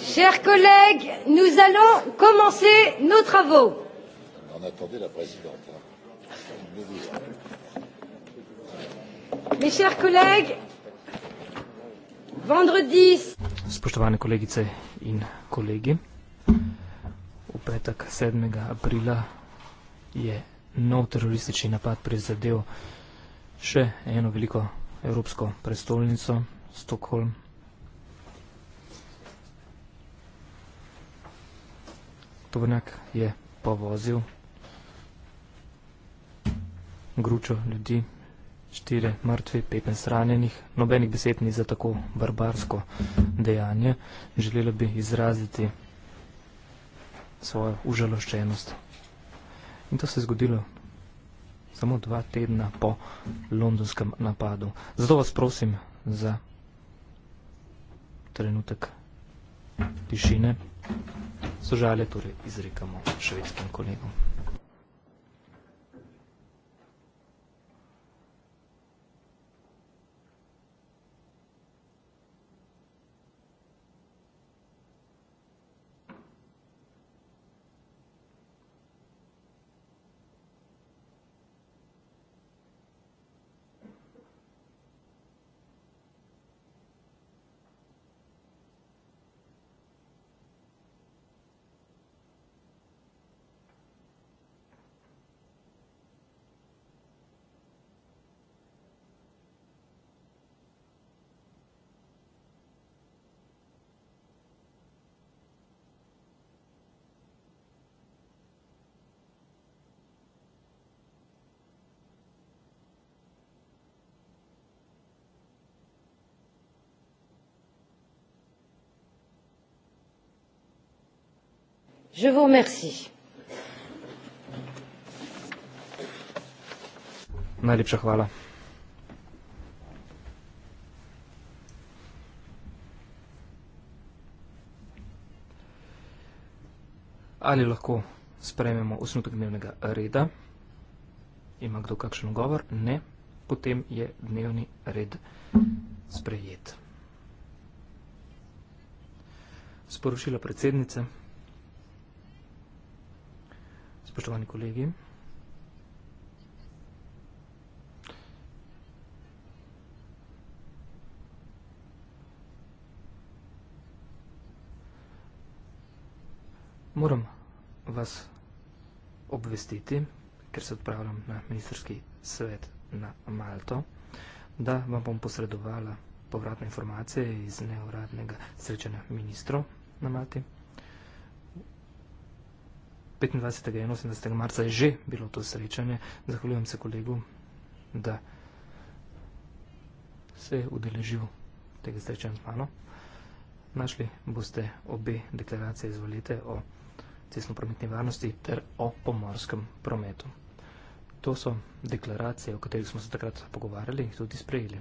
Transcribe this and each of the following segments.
Chers collègues, nous allons commencer nos travaux. En attendez la présidente. Hein. Mes chers collègues, vendredi. Spoštovane kolegice in kolegi, v petek 7. aprila je nov teroristični napad prizadel še eno veliko evropsko prestolnico, Stockholm. Tovrnjak je povozil gručo ljudi, štire mrtvi, pepen sranjenih, nobenih besed ni za tako barbarsko dejanje. Želela bi izraziti svojo užaloščenost. In to se je zgodilo samo dva tedna po londonskem napadu. Zato vas prosim za trenutek tišine. Sožalje torej izrekamo švedskim kolegom. je vous remercie. Najlepša hvala. Ali lahko sprememo osnutek dnevnega reda? Ima kdo kakšen govor? Ne. Potem je dnevni red sprejet. Sporočila predsednice spoštovani kolegi. Moram vas obvestiti, ker se odpravljam na ministerski svet na Malto, da vam bom posredovala povratne informacije iz neuradnega srečanja ministrov na Malti. 25. in 18. marca je že bilo to srečanje. Zahvaljujem se kolegu, da se je udeležil tega srečanja z mano. Našli boste obe deklaracije izvolite o cestno-prometni varnosti ter o pomorskem prometu. To so deklaracije, o katerih smo se takrat pogovarjali in tudi sprejeli.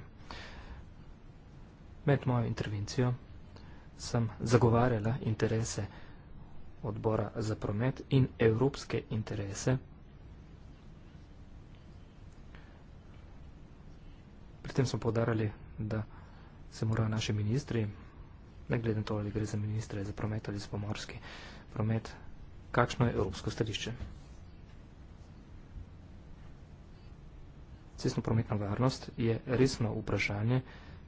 Med mojo intervencijo sem zagovarjala interese odbora za promet in evropske interese. Pri tem smo podarali, da se morajo naši ministri, ne glede na to, ali gre za ministre za promet ali za pomorski promet, kakšno je evropsko stališče. Cestno-prometna varnost je resno vprašanje,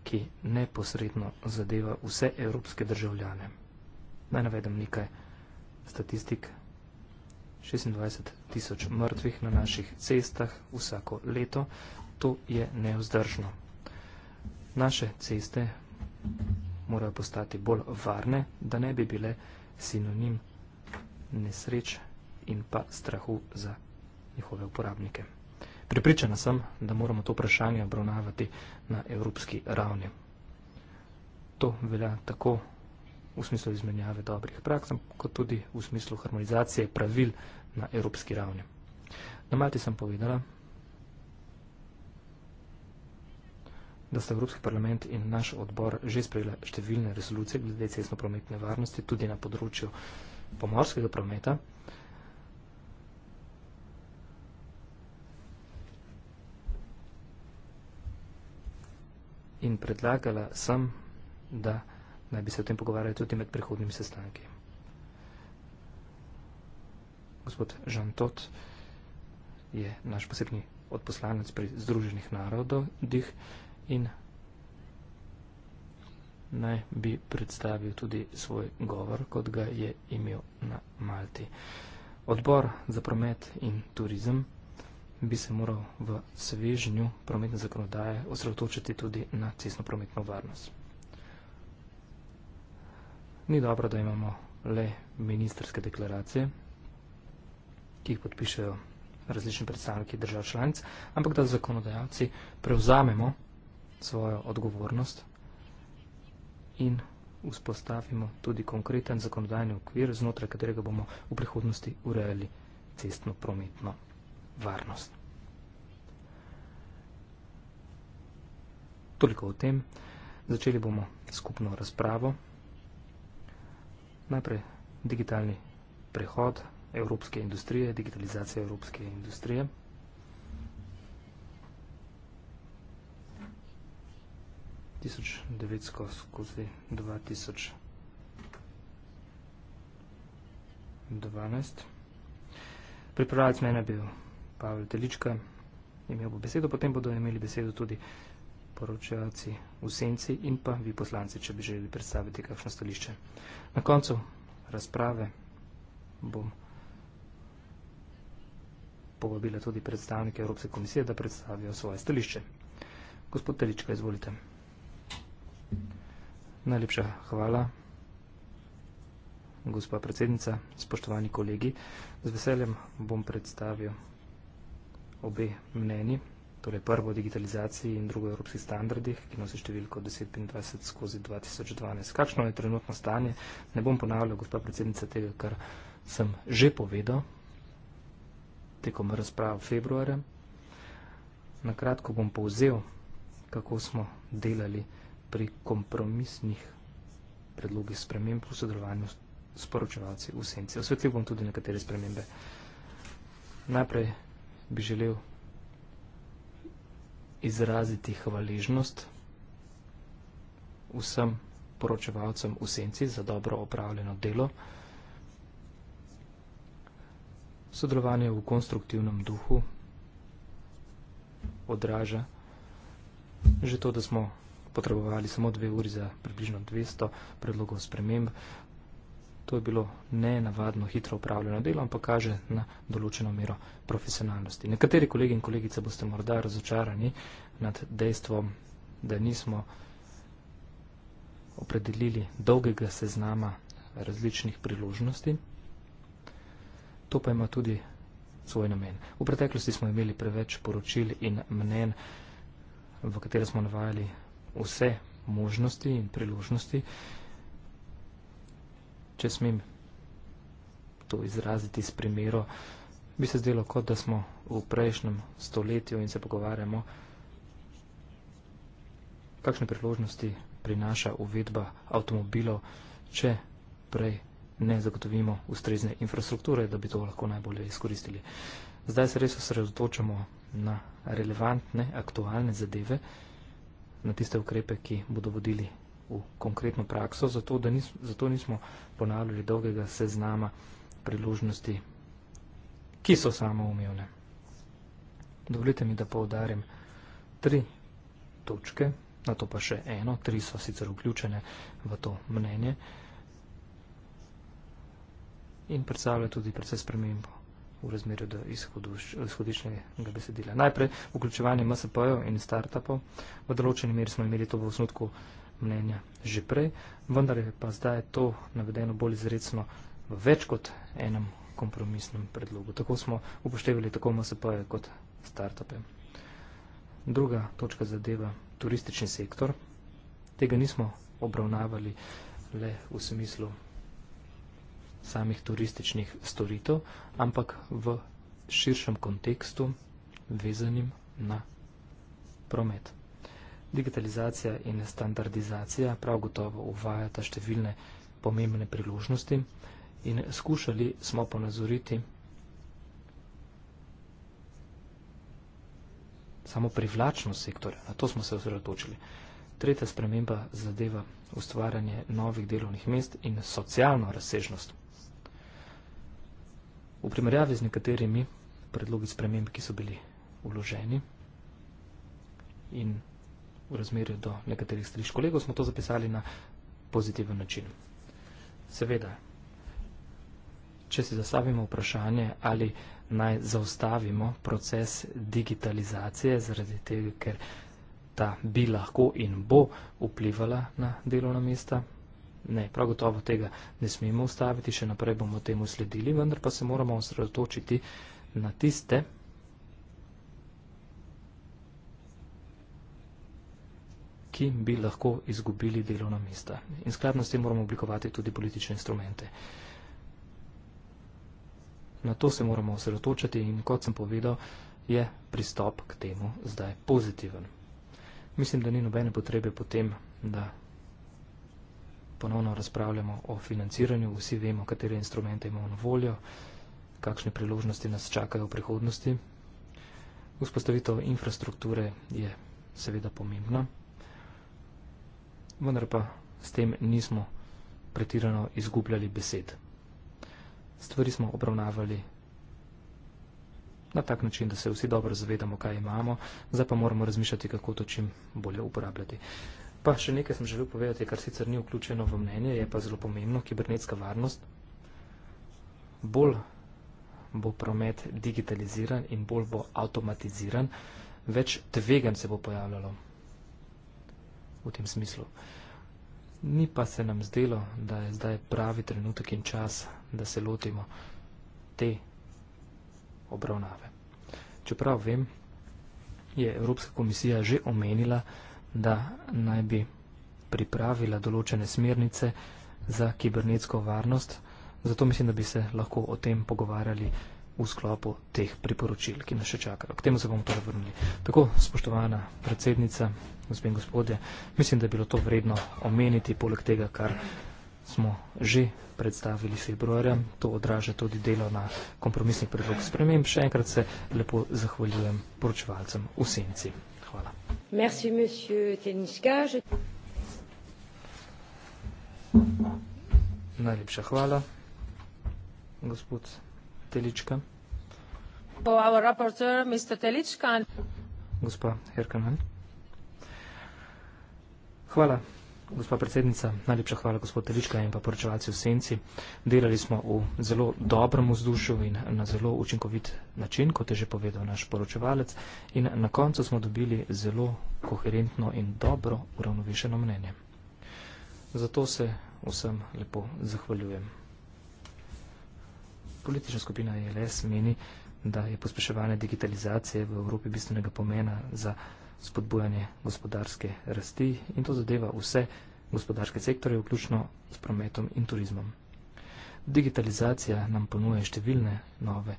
ki neposredno zadeva vse evropske državljane. Naj navedem nekaj vprašanje statistik. 26 tisoč mrtvih na naših cestah vsako leto. To je neozdržno. Naše ceste morajo postati bolj varne, da ne bi bile sinonim nesreč in pa strahu za njihove uporabnike. Pripričana sem, da moramo to vprašanje obravnavati na evropski ravni. To velja tako v smislu izmenjave dobrih praks, kot tudi v smislu harmonizacije pravil na evropski ravni. Na Malti sem povedala, da sta Evropski parlament in naš odbor že sprejela številne resolucije glede cestno-prometne varnosti tudi na področju pomorskega prometa. In predlagala sem, da je naj bi se o tem pogovarjali tudi med prihodnjimi sestanki. Gospod Žan Tot je naš posebni odposlanec pri Združenih narodih in naj bi predstavil tudi svoj govor, kot ga je imel na Malti. Odbor za promet in turizem bi se moral v svežnju prometne zakonodaje osredotočiti tudi na cestno prometno varnost. Ni dobro, da imamo le ministerske deklaracije, ki jih podpišajo različni predstavniki držav članic, ampak da zakonodajalci prevzamemo svojo odgovornost in vzpostavimo tudi konkreten zakonodajni okvir, znotraj katerega bomo v prihodnosti urejali cestno-prometno varnost. Toliko o tem. Začeli bomo skupno razpravo najprej digitalni prehod evropske industrije, digitalizacija evropske industrije. tisoč devetsko skozi dva tisoč dvanajst. Pripravljalec mene je bil Pavel Telička, imel bo besedo, potem bodo imeli besedo tudi uh, poročevalci v senci in pa vi poslanci, če bi želeli predstaviti kakšno stališče. Na koncu razprave bom povabila tudi predstavnike Evropske komisije, da predstavijo svoje stališče. Gospod Telička, izvolite. Najlepša hvala, gospa predsednica, spoštovani kolegi. Z veseljem bom predstavil obe mneni torej prvo o digitalizaciji in drugo o evropskih standardih, ki nosi številko 1025 skozi 2012. Kakšno je trenutno stanje? Ne bom ponavljal, gospa predsednica, tega, kar sem že povedal tekom razprav v februarju. Nakratko bom povzel, kako smo delali pri kompromisnih predlogih sprememb v sodelovanju s poročevalci v senci. Osvetljiv bom tudi nekatere spremembe. Najprej bi želel izraziti hvaležnost vsem poročevalcem v senci za dobro opravljeno delo, sodelovanje v konstruktivnem duhu odraža že to, da smo potrebovali samo dve uri za približno 200 predlogov sprememb, To je bilo nenavadno hitro upravljeno delo, ampak kaže na določeno mero profesionalnosti. Nekateri kolegi in kolegice boste morda razočarani nad dejstvom, da nismo opredelili dolgega seznama različnih priložnosti. To pa ima tudi svoj namen. V preteklosti smo imeli preveč poročil in mnen, v katere smo navajali vse možnosti in priložnosti, če smem to izraziti s primerom, bi se zdelo, kot da smo v prejšnjem stoletju in se pogovarjamo, kakšne priložnosti prinaša uvedba avtomobilov, če prej ne zagotovimo ustrezne infrastrukture, da bi to lahko najbolje izkoristili. Zdaj se res osredotočamo na relevantne, aktualne zadeve, na tiste ukrepe, ki bodo vodili v konkretno prakso, zato, nis, zato nismo ponavljali dolgega seznama priložnosti, ki so samo umevne. Dovolite mi, da povdarim tri točke, na to pa še eno, tri so sicer vključene v to mnenje in predstavlja tudi predvsej spremembo v razmerju do izhodiščnega besedila. Najprej vključevanje MSP-ov in startupov. V določeni meri smo imeli to v osnutku uh, mnenja že prej, vendar je pa zdaj to navedeno bolj izredno v več kot enem kompromisnem predlogu. Tako smo upoštevali tako MSP-je kot startupe. Druga točka zadeva turistični sektor. Tega nismo obravnavali le v smislu samih turističnih storitev, ampak v širšem kontekstu vezanim na promet. Digitalizacija in standardizacija prav gotovo uvajata številne pomembne priložnosti in skušali smo ponazoriti samo privlačnost sektorja. Na to smo se osredotočili. Tretja sprememba zadeva ustvarjanje novih delovnih mest in socialno razsežnost. V primerjavi z nekaterimi predlogi sprememb, ki so bili vloženi in vloženi, v razmerju do nekaterih stališč kolegov, smo to zapisali na pozitiven način. Seveda, če si zastavimo vprašanje, ali naj zaustavimo proces digitalizacije, zaradi tega, ker ta bi lahko in bo vplivala na delovna mesta. Ne, prav gotovo tega ne smemo ustaviti, še naprej bomo temu sledili, vendar pa se moramo osredotočiti na tiste ki bi lahko izgubili delovna mesta. In skladno s tem moramo oblikovati tudi politične instrumente. Na to se moramo osredotočiti in kot sem povedal, je pristop k temu zdaj pozitiven. Mislim, da ni nobene potrebe potem, da ponovno razpravljamo o financiranju, vsi vemo, katere instrumente imamo na voljo, kakšne priložnosti nas čakajo v prihodnosti. Vzpostavitev infrastrukture je seveda pomembna vendar pa s tem nismo pretirano izgubljali besed. Stvari smo obravnavali na tak način, da se vsi dobro zavedamo, kaj imamo, zdaj pa moramo razmišljati, kako to čim bolje uporabljati. Pa še nekaj sem želel povedati, kar sicer ni vključeno v mnenje, je pa zelo pomembno, kibernetska varnost. Bolj bo promet digitaliziran in bolj bo avtomatiziran, več tvegan se bo pojavljalo v tem smislu. Ni pa se nam zdelo, da je zdaj pravi trenutek in čas, da se lotimo te obravnave. Čeprav vem, je Evropska komisija že omenila, da naj bi pripravila določene smernice za kibernetsko varnost, zato mislim, da bi se lahko o tem pogovarjali v sklopu teh priporočil, ki nas še čakajo. K temu se bomo torej vrnili. Tako, spoštovana predsednica, gospe in gospodje, mislim, da je bilo to vredno omeniti, poleg tega, kar smo že predstavili februarja. To odraža tudi delo na kompromisni predlog sprememb. Še enkrat se lepo zahvaljujem poročevalcem v senci. Hvala. Merci, Najlepša hvala, gospod. Telička. Gospa Herkenman. Hvala, gospa predsednica. Najlepša hvala, gospod Telička in pa poročevalci v Senci. Delali smo v zelo dobrem vzdušju in na zelo učinkovit način, kot je že povedal naš poročevalec. In na koncu smo dobili zelo koherentno in dobro uravnovešeno mnenje. Zato se vsem lepo zahvaljujem. Politična skupina ILS e meni, da je pospeševanje digitalizacije v Evropi bistvenega pomena za spodbujanje gospodarske rasti in to zadeva vse gospodarske sektore, vključno s prometom in turizmom. Digitalizacija nam ponuje številne nove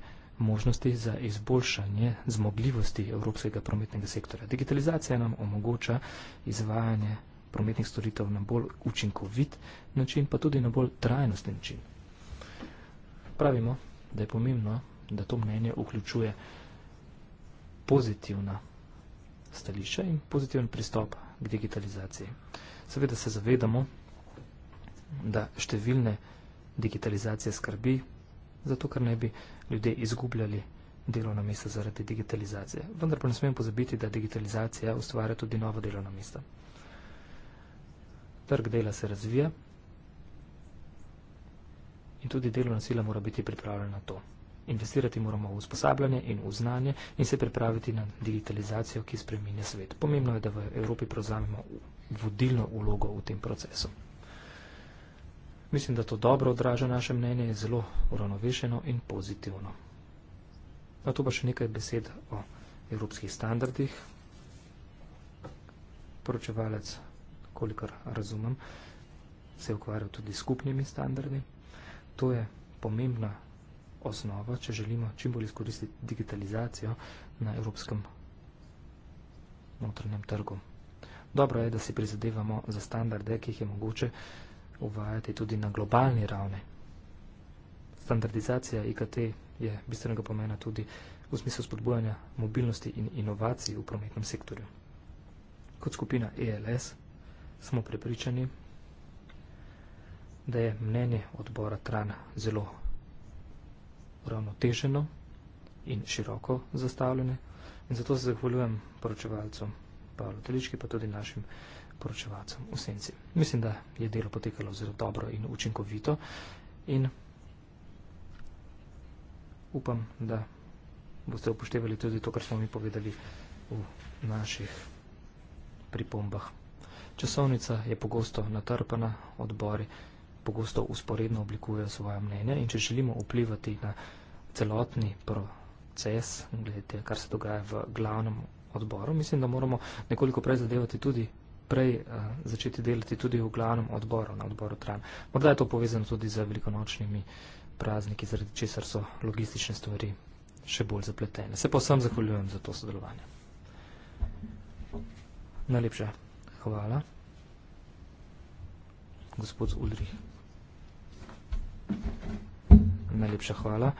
možnosti za izboljšanje zmogljivosti evropskega prometnega sektora. Digitalizacija nam omogoča izvajanje prometnih storitev na bolj učinkovit način, pa tudi na bolj trajnostni način pravimo, da je pomembno, da to mnenje vključuje pozitivna stališča in pozitiven pristop k digitalizaciji. Seveda se zavedamo, da številne digitalizacije skrbi, zato ker ne bi ljudje izgubljali delovna mesta zaradi digitalizacije. Vendar pa ne smemo pozabiti, da digitalizacija ustvarja tudi nova delovna mesta. Trg dela se razvija, in tudi delovna sila mora biti pripravljena na to. Investirati moramo v usposabljanje in v znanje in se pripraviti na digitalizacijo, ki spreminja svet. Pomembno je, da v Evropi prevzamemo vodilno ulogo v tem procesu. Mislim, da to dobro odraža naše mnenje, je zelo uravnovešeno in pozitivno. Na to pa še nekaj besed o evropskih standardih. Poročevalec, kolikor razumem, se je ukvarjal tudi s skupnimi standardi to je pomembna osnova, če želimo čim bolj izkoristiti digitalizacijo na evropskem notranjem trgu. Dobro je, da si prizadevamo za standarde, ki jih je mogoče uvajati tudi na globalni ravni. Standardizacija IKT je bistvenega pomena tudi v smislu spodbujanja mobilnosti in inovacij v prometnem sektorju. Kot skupina ELS smo prepričani, da je mnenje odbora Trana zelo ravnoteženo in široko zastavljeno. In zato se zahvaljujem poročevalcu Pavlu Telički, pa tudi našim poročevalcem v Senci. Mislim, da je delo potekalo zelo dobro in učinkovito in upam, da boste upoštevali tudi to, kar smo mi povedali v naših pripombah. Časovnica je pogosto natrpana, odbori pogosto usporedno oblikujejo svoje mnenje in če želimo vplivati na celotni proces, glede tega, kar se dogaja v glavnem odboru, mislim, da moramo nekoliko prej zadevati tudi prej eh, začeti delati tudi v glavnem odboru, na odboru Tran. Morda je to povezano tudi z velikonočnimi prazniki, zaradi česar so logistične stvari še bolj zapletene. Se pa vsem zahvaljujem za to sodelovanje. Najlepša hvala. Gospod Ulrich. Najlepša hvala,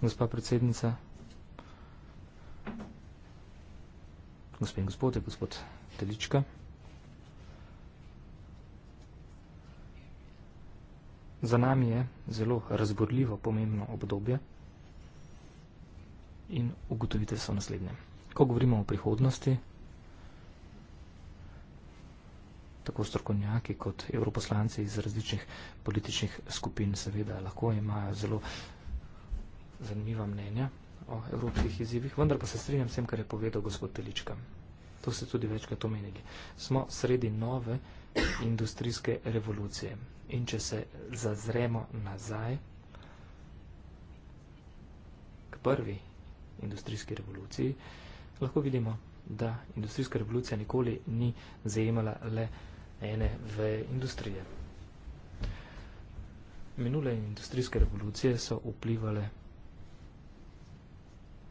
gospa predsednica. Gospe in gospode, gospod Telička. Za nami je zelo razborljivo pomembno obdobje in ugotovite so naslednje. Ko govorimo o prihodnosti, tako strokovnjaki kot evroposlanci iz različnih političnih skupin seveda lahko imajo zelo zanimiva mnenja o evropskih izzivih, vendar pa se strinjam s tem, kar je povedal gospod Telička. To ste tudi večkrat omenili. Smo sredi nove industrijske revolucije in če se zazremo nazaj k prvi industrijski revoluciji, lahko vidimo, da industrijska revolucija nikoli ni zajemala le revolucije ene veje industrije. Minule industrijske revolucije so vplivale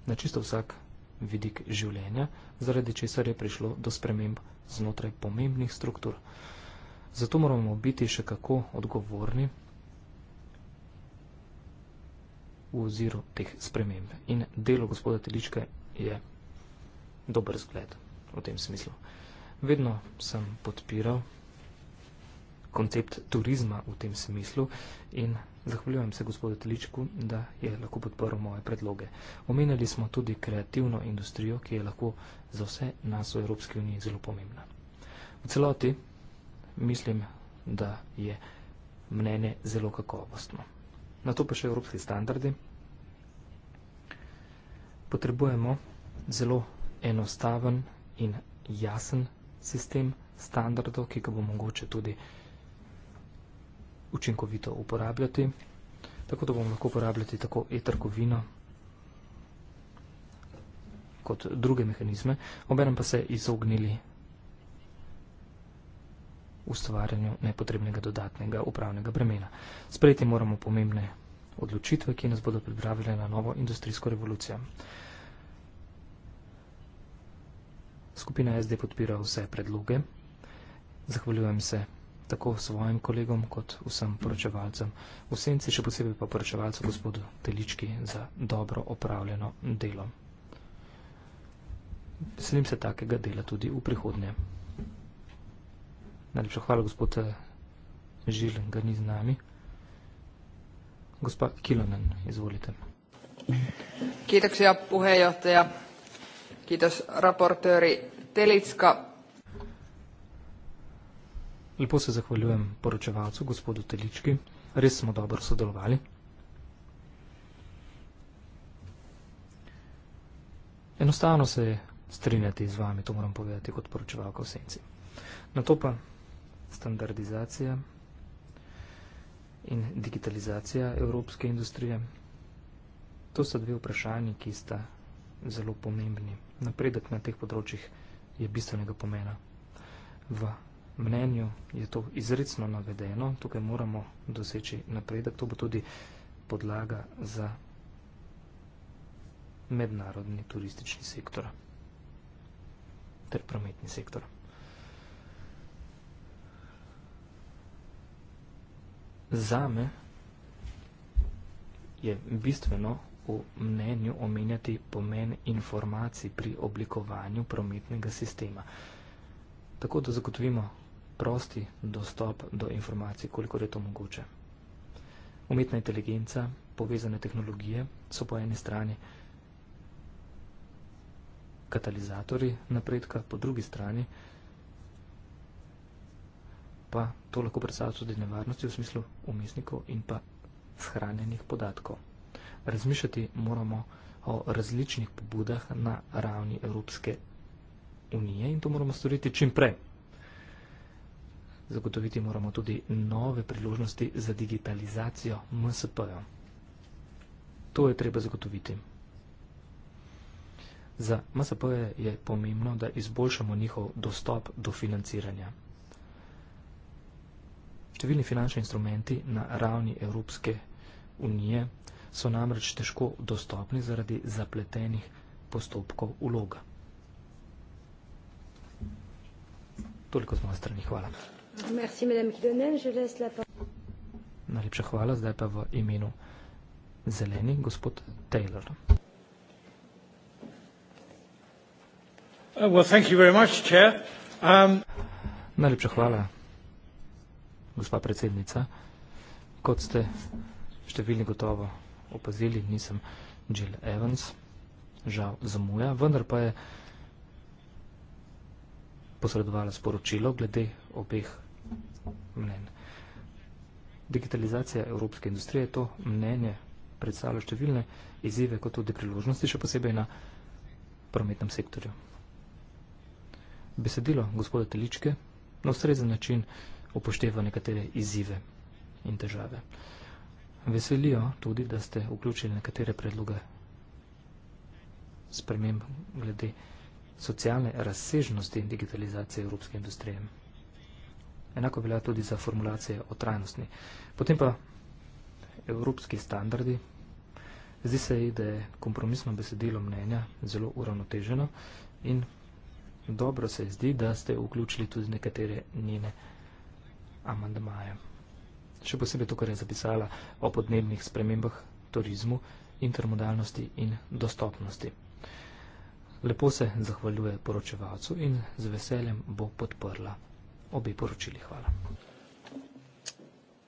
na čisto vsak vidik življenja, zaradi česar je prišlo do sprememb znotraj pomembnih struktur. Zato moramo biti še kako odgovorni v oziru teh sprememb. In delo gospoda Teličke je dober zgled v tem smislu. Vedno sem podpiral koncept turizma v tem smislu in zahvaljujem se gospodu Teličku, da je lahko podporil moje predloge. Omenili smo tudi kreativno industrijo, ki je lahko za vse nas v Evropski uniji zelo pomembna. V celoti mislim, da je mnenje zelo kakovostno. Na to pa še evropski standardi. Potrebujemo zelo enostaven in jasen sistem standardov, ki ga bo mogoče tudi vsega učinkovito uporabljati, tako da bomo lahko uporabljati tako e-trgovino kot druge mehanizme, obenem pa se izognili ustvarjanju nepotrebnega dodatnega upravnega bremena. Sprejeti moramo pomembne odločitve, ki nas bodo pripravile na novo industrijsko revolucijo. Skupina SD podpira vse predloge. Zahvaljujem se tako svojim kolegom kot vsem poročevalcem. V senci še posebej pa poročevalcu gospodu Telički za dobro opravljeno delo. Veselim se takega dela tudi v prihodnje. Najlepša hvala, gospod eh, Žil, ga ni z nami. Gospa Kilonen, izvolite. Kiitoksia puheenjohtaja. Kiitos raportööri Telitska. Lepo se zahvaljujem poročevalcu, gospodu Telički. Res smo dobro sodelovali. Enostavno se je strinjati z vami, to moram povedati kot poročevalka v senci. Na to pa standardizacija in digitalizacija evropske industrije. To so dve vprašanji, ki sta zelo pomembni. Napredek na teh področjih je bistvenega pomena v mnenju je to izredno navedeno, tukaj moramo doseči napredek, to bo tudi podlaga za mednarodni turistični sektor ter prometni sektor. Zame je bistveno v mnenju omenjati pomen informacij pri oblikovanju prometnega sistema. Tako da zagotovimo prosti dostop do informacij, koliko je to mogoče. Umetna inteligenca, povezane tehnologije so po eni strani katalizatori napredka, po drugi strani pa to lahko predstavlja tudi nevarnosti v smislu umestnikov in pa shranjenih podatkov. Razmišljati moramo o različnih pobudah na ravni Evropske unije in to moramo storiti čim prej. Zagotoviti moramo tudi nove priložnosti za digitalizacijo MSP-ja. To je treba zagotoviti. Za MSP-je je pomembno, da izboljšamo njihov dostop do financiranja. Številni finančni instrumenti na ravni Evropske unije so namreč težko dostopni zaradi zapletenih postopkov vloga. Toliko z moje strani. Hvala. Merci, Madame Kidonen. Je laisse la parole. Najlepša hvala. Zdaj pa v imenu zeleni, gospod Taylor. Uh, well, thank you very much, Chair. Um... Najlepša hvala, gospa predsednica. Kot ste številni gotovo opazili, nisem Jill Evans, žal zamuja, vendar pa je posredovala sporočilo glede obeh mnen. Digitalizacija evropske industrije to mnenje predstavlja številne izzive, kot tudi priložnosti, še posebej na prometnem sektorju. Besedilo gospoda Teličke na ustrezen način upošteva nekatere izzive in težave. Veselijo tudi, da ste vključili nekatere predloge sprememb glede socialne razsežnosti digitalizacije evropske industrije. Enako velja tudi za formulacije o trajnostni. Potem pa evropski standardi. Zdi se, da je kompromisno besedilo mnenja zelo uravnoteženo in dobro se zdi, da ste vključili tudi nekatere njene amandmaje. Še posebej to, kar je zapisala o podnebnih spremembah turizmu, intermodalnosti in dostopnosti. Lepo se zahvaljuje poročevalcu in z veseljem bo podprla obi poročili. Hvala.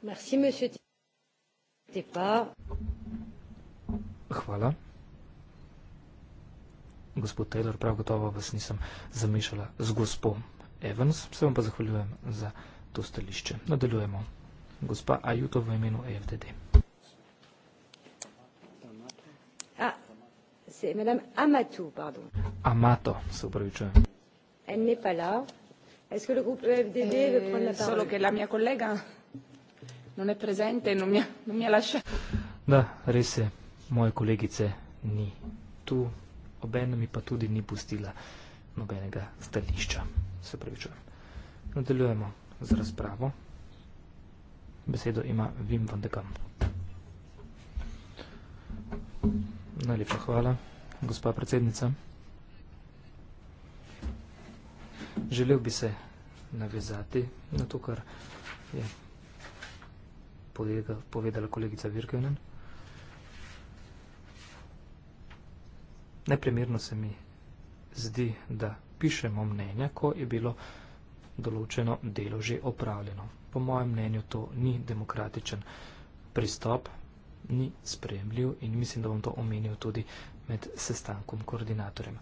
Merci, Hvala. Gospod Taylor, prav gotovo vas nisem zamišala z gospo Evans, se vam pa zahvaljujem za to stališče. Nadaljujemo. Gospa Ajuto v imenu EFDD. c'est Madame Amato, pardon. Amato, se opravičuje. Elle n'est pas là. Est-ce que le groupe EFDD eh, veut prendre la parole Solo que la mia collega non è presente e non mi ha, non mi ha lasciato. Da, res je, moje kolegice ni tu, obenem mi pa tudi ni pustila nobenega stališča. Se pravi, čujem. Nadaljujemo z razpravo. Besedo ima Vim Vandekam. Najlepa hvala, gospa predsednica. Želel bi se navezati na to, kar je povedala, povedala kolegica Virkenen. Neprimerno se mi zdi, da pišemo mnenja, ko je bilo določeno delo že opravljeno. Po mojem mnenju to ni demokratičen pristop, ni sprejemljiv in mislim, da bom to omenil tudi med sestankom koordinatorjem.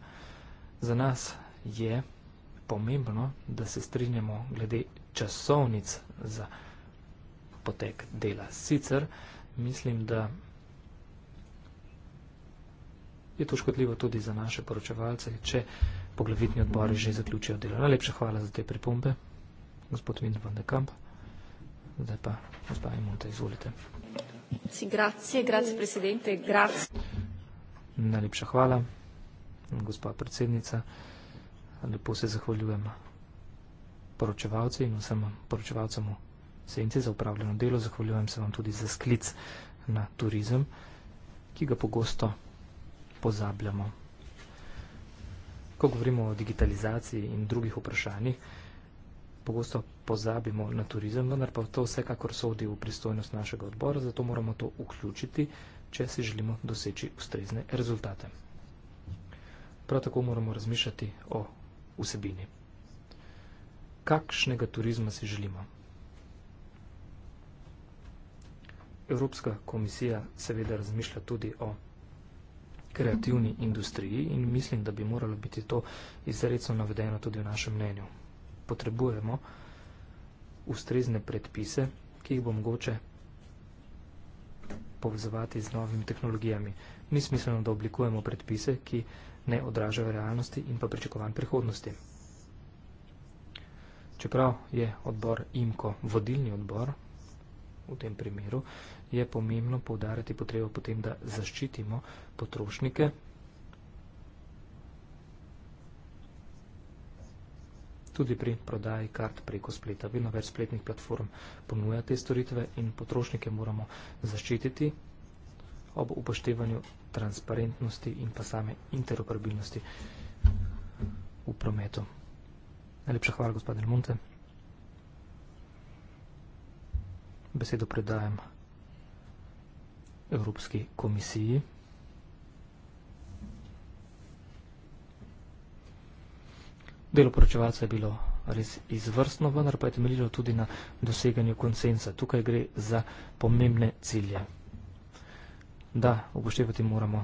Za nas je pomembno, da se strinjamo glede časovnic za potek dela. Sicer mislim, da je to škodljivo tudi za naše poročevalce, če poglavitni odbori že zaključijo delo. Najlepša hvala za te pripombe, gospod Vint van de Kamp. Zdaj pa gospod Imunta, izvolite. Sì, grazie, grazie Presidente, grazie. Najlepša hvala, gospa predsednica. Lepo se zahvaljujem poročevalci in vsem poročevalcem v Senci za upravljeno delo. Zahvaljujem se vam tudi za sklic na turizem, ki ga pogosto pozabljamo. Ko govorimo o digitalizaciji in drugih vprašanjih, pogosto pozabimo na turizem, vendar pa to vsekakor sodi v pristojnost našega odbora, zato moramo to vključiti, če si želimo doseči ustrezne rezultate. Prav tako moramo razmišljati o vsebini. Kakšnega turizma si želimo? Evropska komisija seveda razmišlja tudi o kreativni industriji in mislim, da bi moralo biti to izredno navedeno tudi v našem mnenju potrebujemo ustrezne predpise, ki jih bo mogoče povezovati z novimi tehnologijami. Ni smiselno, da oblikujemo predpise, ki ne odražajo realnosti in pa pričakovanj prihodnosti. Čeprav je odbor IMKO vodilni odbor, v tem primeru, je pomembno poudarjati potrebo potem, da zaščitimo potrošnike tudi pri prodaji kart preko spleta. Vedno več spletnih platform ponuja te storitve in potrošnike moramo zaščititi ob upoštevanju transparentnosti in pa same interoperabilnosti v prometu. Najlepša hvala, gospod Delmonte. Besedo predajam Evropski komisiji. Delo poročevalca je bilo res izvrstno, vendar pa je temeljilo tudi na doseganju konsensa. Tukaj gre za pomembne cilje. Da, upoštevati moramo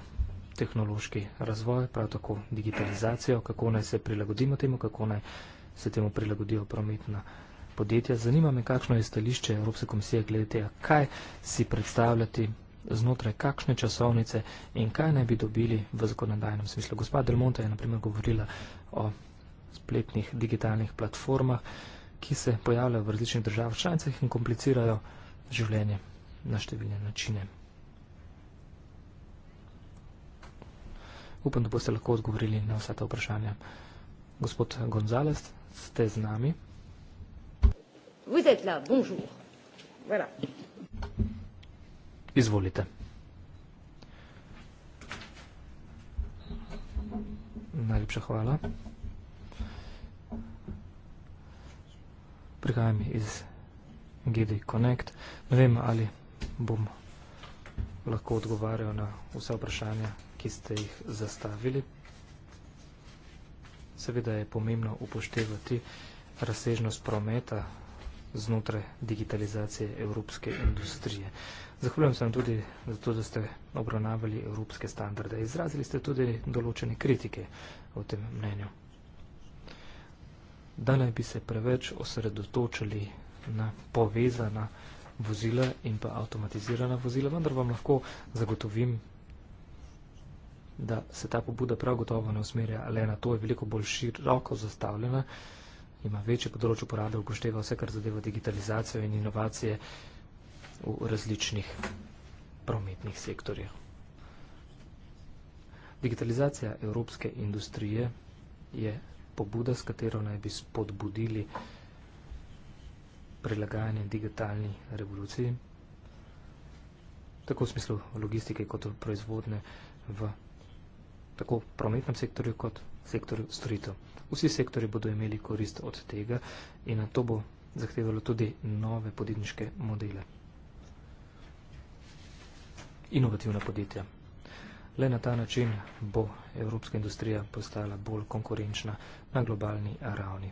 tehnološki razvoj, prav tako digitalizacijo, kako naj se prilagodimo temu, kako naj se temu prilagodijo prometna podjetja. Zanima me, kakšno je stališče Evropske komisije glede tega, kaj si predstavljati znotraj kakšne časovnice in kaj naj bi dobili v zakonodajnem smislu. Gospa Delmonta je naprimer govorila o spletnih digitalnih platformah, ki se pojavljajo v različnih državah članicah in komplicirajo življenje na številne načine. Upam, da boste lahko odgovorili na vsa ta vprašanja. Gospod Gonzales, ste z nami. Izvolite. Najlepša hvala. prihajam iz GD Connect. Ne vem, ali bom lahko odgovarjal na vse vprašanja, ki ste jih zastavili. Seveda je pomembno upoštevati razsežnost prometa znotraj digitalizacije evropske industrije. Zahvaljujem se vam tudi za to, da ste obravnavali evropske standarde. Izrazili ste tudi določene kritike v tem mnenju da naj bi se preveč osredotočili na povezana vozila in pa avtomatizirana vozila, vendar vam lahko zagotovim, da se ta pobuda prav gotovo ne usmerja le na to, je veliko bolj široko zastavljena, ima večje področje uporabe, upošteva vse, kar zadeva digitalizacijo in inovacije v različnih prometnih sektorjih. Digitalizacija evropske industrije je pobuda, s katero naj bi spodbudili prilagajanje digitalni revoluciji, tako v smislu logistike kot proizvodne v tako prometnem sektorju kot sektorju storitev. Vsi sektori bodo imeli korist od tega in to bo zahtevalo tudi nove podjetniške modele. Inovativna podjetja. Le na ta način bo evropska industrija postala bolj konkurenčna na globalni ravni.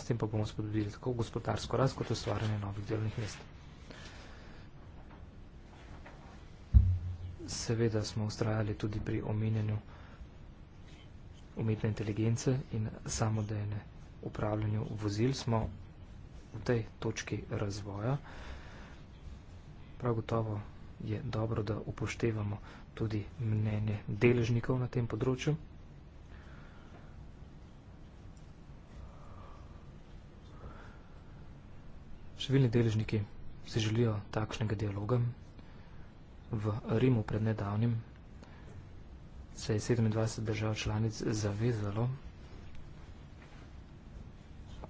S tem pa bomo spodbudili tako gospodarsko rast kot ustvarjanje novih delovnih mest. Seveda smo ustrajali tudi pri omenjanju umetne inteligence in samodejne upravljanju vozil. Smo v tej točki razvoja. Prav gotovo je dobro, da upoštevamo tudi mnenje deležnikov na tem področju. Številni deležniki se želijo takšnega dialoga. V Rimu pred nedavnim se je 27 držav članic zavezalo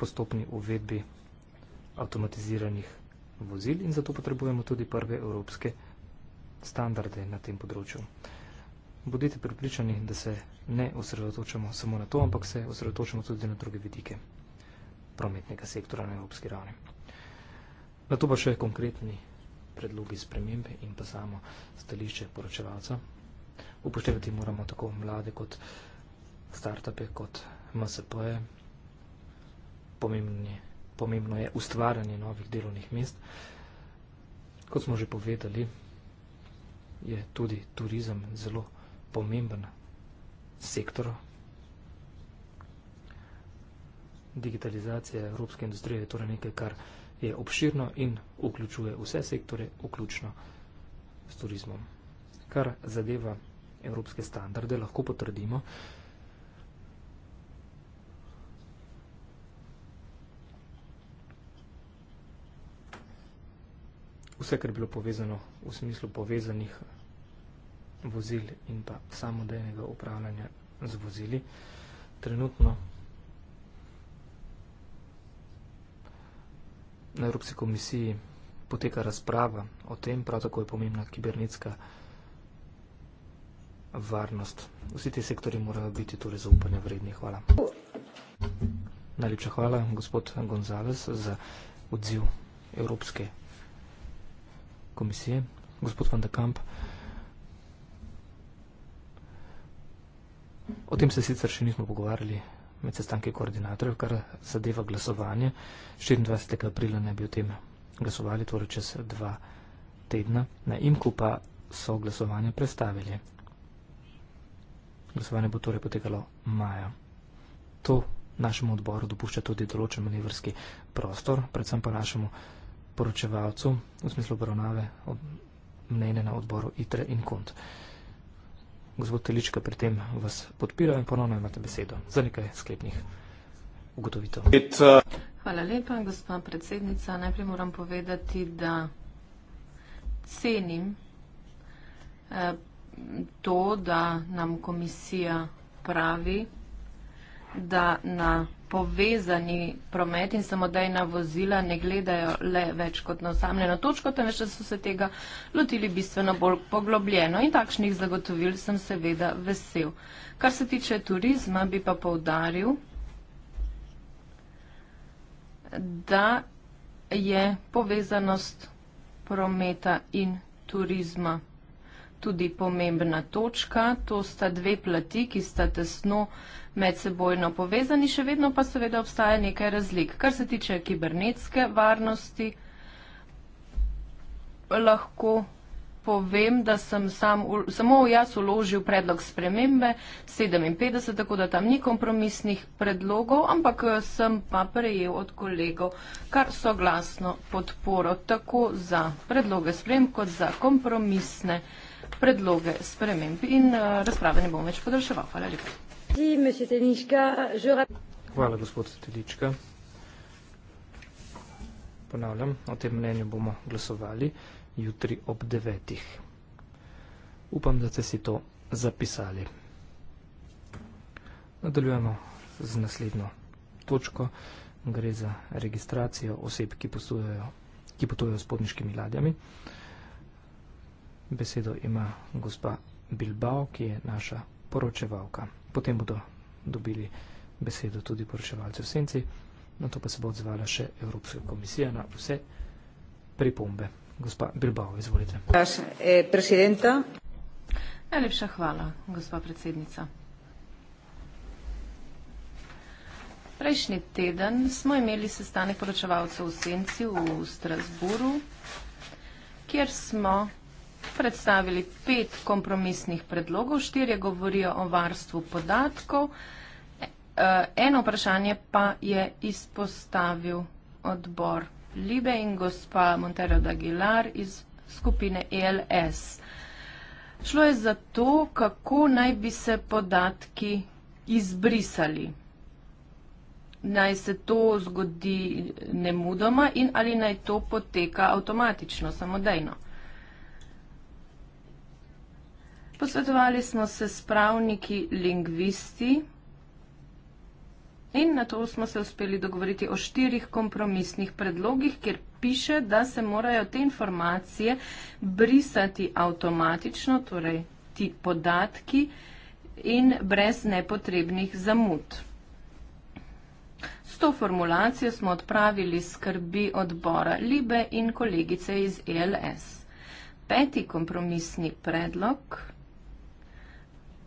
postopni uvedbi avtomatiziranih vozil in zato potrebujemo tudi prve evropske standarde na tem področju. Bodite pripričani, da se ne osredotočamo samo na to, ampak se osredotočamo tudi na druge vidike prometnega sektora na evropski ravni. Na to pa še konkretni predlogi spremembe in pa samo stališče poročevalca. Upoštevati moramo tako mlade kot startupe, kot MSP-je. Pomembno je ustvarjanje novih delovnih mest. Kot smo že povedali, je tudi turizem zelo pomemben sektor. Digitalizacija evropske industrije je torej nekaj, kar je obširno in vključuje vse sektore, vključno s turizmom. Kar zadeva evropske standarde, lahko potrdimo, vse, kar je bilo povezano v smislu povezanih vozil in pa samodejnega upravljanja z vozili. Trenutno na Evropski komisiji poteka razprava o tem, prav tako je pomembna kibernetska varnost. Vsi ti sektori morajo biti torej zaupanja vredni. Hvala. Najlepša hvala, gospod Gonzales, za odziv Evropske komisije. Gospod Van de Kamp, O tem se sicer še nismo pogovarjali med sestanki koordinatorjev, kar zadeva glasovanje. 24. aprila ne bi o tem glasovali, torej čez dva tedna. Na imku pa so glasovanje predstavili. Glasovanje bo torej potekalo maja. To našemu odboru dopušča tudi določen manevrski prostor, predvsem pa našemu poročevalcu v smislu obravnave mnenja na odboru ITRE in KUNT gospod Telička pri tem vas podpira in ponovno imate besedo za nekaj sklepnih ugotovitev. Eh. Hvala lepa, gospod predsednica. Najprej moram povedati, da cenim eh, to, da nam komisija pravi, da na povezani promet in samodejna vozila ne gledajo le več kot na osamljeno točko, temveč da so se tega lotili bistveno bolj poglobljeno in takšnih zagotovil sem seveda vesel. Kar se tiče turizma, bi pa povdaril, da je povezanost prometa in turizma tudi pomembna točka. To sta dve plati, ki sta tesno povezani medsebojno povezani, še vedno pa seveda obstaja nekaj razlik. Kar se tiče kibernetske varnosti, lahko povem, da sem sam, samo jaz uložil predlog spremembe 57, tako da tam ni kompromisnih predlogov, ampak sem pa prejel od kolegov kar soglasno podporo tako za predloge sprem kot za kompromisne predloge sprememb in uh, razprave ne bom več podaljševal. Hvala lepa. Hvala, gospod Telička. Ponavljam, o tem mnenju bomo glasovali jutri ob devetih. Upam, da ste si to zapisali. Nadaljujemo z naslednjo točko. Gre za registracijo oseb, ki, postujejo, ki potujejo s potniškimi ladjami. Besedo ima gospa Bilbao, ki je naša poročevalka potem bodo dobili besedo tudi poročevalce v senci, na to pa se bo odzvala še Evropska komisija na vse pripombe. Gospa Bilbao, izvolite. Eh, Najlepša hvala, gospa predsednica. Prejšnji teden smo imeli sestanek poročevalcev v Senci v Strasburu, kjer smo predstavili pet kompromisnih predlogov, štirje govorijo o varstvu podatkov. E, e, eno vprašanje pa je izpostavil odbor Libe in gospa Montero Dagilar iz skupine ELS. Šlo je za to, kako naj bi se podatki izbrisali. Naj se to zgodi nemudoma in ali naj to poteka avtomatično, samodejno. Posvetovali smo se s pravniki lingvisti in na to smo se uspeli dogovoriti o štirih kompromisnih predlogih, kjer piše, da se morajo te informacije brisati avtomatično, torej ti podatki in brez nepotrebnih zamud. S to formulacijo smo odpravili skrbi odbora Libe in kolegice iz ELS. Peti kompromisni predlog je,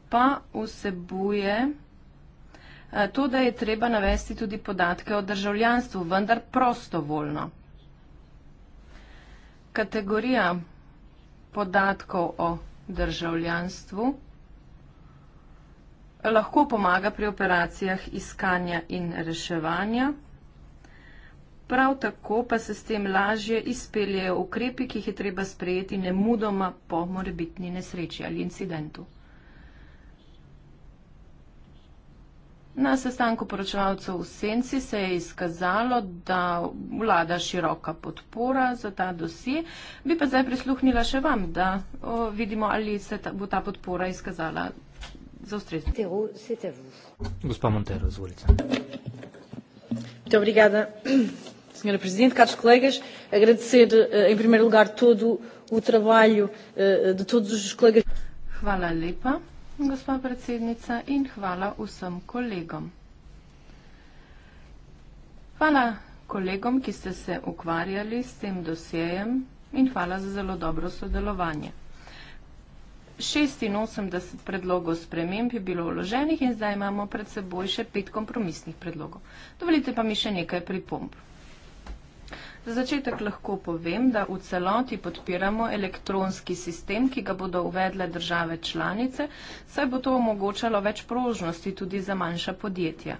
pa vsebuje eh, to, da je treba navesti tudi podatke o državljanstvu, vendar prostovoljno. Kategorija podatkov o državljanstvu lahko pomaga pri operacijah iskanja in reševanja, prav tako pa se s tem lažje izpeljejo ukrepi, ki jih je treba sprejeti nemudoma po morebitni nesreči ali incidentu. Na sestanku poročevalcev v Senci se je izkazalo, da vlada široka podpora za ta dosje. Bi pa zdaj prisluhnila še vam, da o, vidimo, ali se ta, bo ta podpora izkazala za ustrezno. Gospa Montero, izvolite. Obrigada, senjora prezident, kač kolegež. Agradecer in eh, primer lugar tudi v trabalju, eh, da tudi žuž kolegež. Hvala lepa gospa predsednica, in hvala vsem kolegom. Hvala kolegom, ki ste se ukvarjali s tem dosjejem in hvala za zelo dobro sodelovanje. 86 predlogov sprememb je bilo vloženih in zdaj imamo pred seboj še pet kompromisnih predlogov. Dovolite pa mi še nekaj pripomb. Za začetek lahko povem, da v celoti podpiramo elektronski sistem, ki ga bodo uvedle države članice, saj bo to omogočalo več prožnosti tudi za manjša podjetja.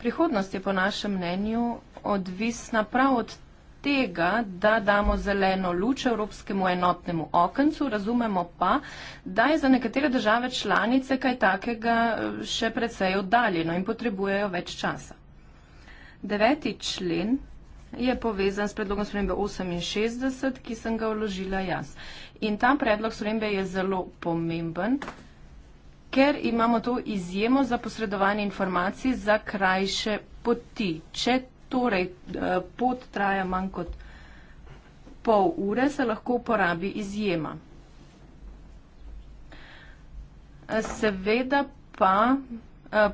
Prihodnost je po našem mnenju odvisna prav od tega, da damo zeleno luč Evropskemu enotnemu okencu, razumemo pa, da je za nekatere države članice kaj takega eh, še precej oddaljeno in potrebujejo več časa. Deveti člen je povezan s predlogom spremembe 68, ki sem ga vložila jaz. In ta predlog spremembe je zelo pomemben, ker imamo to izjemo za posredovanje informacij za krajše poti. Če torej eh, pot traja manj kot pol ure, se lahko uporabi izjema. Eh, seveda pa eh,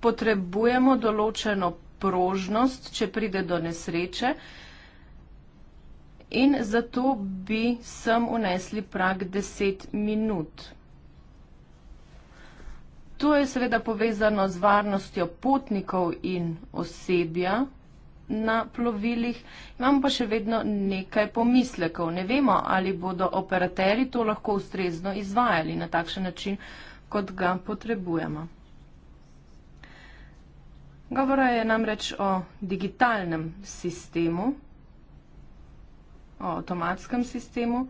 potrebujemo določeno pot, prožnost, če pride do nesreče. In zato bi sem unesli prak 10 minut. To je seveda povezano z varnostjo potnikov in osebja na plovilih. Imamo pa še vedno nekaj pomislekov. Ne vemo, ali bodo operateri to lahko ustrezno izvajali na takšen način, kot ga potrebujemo. Govora je namreč o digitalnem sistemu, o avtomatskem sistemu,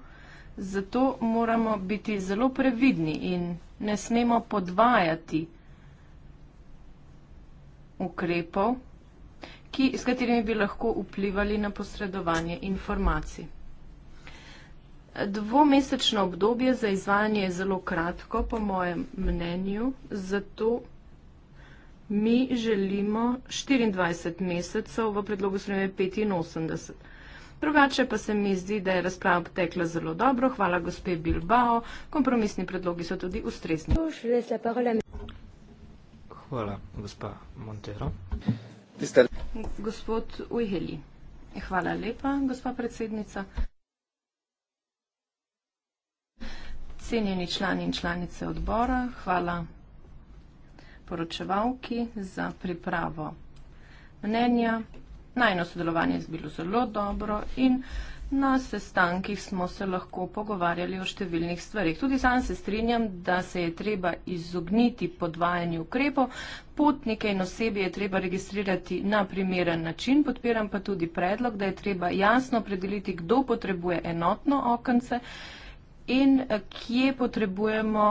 zato moramo biti zelo previdni in ne smemo podvajati ukrepov, ki, s katerimi bi lahko vplivali na posredovanje informacij. Dvomesečno obdobje za izvajanje je zelo kratko, po mojem mnenju, zato mi želimo 24 mesecev, v predlogu sprememe 85. Drugače pa se mi zdi, da je razprava potekla zelo dobro. Hvala gospe Bilbao. Kompromisni predlogi so tudi ustrezni. Hvala, gospa Montero. Gospod Ujheli. Hvala lepa, gospa predsednica. Cenjeni člani in članice odbora, hvala poročevalki za pripravo mnenja. Najno sodelovanje je bilo zelo dobro in na sestankih smo se lahko pogovarjali o številnih stvarih. Tudi sam se strinjam, da se je treba izogniti podvajanju ukrepov. Potnike in osebje je treba registrirati na primeren način. Podpiram pa tudi predlog, da je treba jasno predeliti, kdo potrebuje enotno okence in eh, kje potrebujemo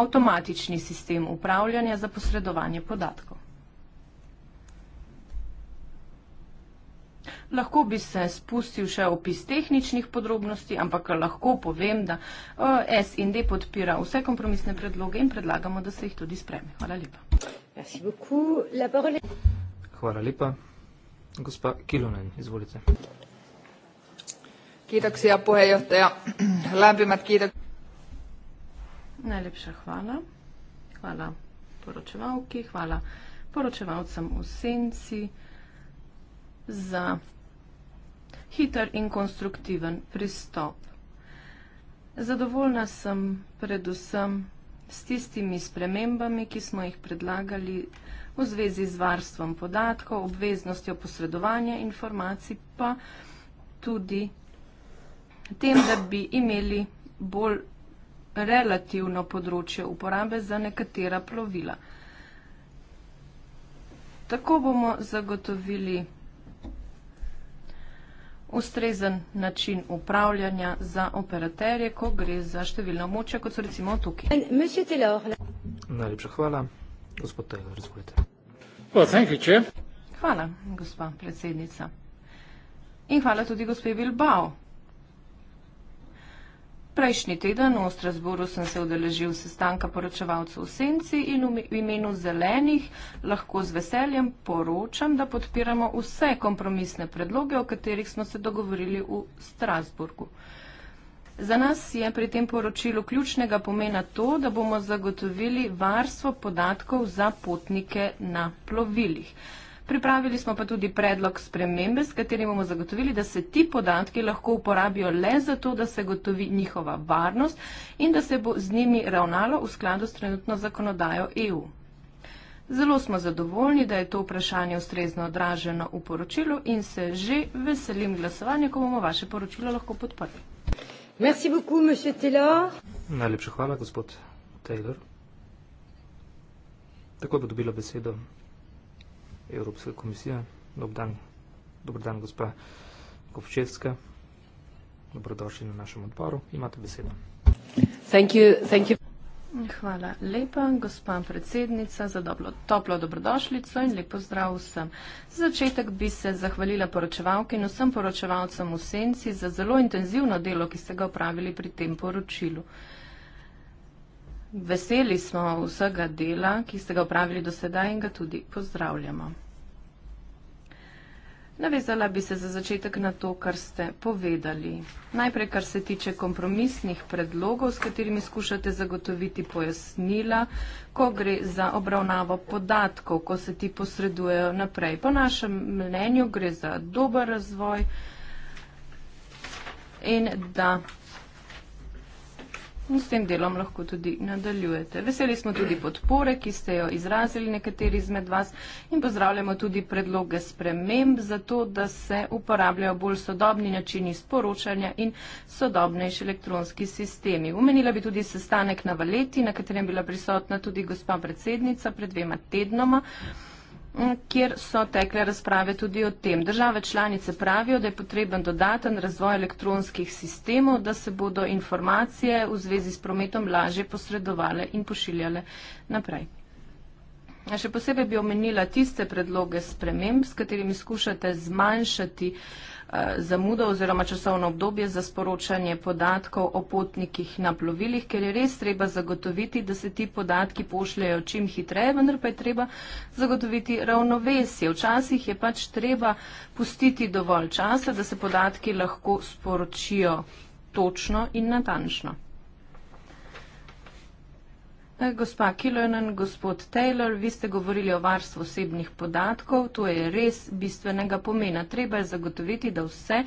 avtomatični sistem upravljanja za posredovanje podatkov. Lahko bi se spustil še opis tehničnih podrobnosti, ampak lahko povem, da eh, S in D podpira vse kompromisne predloge in predlagamo, da se jih tudi spreme. Hvala lepa. Hvala lepa. Gospa Kilonen, izvolite. Kiitoksia puheenjohtaja. Lämpimät kiitokset. Najlepša hvala. Hvala poročevalki, hvala poročevalcem v senci za hiter in konstruktiven pristop. Zadovoljna sem predvsem s tistimi spremembami, ki smo jih predlagali v zvezi z varstvom podatkov, obveznostjo posredovanja informacij, pa tudi tem, da bi imeli bolj relativno področje uporabe za nekatera plovila. Tako bomo zagotovili ustrezen način upravljanja za operaterje, ko gre za številna območja, kot so recimo tukaj. Najlepša hvala. Gospod Taylor, izvolite. Hvala, gospa predsednica. In hvala tudi gospe Bilbao. Prejšnji teden v Strasburu sem se odeležil sestanka poročevalcev v Senci in v imenu zelenih lahko z veseljem poročam, da podpiramo vse kompromisne predloge, o katerih smo se dogovorili v Strasburgu. Za nas je pri tem poročilu ključnega pomena to, da bomo zagotovili varstvo podatkov za potnike na plovilih. Pripravili smo pa tudi predlog spremembe, s katerim bomo zagotovili, da se ti podatki lahko uporabijo le zato, da se gotovi njihova varnost in da se bo z njimi ravnalo v skladu s trenutno zakonodajo EU. Zelo smo zadovoljni, da je to vprašanje ustrezno odraženo v poročilu in se že veselim glasovanja, ko bomo vaše poročilo lahko podprli. Merci beaucoup, monsieur Taylor. Najlepša hvala, gospod Taylor. Tako bo dobila besedo Evropska komisija. Dobro dan, dobro dan, gospa Kovčevska. Dobrodošli na našem odboru. Imate besedo. Thank you, thank you. Hvala lepa, gospa predsednica, za doblo, toplo dobrodošlico in lepo zdrav vsem. Za začetek bi se zahvalila poročevalki in vsem poročevalcem v Senci za zelo intenzivno delo, ki ste ga upravili pri tem poročilu. Veseli smo vsega dela, ki ste ga upravili do sedaj in ga tudi pozdravljamo. Navezala bi se za začetek na to, kar ste povedali. Najprej, kar se tiče kompromisnih predlogov, s katerimi skušate zagotoviti pojasnila, ko gre za obravnavo podatkov, ko se ti posredujejo naprej. Po našem mnenju gre za dober razvoj in da in s tem delom lahko tudi nadaljujete. Veseli smo tudi podpore, ki ste jo izrazili nekateri izmed vas in pozdravljamo tudi predloge sprememb za to, da se uporabljajo bolj sodobni načini sporočanja in sodobnejši elektronski sistemi. Umenila bi tudi sestanek na valeti, na katerem bila prisotna tudi gospa predsednica pred dvema tednoma kjer so tekle razprave tudi o tem. Države članice pravijo, da je potreben dodaten razvoj elektronskih sistemov, da se bodo informacije v zvezi s prometom lažje posredovale in pošiljale naprej. Še posebej bi omenila tiste predloge sprememb, s katerimi skušate zmanjšati uh, Eh, zamudo oziroma časovno obdobje za sporočanje podatkov o potnikih na plovilih, ker je res treba zagotoviti, da se ti podatki pošljajo čim hitreje, vendar pa je treba zagotoviti ravnovesje. Včasih je pač treba pustiti dovolj časa, da se podatki lahko sporočijo točno in natančno. Eh, gospa Kilonen, gospod Taylor, vi ste govorili o varstvu osebnih podatkov, to je res bistvenega pomena. Treba je zagotoviti, da vse,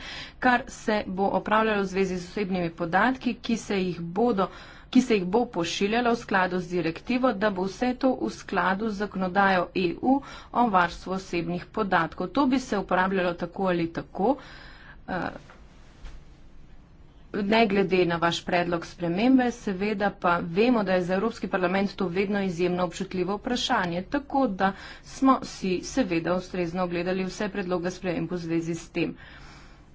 kar se bo opravljalo v zvezi z osebnimi podatki, ki se jih bodo ki se jih bo pošiljalo v skladu z direktivo, da bo vse to v skladu z zakonodajo EU o varstvu osebnih podatkov. To bi se uporabljalo tako ali tako. Eh, ne glede na vaš predlog spremembe, seveda pa vemo, da je za Evropski parlament to vedno izjemno občutljivo vprašanje, tako da smo si seveda ustrezno ogledali vse predloge sprememb v zvezi s tem.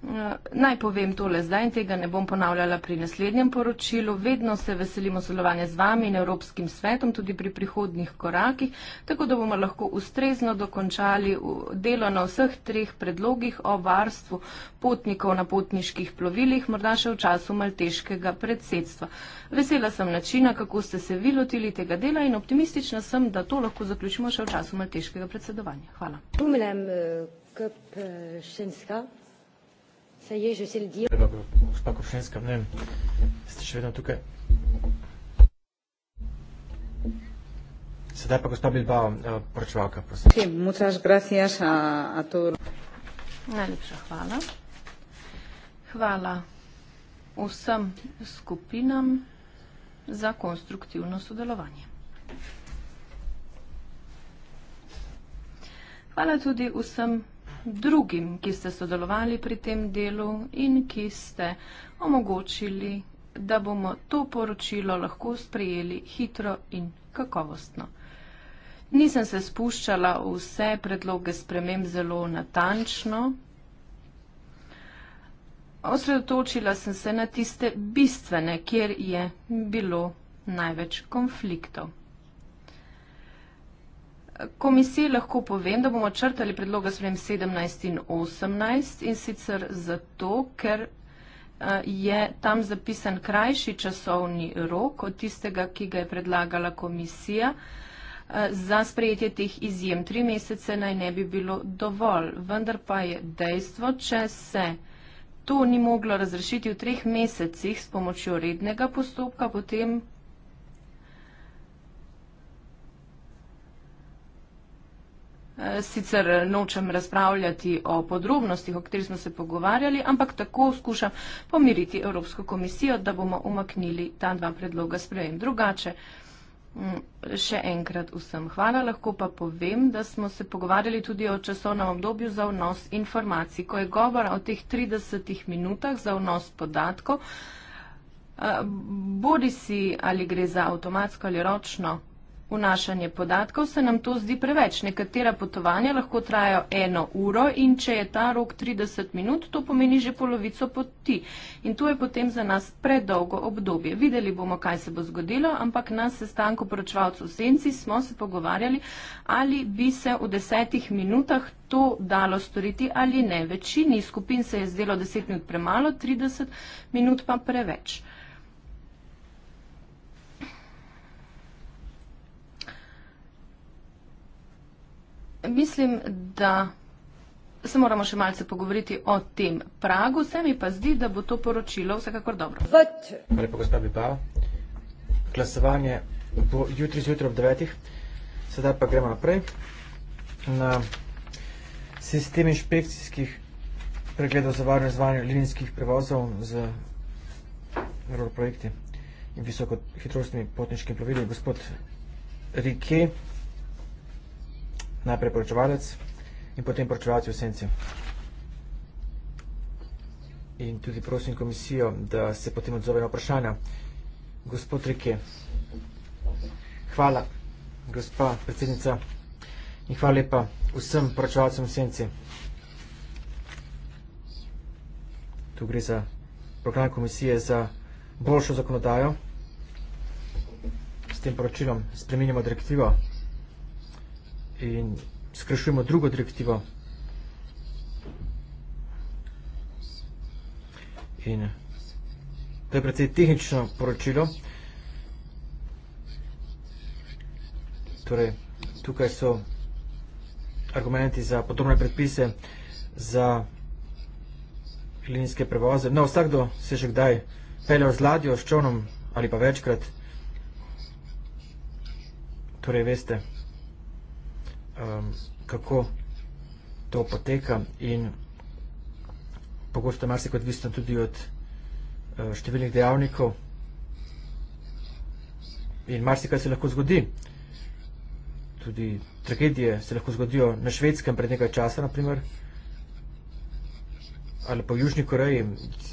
Eh, naj povem tole zdaj in tega ne bom ponavljala pri naslednjem poročilu. Vedno se veselimo sodelovanja z vami in Evropskim svetom tudi pri prihodnih korakih, tako da bomo lahko ustrezno dokončali delo na vseh treh predlogih o varstvu potnikov na potniških plovilih, morda še v času malteškega predsedstva. Vesela sem načina, kako ste se vi lotili tega dela in optimistična sem, da to lahko zaključimo še v času malteškega predsedovanja. Hvala. Tumilem, se je že vse ljudi. Treba bi gospa Krušenska, ne vem, ste še vedno tukaj. Sedaj pa gospa Bilbao, eh, poročevalka, prosim. Sim, muchas gracias a, a tu. Najlepša hvala. Hvala vsem skupinam za konstruktivno sodelovanje. Hvala tudi vsem drugim, ki ste sodelovali pri tem delu in ki ste omogočili, da bomo to poročilo lahko sprejeli hitro in kakovostno. Nisem se spuščala vse predloge spremem zelo natančno. Osredotočila sem se na tiste bistvene, kjer je bilo največ konfliktov. Komisiji lahko povem, da bomo črtali predloga sprem 17 in 18 in sicer zato, ker eh, je tam zapisan krajši časovni rok od tistega, ki ga je predlagala komisija. Eh, za sprejetje teh izjem tri mesece naj ne bi bilo dovolj, vendar pa je dejstvo, če se to ni moglo razrešiti v treh mesecih s pomočjo rednega postopka, potem Sicer nočem razpravljati o podrobnostih, o katerih smo se pogovarjali, ampak tako skušam pomiriti Evropsko komisijo, da bomo umaknili ta dva predloga sprejem. Drugače, mm, še enkrat vsem hvala, lahko pa povem, da smo se pogovarjali tudi o časovnem obdobju za vnos informacij. Ko je govora o teh 30 minutah za vnos podatkov, eh, bodi si ali gre za avtomatsko ali ročno Vnašanje podatkov se nam to zdi preveč. Nekatera potovanja lahko trajajo eno uro in če je ta rok 30 minut, to pomeni že polovico poti. In to je potem za nas predolgo obdobje. Videli bomo, kaj se bo zgodilo, ampak na sestanku poročevalcev Senci smo se pogovarjali, ali bi se v desetih minutah to dalo storiti ali ne. Večini skupin se je zdelo 10 minut premalo, 30 minut pa preveč. mislim, da se moramo še malce pogovoriti o tem pragu. Se mi pa zdi, da bo to poročilo vsekakor dobro. Hvala lepa, gospod Bipao. Glasovanje bo jutri zjutraj ob devetih. Sedaj pa gremo naprej na sistem inšpekcijskih pregledov za varno izvajanje linijskih prevozov z rol projekti in visokohitrostnimi potniškimi plovili. Gospod Rike, najprej poročevalec in potem poročevalci v senci. In tudi prosim komisijo, da se potem odzove na vprašanja. Gospod Rike, hvala, gospa predsednica, in hvala lepa vsem poročevalcem v senci. Tu gre za program komisije za boljšo zakonodajo. S tem poročilom spreminjamo direktivo in skrašujemo drugo direktivo. In to je precej tehnično poročilo. Torej, tukaj so argumenti za podobne predpise, za linijske prevoze. No, vsakdo se že kdaj peljal z ladjo, s čovnom ali pa večkrat. Torej, veste, da je to um, kako to poteka in pogosto marsik odvisno tudi od uh, številnih dejavnikov in marsikaj se lahko zgodi. Tudi tragedije se lahko zgodijo na švedskem pred nekaj časa, naprimer, ali pa v Južni Koreji.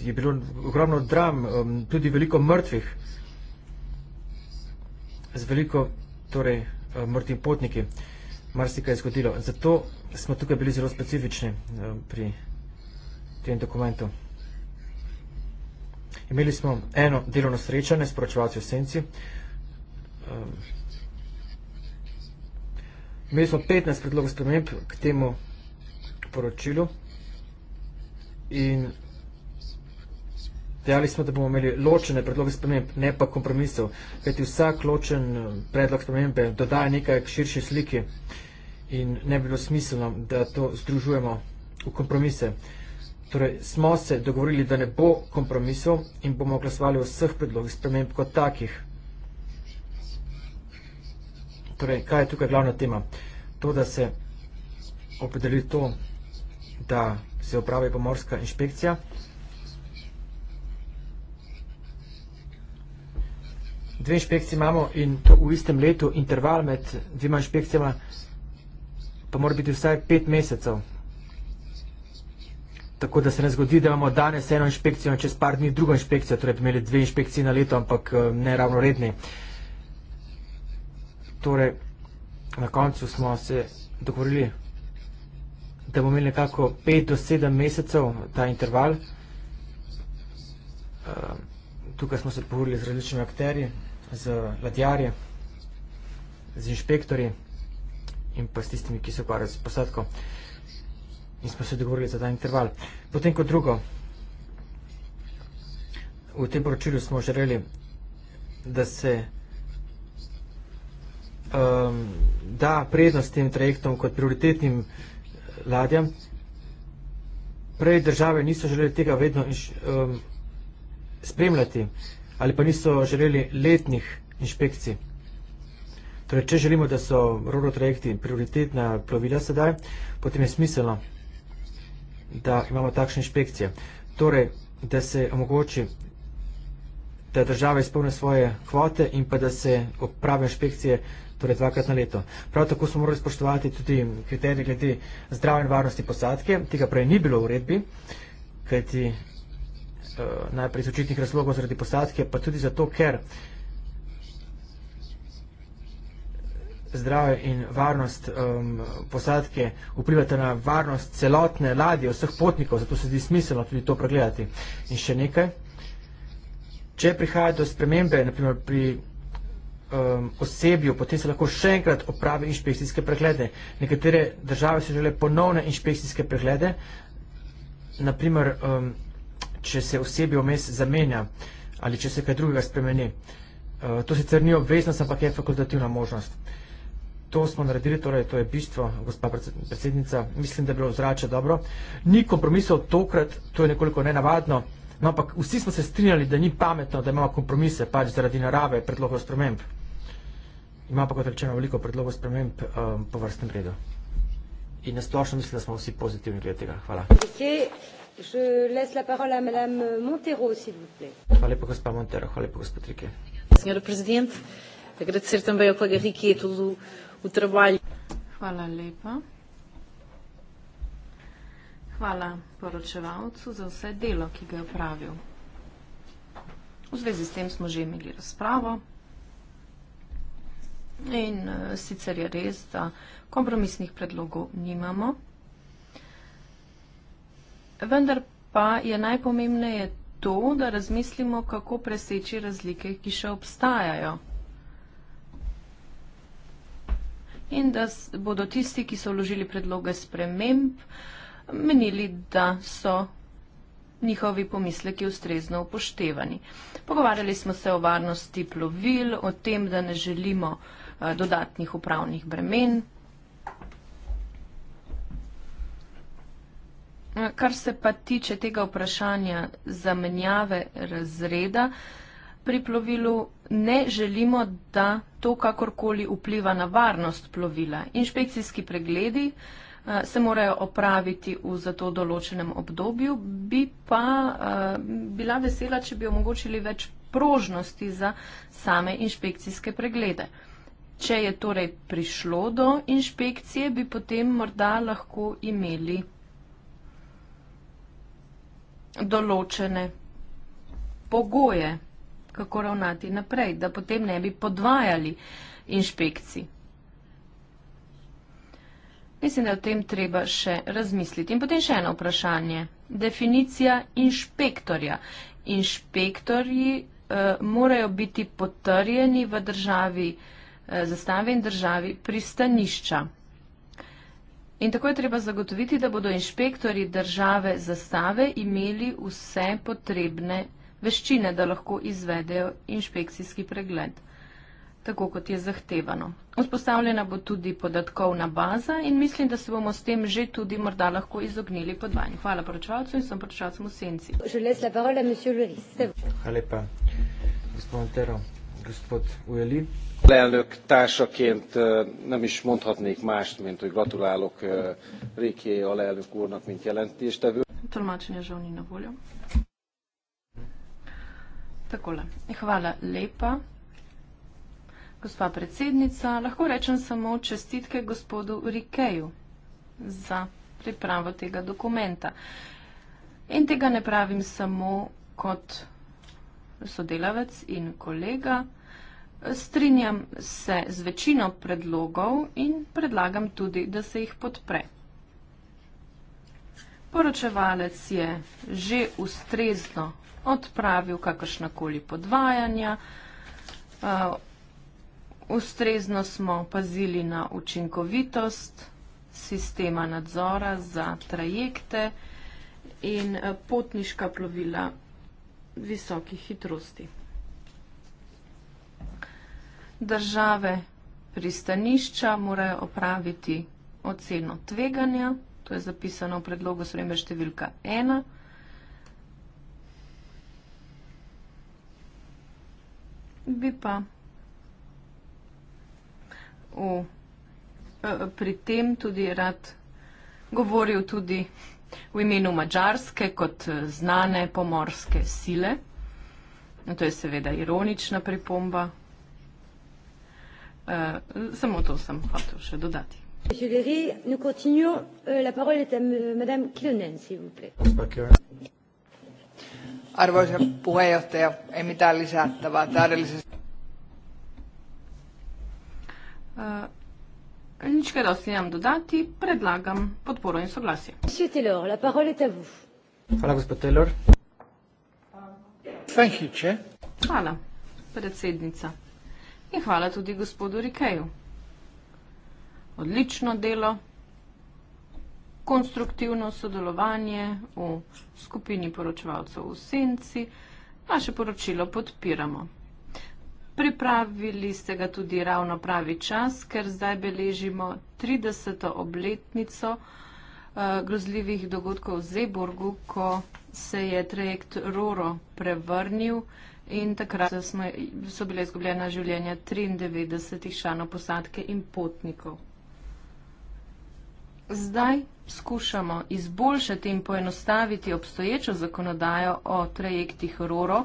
Je bilo ogromno dram, um, tudi veliko mrtvih, z veliko torej, uh, mrtvih potniki. Uh, marsikaj zgodilo. Zato smo tukaj bili zelo specifični eh, pri tem dokumentu. Imeli smo eno delovno srečanje s poročevalci v senci. Eh, imeli smo 15 predlogov sprememb k temu poročilu in Dejali smo, da bomo imeli ločene predloge sprememb, ne pa kompromisov, kajti vsak ločen eh, predlog spremembe dodaja nekaj k širši sliki in ne bi bilo smiselno, da to združujemo v kompromise. Torej, smo se dogovorili, da ne bo kompromisov in bomo glasovali o vseh predlogih sprememb kot takih. Torej, kaj je tukaj glavna tema? To, da se opredeli to, da se opravi pomorska inšpekcija. dve inšpekciji imamo in to v istem letu, interval med dvima inšpekcijama pa mora biti vsaj pet mesecev. Tako da se ne zgodi, da imamo danes eno inšpekcijo in čez par dni drugo inšpekcijo, torej bi imeli dve inšpekcije na leto, ampak eh, ne ravno redni. Torej, na koncu smo se dogovorili, da bomo imeli nekako pet do sedem mesecev ta interval. Eh, tukaj smo se pogovorili z različnimi akterji z ladjarje, z inšpektori in pa s tistimi, ki so ukvarjali z posadko. In smo se dogovorili za ta interval. Potem kot drugo, v tem poročilu smo želeli, da se um, da prednost tem trajektom kot prioritetnim eh, ladjam. Prej države niso želeli tega vedno um, spremljati ali pa niso želeli letnih inšpekcij. Torej, če želimo, da so roro trajekti prioritetna plovila sedaj, potem je smiselno, da imamo takšne inšpekcije. Torej, da se omogoči, da država izpolne svoje kvote in pa da se opravi inšpekcije torej dvakrat na leto. Prav tako smo morali spoštovati tudi kriterije glede zdrave in varnosti posadke, tega prej ni bilo v uredbi, kajti Eh, najprej iz očitnih razlogov zaradi posadke, pa tudi zato, ker zdrave in varnost um, posadke vplivate na varnost celotne ladje vseh potnikov, zato se zdi smiselno tudi to pregledati. In še nekaj, če prihaja do spremembe, naprimer pri um, osebju, potem se lahko še enkrat opravi inšpekcijske preglede. Nekatere države se žele ponovne inšpekcijske preglede, naprimer um, če se osebi vmes zamenja ali če se kaj drugega spremeni. Eh, to sicer ni obveznost, ampak je fakultativna možnost. To smo naredili, torej to je bistvo, gospa predsednica, mislim, da je bilo vzrače dobro. Ni kompromisov tokrat, to je nekoliko nenavadno, no, ampak vsi smo se strinjali, da ni pametno, da imamo kompromise pač zaradi narave predlogov sprememb. Imamo pa, kot rečeno, veliko predlogov sprememb um, po vrstnem redu. In nasplošno mislim, da smo vsi pozitivni glede tega. Hvala. Okay. Je laisse la parole à Madame Montero, s'il vous plaît. Hvala lepa, gospod Montero. Hvala lepa, gospod Rike. Senjor prezident, agradecer também ao colega Rike e todo o trabalho. Hvala lepa. Hvala poročevalcu za vse delo, ki ga je upravil. V zvezi s tem smo že imeli razpravo. In eh, sicer je res, da kompromisnih predlogov nimamo vendar pa je najpomembneje to, da razmislimo, kako preseči razlike, ki še obstajajo. In da bodo tisti, ki so vložili predloge sprememb, menili, da so njihovi pomisleki ustrezno upoštevani. Pogovarjali smo se o varnosti plovil, o tem, da ne želimo eh, dodatnih upravnih bremen, Kar se pa tiče tega vprašanja zamenjave razreda pri plovilu, ne želimo, da to kakorkoli vpliva na varnost plovila. Inšpekcijski pregledi eh, se morajo opraviti v za to določenem obdobju, bi pa eh, bila vesela, če bi omogočili več prožnosti za same inšpekcijske preglede. Če je torej prišlo do inšpekcije, bi potem morda lahko imeli določene pogoje, kako ravnati naprej, da potem ne bi podvajali inšpekciji. Mislim, da je o tem treba še razmisliti. In potem še eno vprašanje. Definicija inšpektorja. Inšpektorji eh, morajo biti potrjeni v državi eh, zastave in državi pristanišča. In tako je treba zagotoviti, da bodo inšpektori države zastave imeli vse potrebne veščine, da lahko izvedejo inšpekcijski pregled, tako kot je zahtevano. Vzpostavljena bo tudi podatkovna baza in mislim, da se bomo s tem že tudi morda lahko izognili podvajanju. Hvala poročevalcu in sem poročevalcem v senci. Hvala lepa, gospod Montero, gospod Ujeli. Alelnök társaként nem is mondhatnék mást, mint hogy gratulálok Riké alelnök úrnak, mint jelentéstevő. Tolmácsonya Zsóni Navoljo. Takole, hvala lepa. Gospa predsednica, lahko rečem samo čestitke gospodu Rikeju za pripravo tega dokumenta. In tega ne pravim samo kot sodelavec in kolega, Strinjam se z večino predlogov in predlagam tudi, da se jih podpre. Poročevalec je že ustrezno odpravil kakršnakoli podvajanja, eh, ustrezno smo pazili na učinkovitost sistema nadzora za trajekte in eh, potniška plovila visokih hitrosti države pristanišča morajo opraviti oceno tveganja, to je zapisano v predlogu sprembe številka 1. Bi pa v, eh, eh, pri tem tudi rad govoril tudi v imenu Mačarske kot eh, znane pomorske sile. No, to je seveda ironična pripomba, Eh, samo to sem hotel še dodati. Monsieur Léry, nous continuons. Euh, la parole est à Madame Kilonen, s'il vous plaît. Arvoisa puheenjohtaja, ei mitään lisättävää täydellisesti. Uh, nič kaj dosti nam dodati, predlagam podporo in soglasje. Monsieur Taylor, la parole est à vous. Hvala, gospod Taylor. Thank you, Hvala, predsednica in hvala tudi gospodu Rikeju. Odlično delo, konstruktivno sodelovanje v skupini poročevalcev v Senci. Naše poročilo podpiramo. Pripravili ste ga tudi ravno pravi čas, ker zdaj beležimo 30. obletnico eh, grozljivih dogodkov v Zeborgu, ko se je trajekt Roro prevrnil. In takrat smo, so bile izgubljena življenja 93 članov posadke in potnikov. Zdaj skušamo izboljšati in poenostaviti obstoječo zakonodajo o trajektih RORO,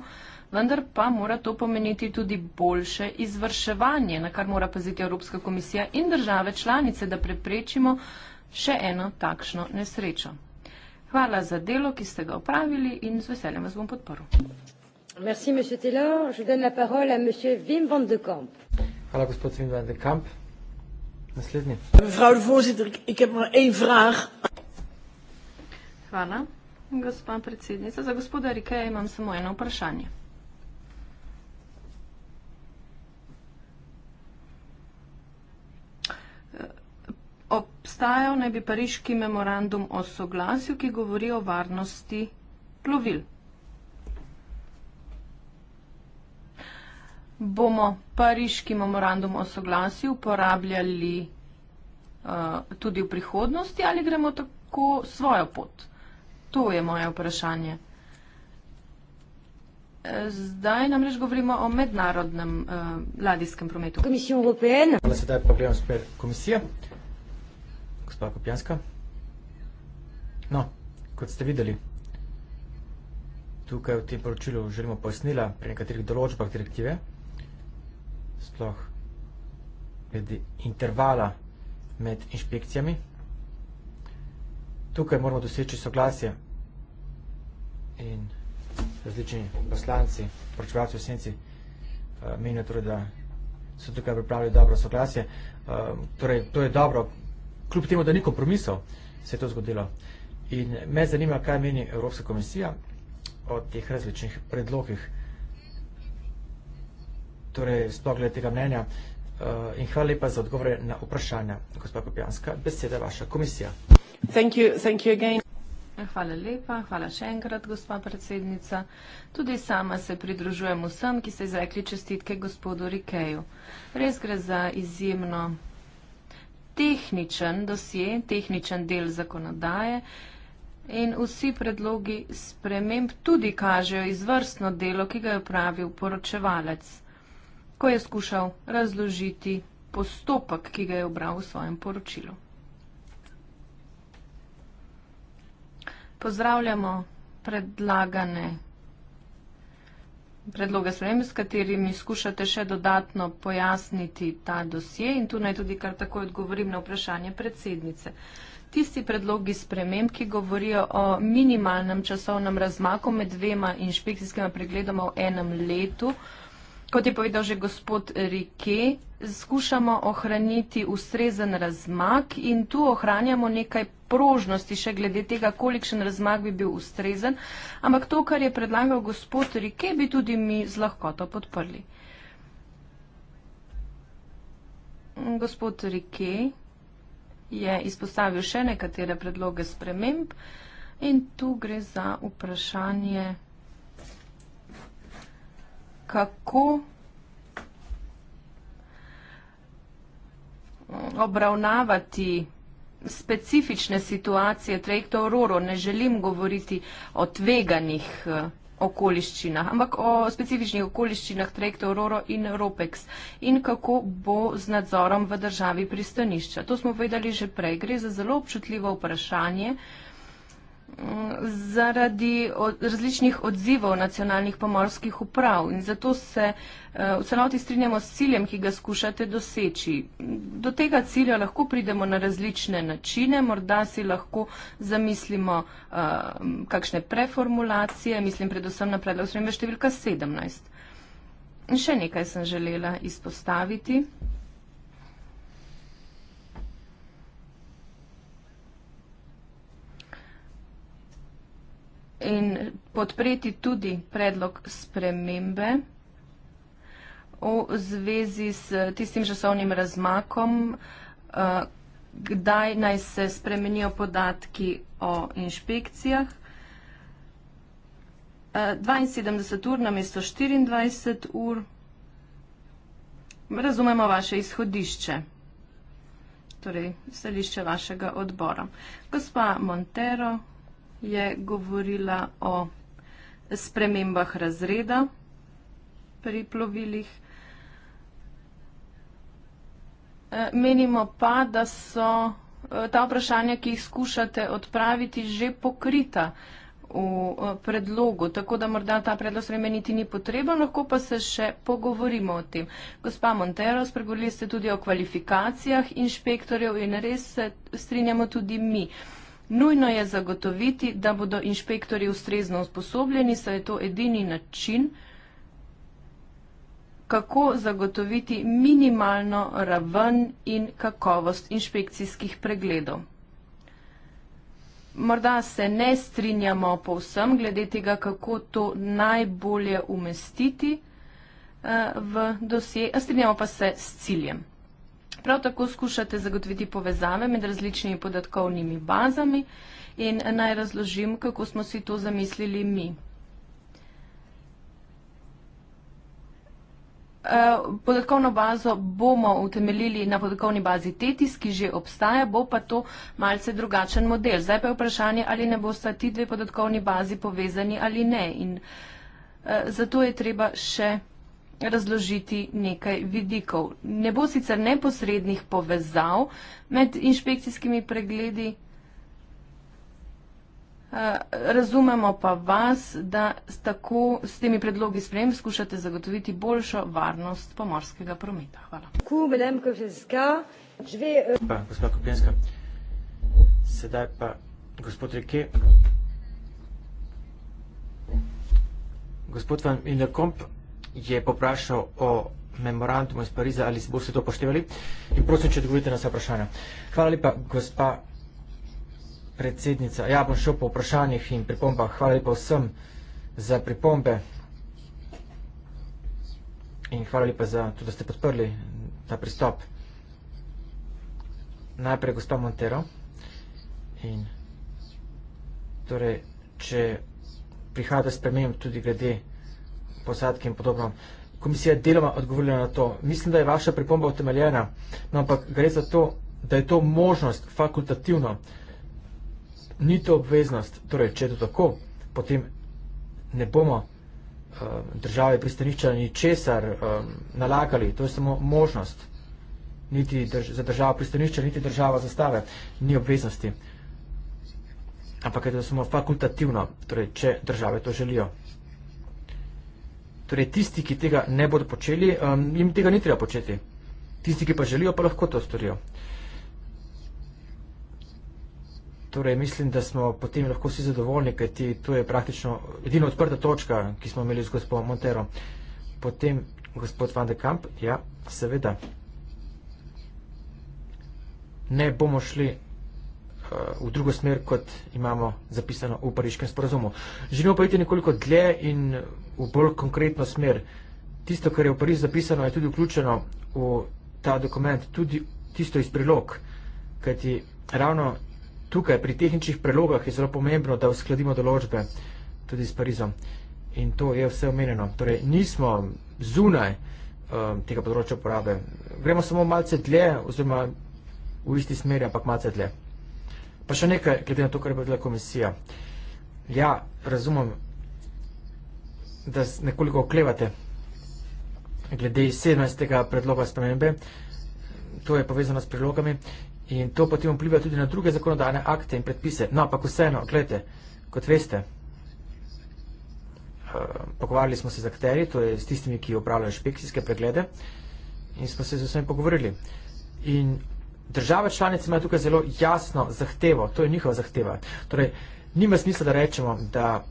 vendar pa mora to pomeniti tudi boljše izvrševanje, na kar mora paziti Evropska komisija in države članice, da preprečimo še eno takšno nesrečo. Hvala za delo, ki ste ga opravili in z veseljem vas bom podporil. Merci, Monsieur Taylor. Je donne la parole à Monsieur Wim van de Kamp. Hallo, gospod Wim van de Kamp. Naslednji. Mevrouw de voorzitter, ik heb maar één vraag. Hvala, gospa predsednica. Za gospoda Rikeja imam samo eno vprašanje. Obstajal naj bi pariški memorandum o soglasju, ki govori o varnosti plovil. bomo pariški memorandum o soglasju uporabljali uh, tudi v prihodnosti ali gremo tako svojo pot? To je moje vprašanje. Eh, zdaj namreč govorimo o mednarodnem uh, ladijskem prometu. Komisija Evropejna. Hvala, sedaj pa gledam spet komisija. Gospa Kopjanska. No, kot ste videli, tukaj v tem poročilu želimo pojasnila pri nekaterih določbah direktive, sploh glede intervala med inšpekcijami. Tukaj moramo doseči soglasje in različni poslanci, poročevalci v senci eh, menijo torej, da so tukaj pripravili dobro soglasje. Eh, torej, to je dobro, kljub temu, da ni kompromisov, se je to zgodilo. In me zanima, kaj meni Evropska komisija o teh različnih predlogih torej spogled tega mnenja. Uh, in hvala lepa za odgovore na vprašanja, gospod Popijanska. Beseda vaša komisija. Thank you, thank you again. Hvala lepa, hvala še enkrat, gospa predsednica. Tudi sama se pridružujem vsem, ki ste izrekli čestitke gospodu Rikeju. Res gre za izjemno tehničen dosje, tehničen del zakonodaje in vsi predlogi sprememb tudi kažejo izvrstno delo, ki ga je upravil poročevalec ko je skušal razložiti postopek, ki ga je obral v svojem poročilu. Pozdravljamo predlagane predloge sprejme, s katerimi skušate še dodatno pojasniti ta dosje in tu naj tudi kar takoj odgovorim na vprašanje predsednice. Tisti predlogi sprememb, ki govorijo o minimalnem časovnem razmaku med dvema inšpekcijskima pregledoma v enem letu, uh, Kot je povedal že gospod Rike, skušamo ohraniti ustrezen razmak in tu ohranjamo nekaj prožnosti še glede tega, kolikšen razmak bi bil ustrezen, ampak to, kar je predlagal gospod Rike, bi tudi mi z lahkoto podprli. Gospod Rike je izpostavil še nekatere predloge sprememb in tu gre za vprašanje kako obravnavati specifične situacije trajektov Roro. Ne želim govoriti o tveganih eh, okoliščinah, ampak o specifičnih okoliščinah trajektov Roro in Ropex in kako bo z nadzorom v državi pristanišča. To smo povedali že prej. Gre za zelo občutljivo vprašanje. Uh, zaradi različnih odzivov nacionalnih pomorskih uprav in zato se eh, v celoti strinjamo s ciljem, ki ga skušate doseči. Do tega cilja lahko pridemo na različne načine, morda si lahko zamislimo eh, kakšne preformulacije, mislim predvsem na predlog sprememba številka 17. In še nekaj sem želela izpostaviti. in podpreti tudi predlog spremembe v zvezi s tistim časovnim razmakom, eh, kdaj naj se spremenijo podatki o inšpekcijah. 72 eh, ur namesto 24 ur. Razumemo vaše izhodišče, torej stališče vašega odbora. Gospa Montero je govorila o spremembah razreda pri plovilih. E, menimo pa, da so e, ta vprašanja, ki jih skušate odpraviti, že pokrita v e, predlogu, tako da morda ta predlog spremeniti ni potreben, lahko pa se še pogovorimo o tem. Gospa Montero, spregovorili ste tudi o kvalifikacijah inšpektorjev in res se strinjamo tudi mi. Nujno je zagotoviti, da bodo inšpektori ustrezno usposobljeni, saj je to edini način, kako zagotoviti minimalno raven in kakovost inšpekcijskih pregledov. Morda se ne strinjamo povsem glede tega, kako to najbolje umestiti eh, v dosje, strinjamo pa se s ciljem. Prav tako skušate zagotoviti povezave med različnimi podatkovnimi bazami in naj razložim, kako smo si to zamislili mi. E, podatkovno bazo bomo utemeljili na podatkovni bazi TETIS, ki že obstaja, bo pa to malce drugačen model. Zdaj pa je vprašanje, ali ne bosta ti dve podatkovni bazi povezani ali ne. In e, zato je treba še povezati razložiti nekaj vidikov. Ne bo sicer neposrednih povezav med inšpekcijskimi pregledi, eh, razumemo pa vas, da tako s temi predlogi sprejem skušate zagotoviti boljšo varnost pomorskega prometa. Hvala. Pa, euh, gospa Kopenska, sedaj pa gospod Reke. Gospod van Inderkomp, je poprašal o memorandumu iz Pariza, ali se boste to poštevali. In prosim, če odgovorite na vse vprašanja. Hvala lepa, gospa predsednica. Ja, bom šel po vprašanjih in pripombah. Hvala lepa vsem za pripombe. In hvala lepa za to, da ste podprli ta pristop. Najprej gospa Montero. In torej, če prihajate s premenjem tudi glede vprašanja, posadke in podobno. Komisija je deloma odgovorila na to. Mislim, da je vaša pripomba utemeljena, no, ampak gre za to, da je to možnost fakultativno, ni to obveznost. Torej, če je to tako, potem ne bomo uh, države pristanišča ni česar um, eh, nalagali, to je samo možnost. Niti drž za državo pristanišča, niti država zastave, ni obveznosti. Ampak je to samo fakultativno, torej, če države to želijo. Torej, tisti, ki tega ne bodo počeli, um, jim tega ni treba početi. Tisti, ki pa želijo, pa lahko to storijo. Torej, mislim, da smo potem lahko vsi zadovoljni, ker ti to je praktično edina odprta točka, ki smo imeli z gospodom Montero. Potem gospod Van de Kamp, ja, seveda. Ne bomo šli Eh, v drugo smer, kot imamo zapisano v pariškem sporazumu. Želimo pa iti nekoliko dlje in v bolj konkretno smer. Tisto, kar je v Pariz zapisano, je tudi vključeno v ta dokument, tudi tisto iz prilog, kajti ravno tukaj pri tehničnih prilogah je zelo pomembno, da uskladimo določbe tudi s Parizom. In to je vse omenjeno. Torej, nismo zunaj um, tega področja uporabe. Gremo samo malce dlje, oziroma v isti smeri, ampak malce dlje. Pa še nekaj, glede na to, kar je povedala komisija. Ja, razumem, da nekoliko oklevate glede 17. predloga spremembe. To je povezano s prilogami in to potem vpliva tudi na druge zakonodajne akte in predpise. No, pa vseeno, gledajte, kot veste, eh, pogovarjali smo se z akteri, to je s tistimi, ki upravljajo špekcijske preglede in smo se z vsemi pogovorili. In Države članice imajo tukaj zelo jasno zahtevo, to je njihova zahteva. Torej, nima smisla, da rečemo, da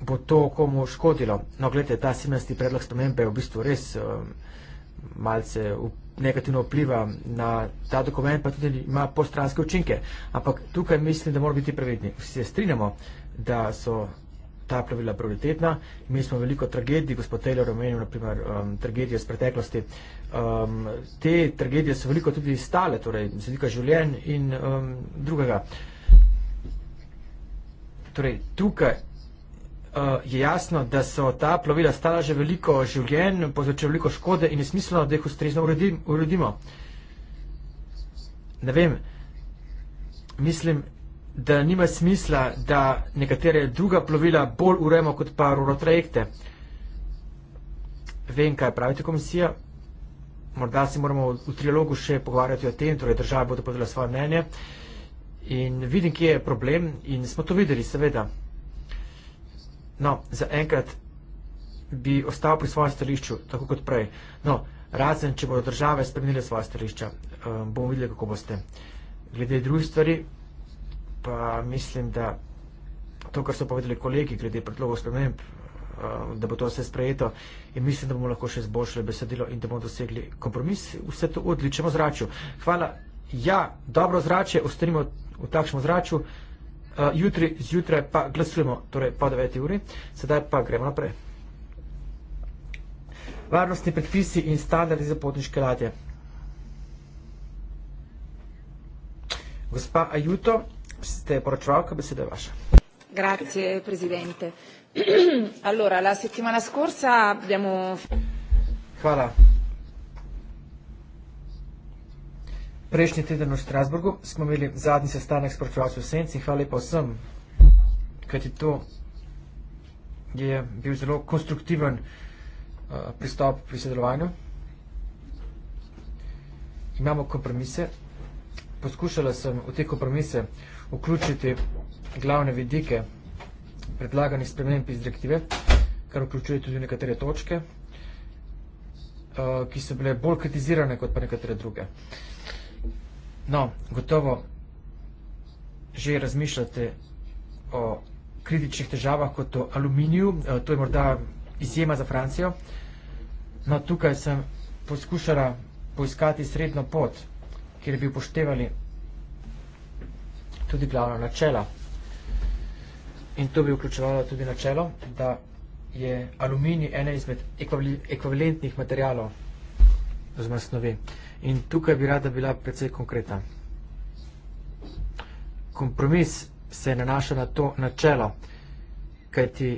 bo to komu škodilo. No, gledajte, ta 17. predlog spremembe je v bistvu res um, malce negativno vpliva na ta dokument, pa tudi ima postranske učinke. Ampak tukaj mislim, da moramo biti previdni. Vsi se strinjamo, da so ta pravila prioritetna. Mi smo veliko tragedij, gospod Taylor omenil, naprimer, um, tragedije iz preteklosti. Um, te tragedije so veliko tudi stale, torej, z vidika življenj in um, drugega. Torej, tukaj uh, je jasno, da so ta plovila stala že veliko življenj, povzročila veliko škode in je smiselno, da jih ustrezno uredim, uredimo. Ne vem, mislim, da nima smisla, da nekatere druga plovila bolj urejamo kot pa ruro trajekte. Vem, kaj pravite komisija. Morda si moramo v trilogu še pogovarjati o tem, torej države bodo podala svoje mnenje. In vidim, kje je problem in smo to videli, seveda. No, za enkrat bi ostal pri svojem stališču, tako kot prej. No, razen, če bodo države spremenile svoje stališča, eh, bomo videli, kako boste. Glede drugih stvari, pa mislim, da to, kar so povedali kolegi glede predlogov sprememb, eh, da bo to vse sprejeto in mislim, da bomo lahko še zboljšali besedilo in da bomo dosegli kompromis. Vse to odličemo zraču. Hvala. Ja, dobro zrače, ostanimo v takšnem zraču. Eh, jutri zjutraj pa glasujemo, torej po 9. uri. Sedaj pa gremo naprej. Varnostni predpisi in standardi za potniške ladje. Gospa Ajuto. Ste poročevalka, beseda je vaša. Grazie presidente. allora, la settimana scorsa abbiamo. Hvala. Prejšnji teden v Strasburgu smo imeli zadnji sestanek s poročevalci v Senci in hvala lepa vsem, kajti to je bil zelo konstruktiven uh, pristop pri sodelovanju. Imamo kompromise, poskušala sem v te kompromise vključiti glavne vidike predlaganih sprememb iz direktive, kar vključuje tudi nekatere točke, eh, ki so bile bolj kritizirane kot pa nekatere druge. No, gotovo že razmišljate o kritičnih težavah kot o aluminiju, eh, to je morda izjema za Francijo. No, tukaj sem poskušala poiskati srednjo pot, kjer bi upoštevali tudi glavna načela. In to bi vključevalo tudi načelo, da je aluminij ena izmed ekvivalentnih materialov oziroma snovi. In tukaj bi rada bila precej konkreta. Kompromis se nanaša na to načelo, kajti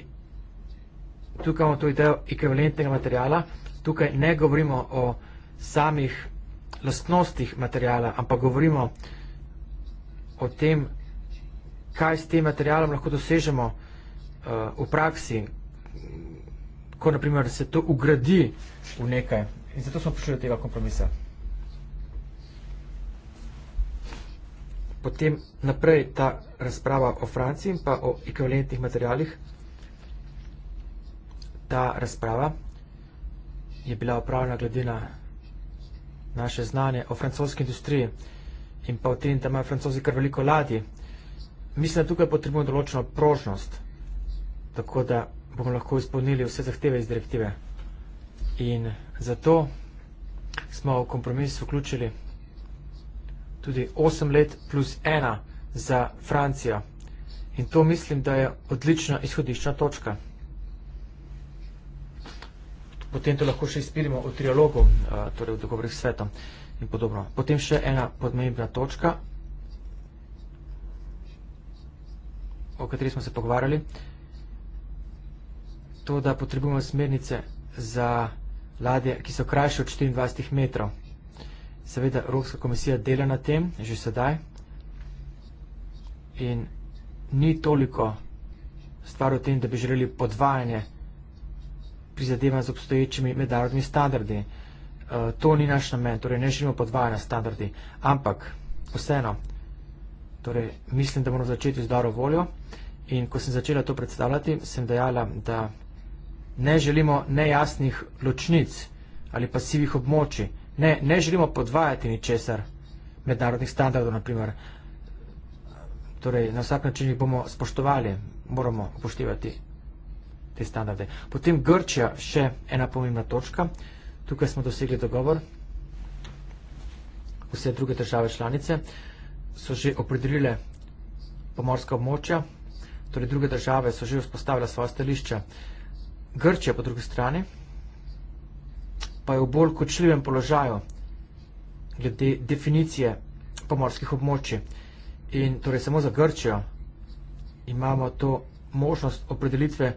tukaj imamo to idejo ekvivalentnega materiala, tukaj ne govorimo o samih lastnostih materijala, ampak govorimo o o tem, kaj s tem materialom lahko dosežemo uh, v praksi, ko naprimer se to ugradi v nekaj. In zato smo prišli do tega kompromisa. Potem naprej ta razprava o Franciji in pa o ekvivalentnih materialih. Ta razprava je bila opravljena glede na naše znanje o francoski industriji in pa v tem, da imajo francozi kar veliko ladij. Mislim, da tukaj potrebujemo določeno prožnost, tako da bomo lahko izpolnili vse zahteve iz direktive. In zato smo v kompromis vključili tudi 8 let plus 1 za Francijo. In to mislim, da je odlična izhodiščna točka. Potem to lahko še izpirimo v trialogu, eh, torej v dogovorih s svetom in podobno. Potem še ena podmembna točka, o kateri smo se pogovarjali, to, da potrebujemo smernice za ladje, ki so krajše od 24 metrov. Seveda, Evropska komisija dela na tem, že sedaj, in ni toliko stvar o tem, da bi želeli podvajanje prizadevanj z obstoječimi mednarodnimi standardi. Eh, to ni naš namen, torej ne želimo podvajanja standardi, ampak vseeno, torej mislim, da moramo začeti z dobro voljo in ko sem začela to predstavljati, sem dejala, da ne želimo nejasnih ločnic ali pa sivih območij, ne, ne želimo podvajati ničesar mednarodnih standardov, naprimer, torej na vsak način jih bomo spoštovali, moramo upoštevati te standarde. Potem Grčija, še ena pomembna točka, Tukaj smo dosegli dogovor. Vse druge države članice so že opredelile pomorska območja, torej druge države so že vzpostavile svoje stališče. Grčija po drugi strani pa je v bolj kočljivem položaju glede definicije pomorskih območij. In torej samo za Grčijo imamo to možnost opredelitve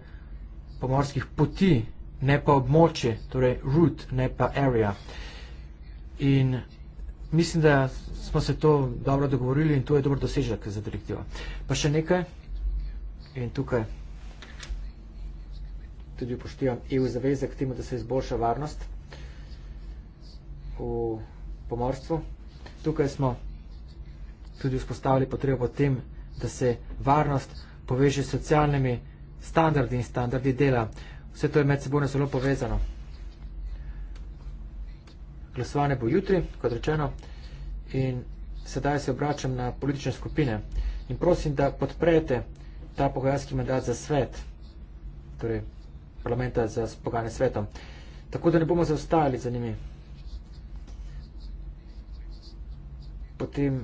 pomorskih poti ne pa območje, torej root, ne pa area. In mislim, da smo se to dobro dogovorili in to je dobro dosežek za direktivo. Pa še nekaj in tukaj tudi upoštevam EU zaveze k temu, da se izboljša varnost v pomorstvu. Tukaj smo tudi vzpostavili potrebo po tem, da se varnost poveže s socialnimi standardi in standardi dela. Vse to je med seboj zelo povezano. Glasovanje bo jutri, kot rečeno, in sedaj se obračam na politične skupine in prosim, da podprete ta pogajalski mandat za svet, torej parlamenta za spogajanje svetom, tako da ne bomo zaostajali za njimi. Potem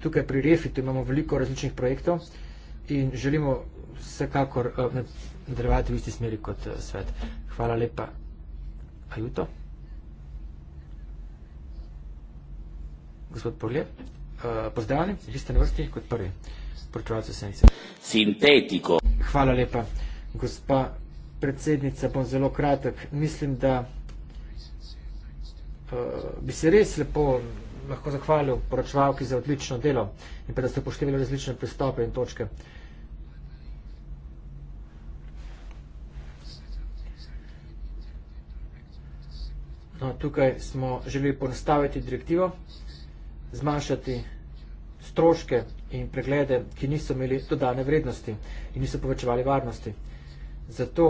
tukaj pri Refitu imamo veliko različnih projektov in želimo vsekakor eh, nadaljevati v isti smeri kot eh, svet. Hvala lepa. Ajuto. Gospod Pogljev, eh, pozdravljeni, vi ste na vrsti kot prvi. Sintetiko. Hvala lepa. Gospa predsednica, bom zelo kratek. Mislim, da uh, bi se res lepo lahko zahvalil poročevalki za odlično delo in pa da ste upoštevali različne pristope in točke. Uh, No, tukaj smo želeli poenostaviti direktivo, zmanjšati stroške in preglede, ki niso imeli dodane vrednosti in niso povečevali varnosti. Zato,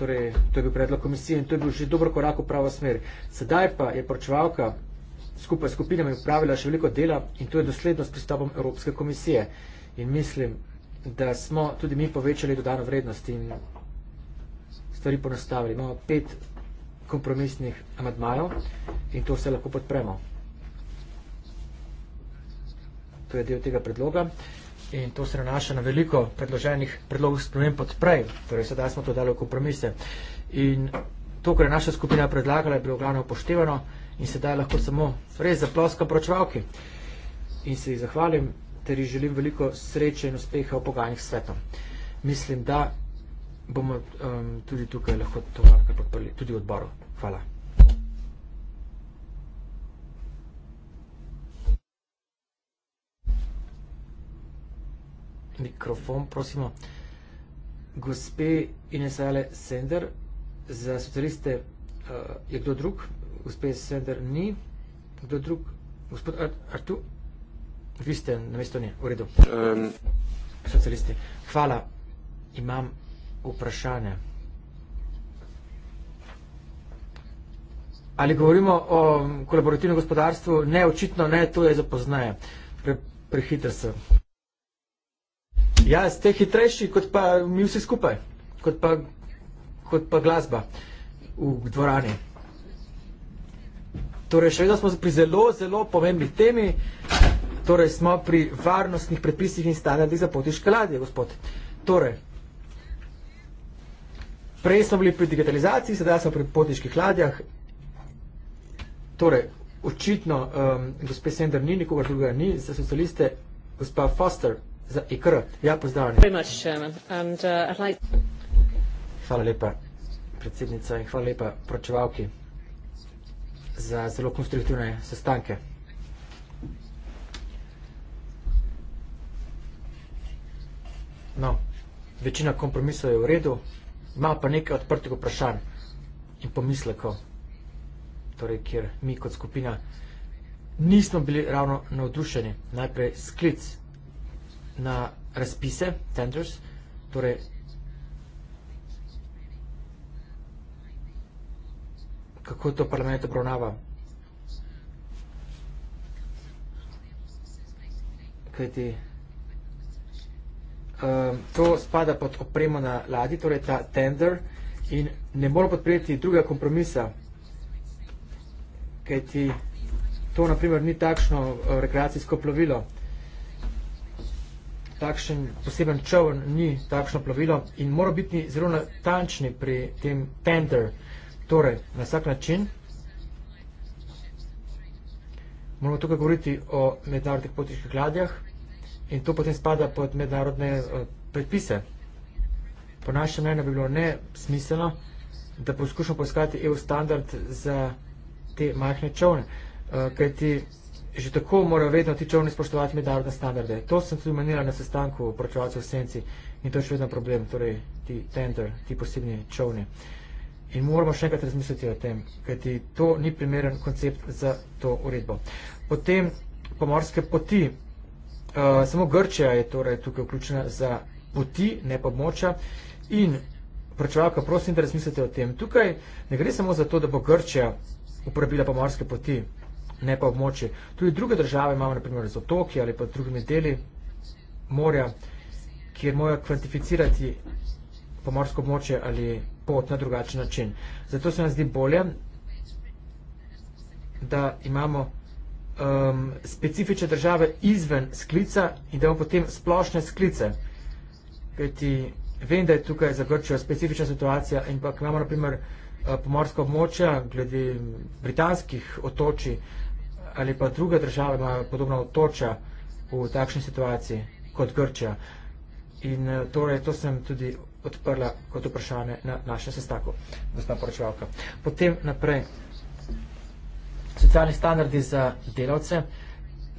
torej, to je bil predlog komisije in to je bil že dober korak v pravo smer. Sedaj pa je poročevalka skupaj s skupinami upravila še veliko dela in to je dosledno s pristopom Evropske komisije. In mislim, da smo tudi mi povečali dodano vrednost in stvari ponastavili. Imamo no, pet kompromisnih amadmajev in to vse lahko podpremo. To je del tega predloga in to se nanaša na veliko predloženih predlogov sprememb podprej, torej sedaj smo to dali v kompromise. In to, kar je naša skupina predlagala, je bilo glavno upoštevano in sedaj lahko samo res zaploskam pročevalki in se jih zahvalim ter jih želim veliko sreče in uspeha v pogajanjih svetom. Mislim, da bomo um, tudi tukaj lahko to malo podprli, tudi odboru. Hvala. Mikrofon, prosimo. Gospe Inesale Sender, za socialiste uh, je kdo drug? Gospe Sender ni. Kdo drug? Gospod Ar Artu? Vi ste na mesto nje, v redu. Um. Socialisti. Hvala. Imam vprašanje. Ali govorimo o kolaborativnem gospodarstvu? Ne, očitno ne, to je zapoznaje. Pre, prehiter sem. Ja, ste hitrejši kot pa mi vsi skupaj, kot pa, kot pa glasba v dvorani. Torej, še vedno smo pri zelo, zelo pomembni temi, torej smo pri varnostnih predpisih in standardih za potiške ladje, gospod. Torej, Prej smo bili pri digitalizaciji, sedaj smo pri potniških ladjah. Torej, očitno, um, gospe Sender ni, nikogar druga ni, za socialiste, gospa Foster, za IKR. Ja, pozdravljeni. Much, And, uh, like... Hvala lepa, predsednica in hvala lepa, pročevalki, za zelo konstruktivne sestanke. No, večina kompromisov je v redu ima pa nekaj odprtih vprašanj in pomislekov, torej, kjer mi kot skupina nismo bili ravno navdušeni. Najprej sklic na razpise, tenders, torej kako to parlament obravnava. Kajti, Ehm, to spada pod opremo na ladji, torej ta tender in ne moramo podpreti drugega kompromisa, kaj ti to naprimer ni takšno eh, rekreacijsko plovilo. Takšen poseben čovn ni takšno plovilo in mora biti zelo natančni pri tem tender. Torej, na vsak način moramo tukaj govoriti o mednarodnih potiških ladjah, In to potem spada pod mednarodne eh, predpise. Po našem mnenju bi bilo ne smiselno, da poskušamo poskati EU standard za te majhne čovne, eh, kajti že tako morajo vedno ti čovni spoštovati mednarodne standarde. To sem tudi menila na sestanku pročevalcev v Senci in to je še vedno problem, torej ti tender, ti posebni čovni. In moramo še enkrat razmisliti o tem, kajti to ni primeren koncept za to uredbo. Potem pomorske poti, Eh, samo Grčija je torej tukaj vključena za poti, ne pa moča. In vprašavka, prosim, da razmislite o tem. Tukaj ne gre samo za to, da bo Grčija uporabila pomorske poti, ne pa območje. Tudi druge države imamo, naprimer, z otoki ali pa drugimi deli morja, kjer morajo kvantificirati pomorsko območje ali pot na drugačen način. Zato se nam zdi bolje, da imamo um, specifične države izven sklica in da imamo potem splošne sklice. Kajti vem, da je tukaj za Grčijo specifična situacija, ampak imamo naprimer uh, pomorska območja, glede britanskih otoči ali pa druge države imajo podobna otoča v takšni situaciji kot Grčija. In uh, torej to sem tudi odprla kot vprašanje na našem sestaku, gospod poročevalka. Potem naprej socialni standardi za delavce.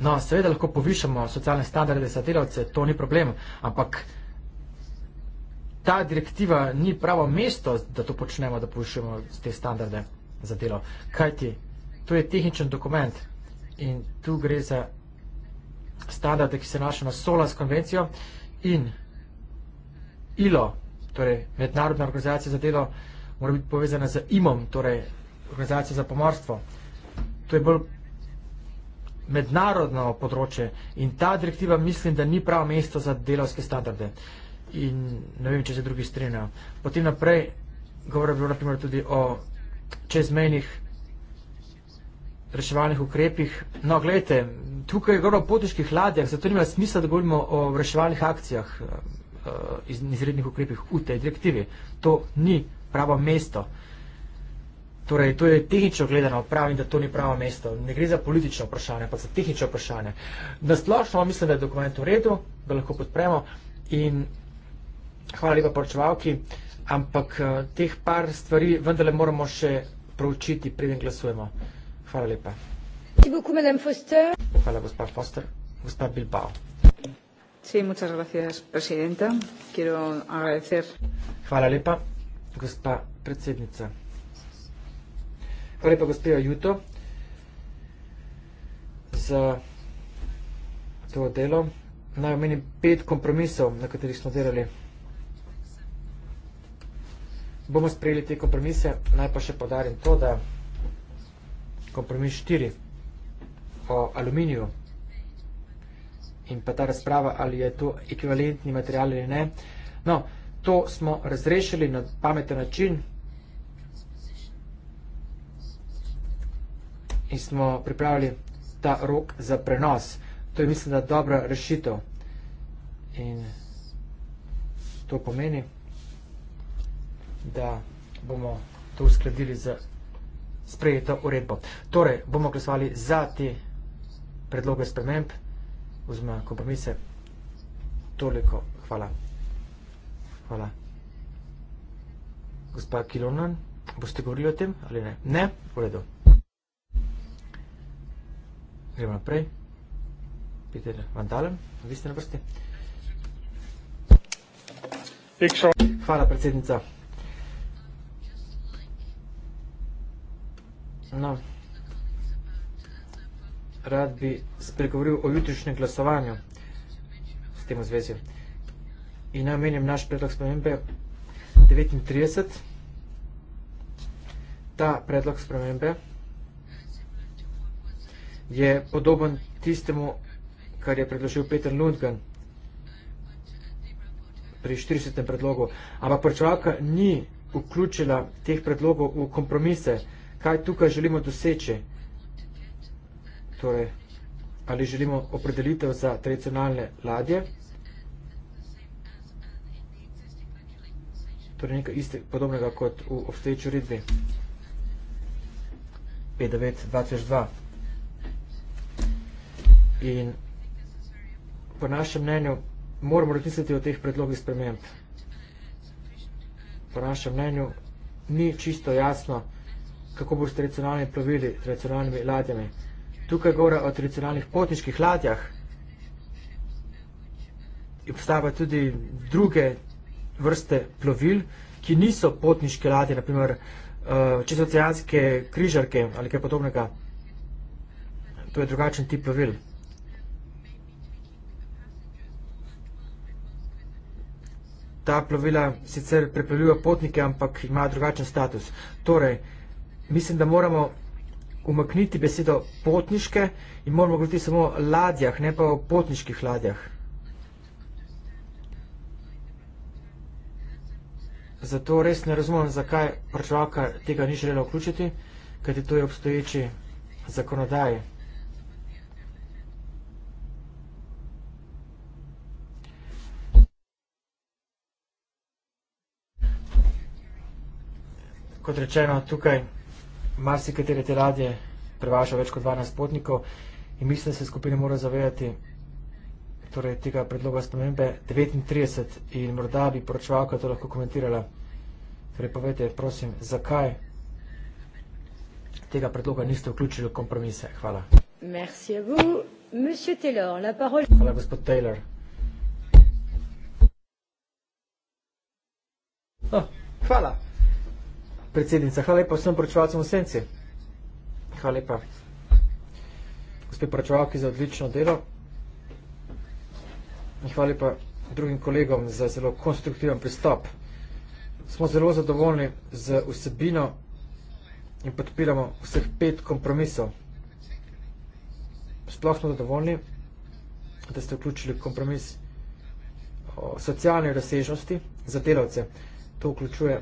No, seveda lahko povišamo socialne standarde za delavce, to ni problem, ampak ta direktiva ni pravo mesto, da to počnemo, da povišujemo te standarde za delo. Kajti, to je tehničen dokument in tu gre za standarde, ki se našajo na SOLAS konvencijo in ILO, torej Mednarodna organizacija za delo, mora biti povezana z IMOM, torej Organizacija za pomorstvo to je bolj mednarodno področje in ta direktiva mislim, da ni pravo mesto za delovske standarde. In ne vem, če se drugi strinjajo. Potem naprej govorim bilo naprimer tudi o čezmejnih reševalnih ukrepih. No, gledajte, tukaj je govorim o potiških ladjah, zato nima smisla, da govorimo o reševalnih akcijah eh, iz izrednih ukrepih v tej direktivi. To ni pravo mesto. Uh, Torej, to je tehnično gledano, pravim, da to ni pravo mesto. Ne gre za politično vprašanje, ampak za tehnično vprašanje. Nasplošno mislim, da je dokument v redu, da lahko podpremo in hvala lepa poročevalki, ampak eh, teh par stvari vendarle moramo še proučiti, preden glasujemo. Hvala lepa. Hvala, gospod Foster. Gospod Bilbao. Sí, muchas gracias, presidenta. Quiero agradecer. Hvala lepa, gospa predsednica. Prej pa gospejo Juto za to delo. Naj omenim pet kompromisov, na katerih smo delali. Bomo sprejeli te kompromise, naj pa še podarim to, da kompromis 4 o aluminiju in pa ta razprava, ali je to ekvivalentni material ali ne. No, to smo razrešili na pameten način, in smo pripravili ta rok za prenos. To je, mislim, da dobra rešitev. In to pomeni, da bomo to uskladili z sprejeto uredbo. Torej, bomo glasovali za te predloge sprememb, oziroma kompromise. Toliko. Hvala. Hvala. Gospa Kilonan, boste govorili o tem ali ne? Ne? V redu. Gremo naprej. Peter Vandalen, vi ste na vrsti. Hvala, predsednica. No. Rad bi spregovoril o jutrišnjem glasovanju s tem v zvezi. In namenjem naš predlog spremembe 39. Ta predlog spremembe je podoben tistemu, kar je predložil Peter Lundgren pri 40. predlogu. Ampak pričevalka ni vključila teh predlogov v kompromise, kaj tukaj želimo doseči. Torej, ali želimo opredelitev za tradicionalne ladje, torej nekaj iste, podobnega kot v obstoječi uredbi 5.9.2002. In po našem mnenju moramo razmisliti o teh predlogih sprememb. Po našem mnenju ni čisto jasno, kako bo s tradicionalnimi plovili, tradicionalnimi ladjami. Tukaj govora o tradicionalnih potniških ladjah. Obstava tudi druge vrste plovil, ki niso potniške ladje, naprimer eh, čezoceanske križarke ali kaj podobnega. To je drugačen tip plovil. Ta plovila sicer preplavljajo potnike, ampak ima drugačen status. Torej, mislim, da moramo umakniti besedo potniške in moramo govoriti samo o ladjah, ne pa o potniških ladjah. Zato res ne razumem, zakaj pravčevalka tega ni želela vključiti, kajti to je obstoječi zakonodaj. kot rečeno, tukaj marsikatere te ladje prevaža več kot 12 potnikov in mislim, da se skupina mora zavedati torej, tega predloga spomembe 39 in morda bi poročevalka to lahko komentirala. Torej, povedajte, prosim, zakaj tega predloga niste vključili v kompromise. Hvala. Merci à vous, monsieur Taylor. La parole... Hvala, gospod Taylor. Oh, hvala predsednica. Hvala lepa vsem poročevalcem v Senci. Hvala lepa. Gospe poročevalki za odlično delo. In hvala lepa drugim kolegom za zelo konstruktiven pristop. Smo zelo zadovoljni z vsebino in podpiramo vseh pet kompromisov. Sploh smo zadovoljni, da ste vključili kompromis o socialni razsežnosti za delavce. To vključuje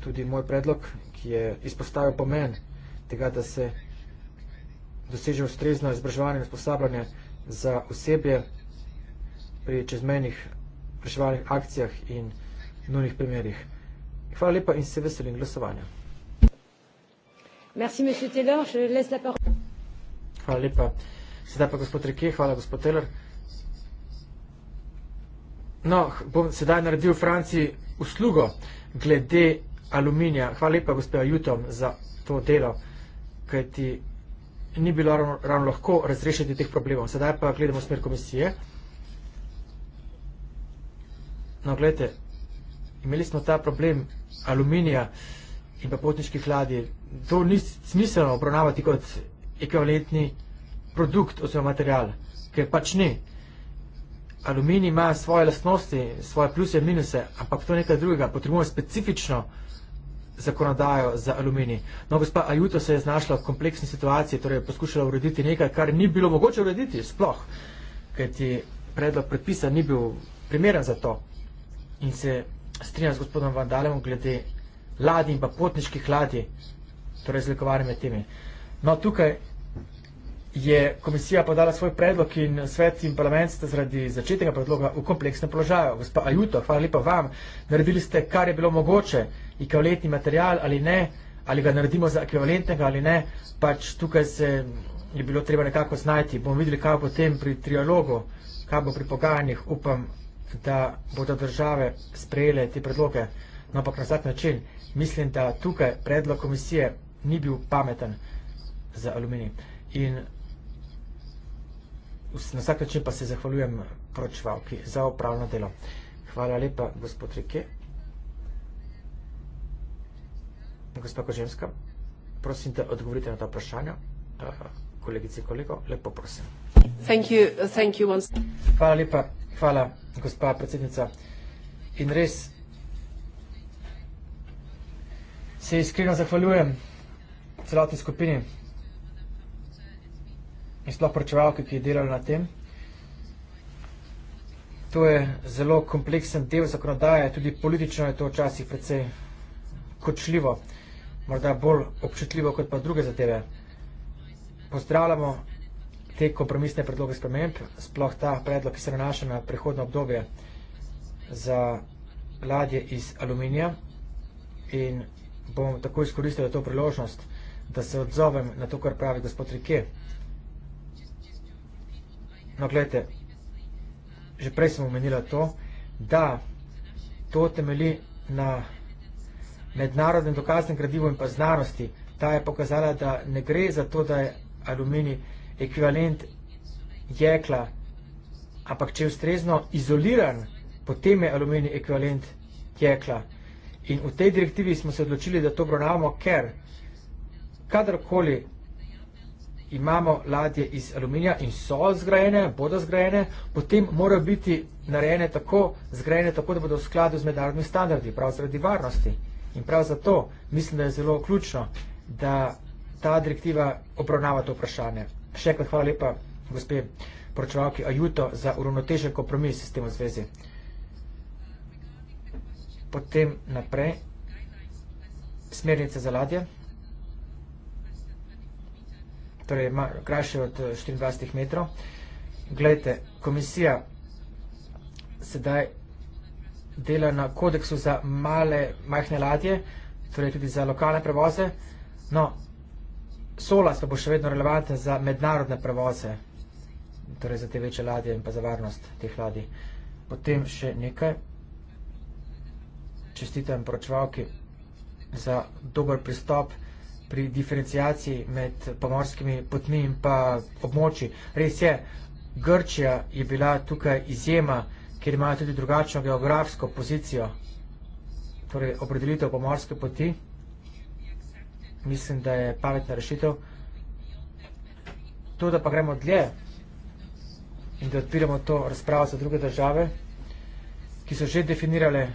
tudi moj predlog, ki je izpostavil pomen tega, da se doseže ustrezno izbraževanje in usposabljanje za osebje pri čezmenih reševalnih akcijah in nujnih primerih. Hvala lepa in se veselim glasovanja. Merci, Taylor, la hvala lepa. Sedaj pa gospod Reke, hvala gospod Taylor. No, bom sedaj naredil Franciji uslugo glede aluminija. Hvala lepa, gospod Jutom, za to delo, ker ti ni bilo ravno, ravno lahko razrešiti teh problemov. Sedaj pa gledamo smer komisije. No, gledajte, imeli smo ta problem aluminija in pa potniških ladij. To ni smiselno obravnavati kot ekvivalentni produkt oziroma material, ker pač ni. Aluminij ima svoje lastnosti, svoje pluse in minuse, ampak to je nekaj drugega. Potrebujemo specifično zakonodajo za aluminij. No, gospa Ajuto se je znašla v kompleksni situaciji, torej je poskušala urediti nekaj, kar ni bilo mogoče urediti sploh, ker ti predlog predpisa ni bil primeren za to. In se strinja z gospodom Vandalem glede ladij in pa potniških ladij, torej z lekovarjem med temi. No, tukaj je komisija podala svoj predlog in svet in parlament ste zaradi začetnega predloga v kompleksnem položaju. Gospa Ajuto, hvala lepa vam. Naredili ste, kar je bilo mogoče, ekvivalentni material ali ne, ali ga naredimo za ekvivalentnega ali ne, pač tukaj se je bilo treba nekako znajti. Bomo videli, kaj bo potem pri trialogu, kaj bo pri pogajanjih. Upam, da bodo države sprejele te predloge. No, ampak na vsak način mislim, da tukaj predlog komisije ni bil pameten za aluminij. In na vsak način pa se zahvaljujem pročvalki za upravno delo. Hvala lepa, gospod Rike. Gospod Koženska, prosim, da odgovorite na to vprašanje. Eh, kolegice in kolego, lepo prosim. Hvala lepa, hvala, gospa predsednica. In res se iskreno zahvaljujem celotni skupini, in sploh pročevalke, ki je delal na tem. To je zelo kompleksen del zakonodaje, tudi politično je to včasih precej kočljivo, morda bolj občutljivo kot pa druge zadeve. Pozdravljamo te kompromisne predloge sprememb, sploh ta predlog, ki se nanaša na prihodno obdobje za ladje iz aluminija in bom tako izkoristil to priložnost, da se odzovem na to, kar pravi gospod Rike. No, gledajte, že prej sem omenila to, da to temeli na mednarodnem dokaznem gradivu in pa znanosti. Ta je pokazala, da ne gre za to, da je aluminij ekvivalent jekla, ampak če je ustrezno izoliran, potem je aluminij ekvivalent jekla. In v tej direktivi smo se odločili, da to obravnavamo, ker kadarkoli imamo ladje iz aluminija in so zgrajene, bodo zgrajene, potem morajo biti narejene tako, zgrajene tako, da bodo v skladu z mednarodnimi standardi, prav zaradi varnosti. In prav zato mislim, da je zelo ključno, da ta direktiva obravnava to vprašanje. Še enkrat hvala lepa, gospe poročevalki Ajuto, za uravnotežen kompromis s tem v zvezi. Potem naprej smernice za ladje torej krajše od 24 eh, metrov. Glejte, komisija sedaj dela na kodeksu za male, majhne ladje, torej tudi za lokalne prevoze, no, solas pa bo še vedno relevanten za mednarodne prevoze, torej za te večje ladje in pa za varnost teh ladij. Potem še nekaj, čestitem poročevalki za dober pristop vsega, pri diferencijaciji med pomorskimi potmi in pa območji. Res je, Grčija je bila tukaj izjema, ker imajo tudi drugačno geografsko pozicijo, torej opredelitev pomorske poti. Mislim, da je pametna rešitev. To, da pa gremo dlje in da odpiramo to razpravo za druge države, ki so že definirale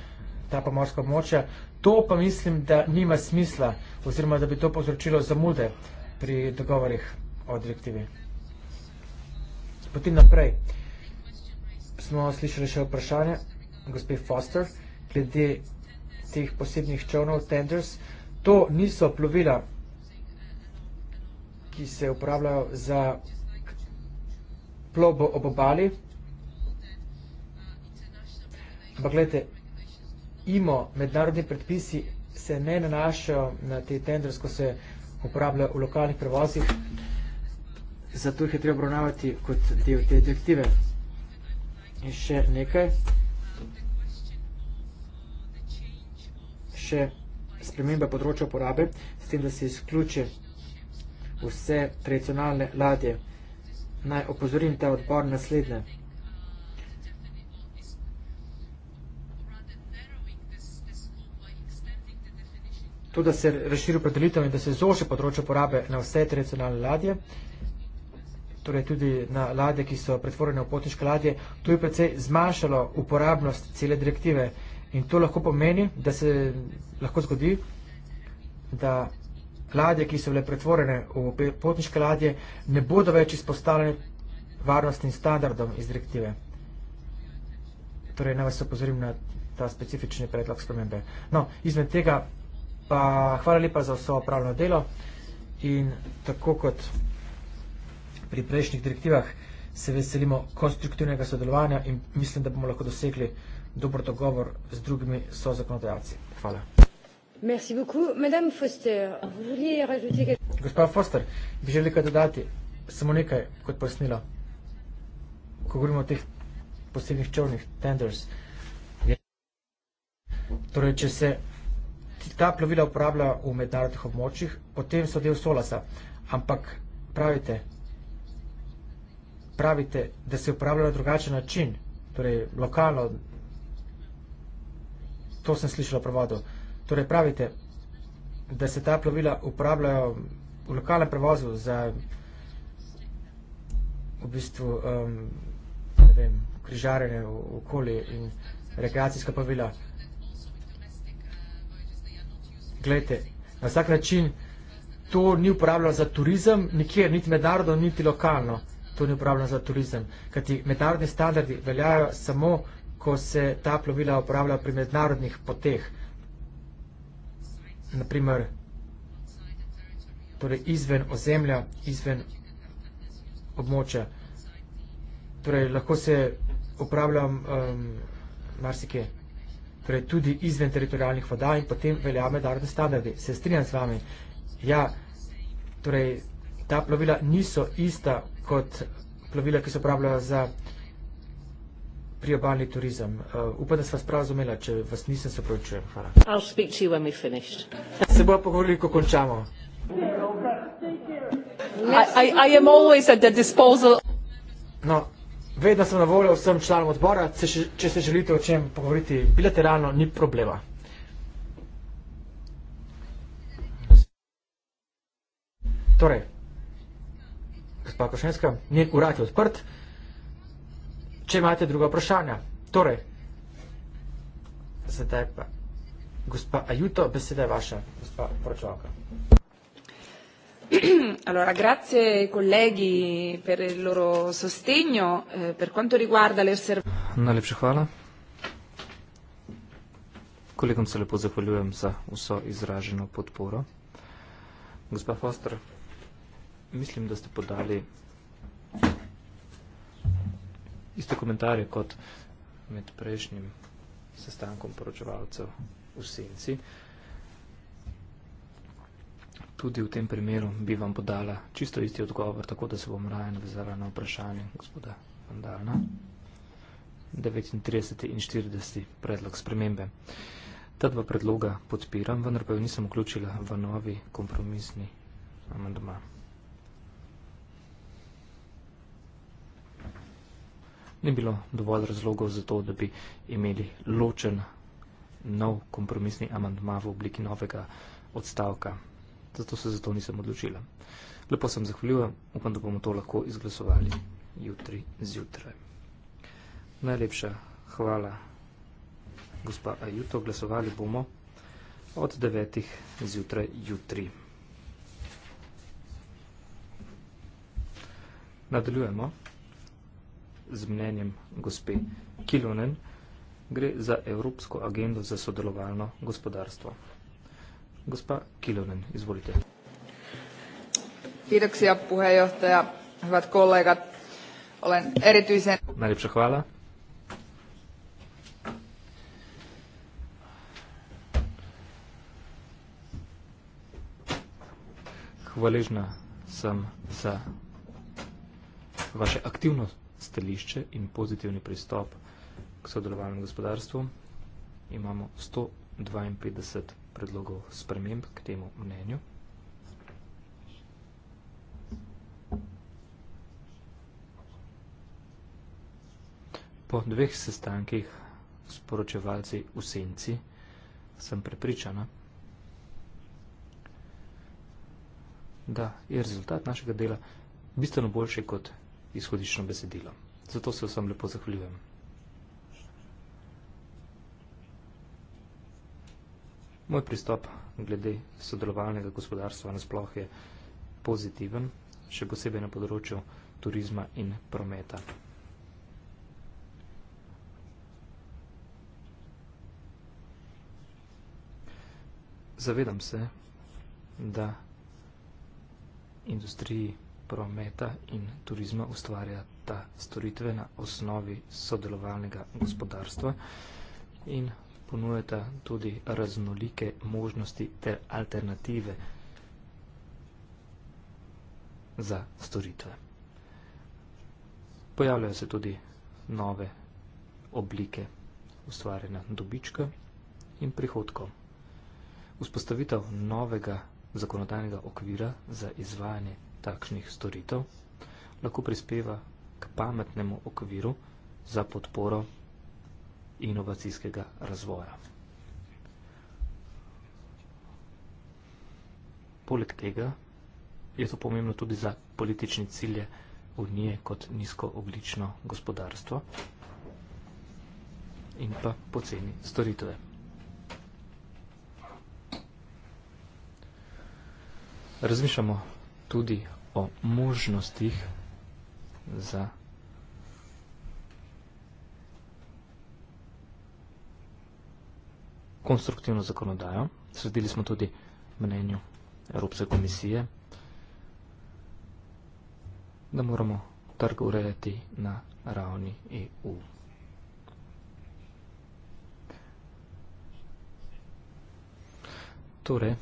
ta pomorska območja, To pa mislim, da nima smisla, oziroma da bi to povzročilo zamude pri dogovorih o direktivi. Potem naprej smo slišali še vprašanje gospe Foster glede teh posebnih čovnov, tenders. To niso plovila, ki se uporabljajo za plovbo ob obali. Ampak gledajte, IMO mednarodni predpisi se ne nanašajo na te tendere, ko se uporabljajo v lokalnih prevozih, zato jih je treba obravnavati kot del te direktive. In še nekaj. Še spremembe področja uporabe, s tem, da se izključe vse tradicionalne ladje. Naj opozorim ta odbor naslednje. to, da se razširi opredelitev in da se zoši področje porabe na vse tradicionalne ladje, torej tudi na ladje, ki so pretvorene v potniške ladje, to je predvsej zmanjšalo uporabnost cele direktive. In to lahko pomeni, da se lahko zgodi, da ladje, ki so bile pretvorene v potniške ladje, ne bodo več izpostavljene varnostnim standardom iz direktive. Torej, naj vas opozorim na ta specifični predlog spremembe. No, izmed tega pa hvala lepa za vso pravno delo in tako kot pri prejšnjih direktivah se veselimo konstruktivnega sodelovanja in mislim, da bomo lahko dosegli dobro dogovor z drugimi sozakonodajalci. Hvala. Merci beaucoup. Madame Foster, vouliez rajouter quelque chose Gospa Foster, bi želi kaj dodati? Samo nekaj kot pojasnilo. Ko govorimo o teh posebnih črnih tenders, je... torej, če se ta plovila uporabljajo v mednarodnih območjih, potem so del solasa. Ampak pravite, pravite, da se uporabljajo na drugačen način, torej lokalno, to sem slišal prevodu, torej pravite, da se ta plovila uporabljajo v lokalnem prevozu za v bistvu um, ne vem, križarjene v okolje in rekreacijska plovila. Glejte, na vsak način to ni uporabljeno za turizem, nikjer, niti mednarodno, niti lokalno. To ni uporabljeno za turizem. Kajti mednarodni standardi veljajo samo, ko se ta plovila uporabljajo pri mednarodnih poteh. Naprimer, torej izven ozemlja, izven območja. Torej, lahko se uporabljam um, marsike torej tudi izven teritorijalnih voda in potem velja mednarodne standardi. Se strinjam z vami. Ja, torej, ta plovila niso ista kot plovila, ki se uporabljajo za priobalni turizem. Uh, upam, da sem vas prav razumela, če vas nisem se pravičujem. Hvala. Se bomo pogovorili, ko končamo. I, I, I am always at the disposal. No, Vedno sem na voljo vsem članom odbora, če, če se želite o čem pogovoriti bilateralno, ni problema. Torej, gospod Košenska, njen urad je odprt. Če imate druga vprašanja, torej, zdaj pa, gospa Ajuto, beseda je vaša, gospa poročevalka. Allora, grazie colleghi per il loro sostegno. Eh, per quanto riguarda le osservazioni... Najlepša hvala. Kolegom se lepo zahvaljujem za vso izraženo podporo. Gospa Foster, mislim, da ste podali iste komentarje kot med prejšnjim sestankom poročevalcev v Senci. Uh, tudi v tem primeru bi vam podala čisto isti odgovor, tako da se bom raje navezala na vprašanje gospoda Vandalna. 39. in 40. predlog spremembe. Ta dva predloga podpiram, vendar pa jo nisem vključila v novi kompromisni amandma. Ni bilo dovolj razlogov za to, da bi imeli ločen nov kompromisni amandma v obliki novega odstavka zato se zato nisem odločila. Lepo sem zahvaljujem, upam, da bomo to lahko izglasovali jutri zjutraj. Najlepša hvala, gospa Ajuto, glasovali bomo od devetih zjutraj jutri. Nadaljujemo z mnenjem gospe Kilonen, gre za Evropsko agendo za sodelovalno gospodarstvo. Gospa Kilonen, izvolite. Kiitoksia puheenjohtaja, hyvät kollegat. Olen erityisen... Najlepša hvala. Hvaležna sem za vaše aktivno stališče in pozitivni pristop k sodelovalnemu gospodarstvu. Imamo 152 predlogov sprememb k temu mnenju. Po dveh sestankih s poročevalci v senci sem prepričana, da je rezultat našega dela bistveno boljši kot izhodično besedilo. Zato se vsem lepo zahvaljujem. Moj pristop glede sodelovalnega gospodarstva nasploh je pozitiven, še posebej na področju turizma in prometa. Zavedam se, da industriji prometa in turizma ustvarja ta storitve na osnovi sodelovalnega gospodarstva in ponujata tudi raznolike možnosti ter alternative za storitve. Pojavljajo se tudi nove oblike ustvarjena dobička in prihodkov. Vzpostavitev novega zakonodajnega okvira za izvajanje takšnih storitev lahko prispeva k pametnemu okviru za podporo inovacijskega razvoja. Poleg tega je to pomembno tudi za politične cilje Unije kot nizkooglično gospodarstvo in pa poceni storitve. Razmišljamo tudi o možnostih za konstruktivno zakonodajo, sredili smo tudi mnenju Evropske komisije, da moramo trg urejati na ravni EU. Torej,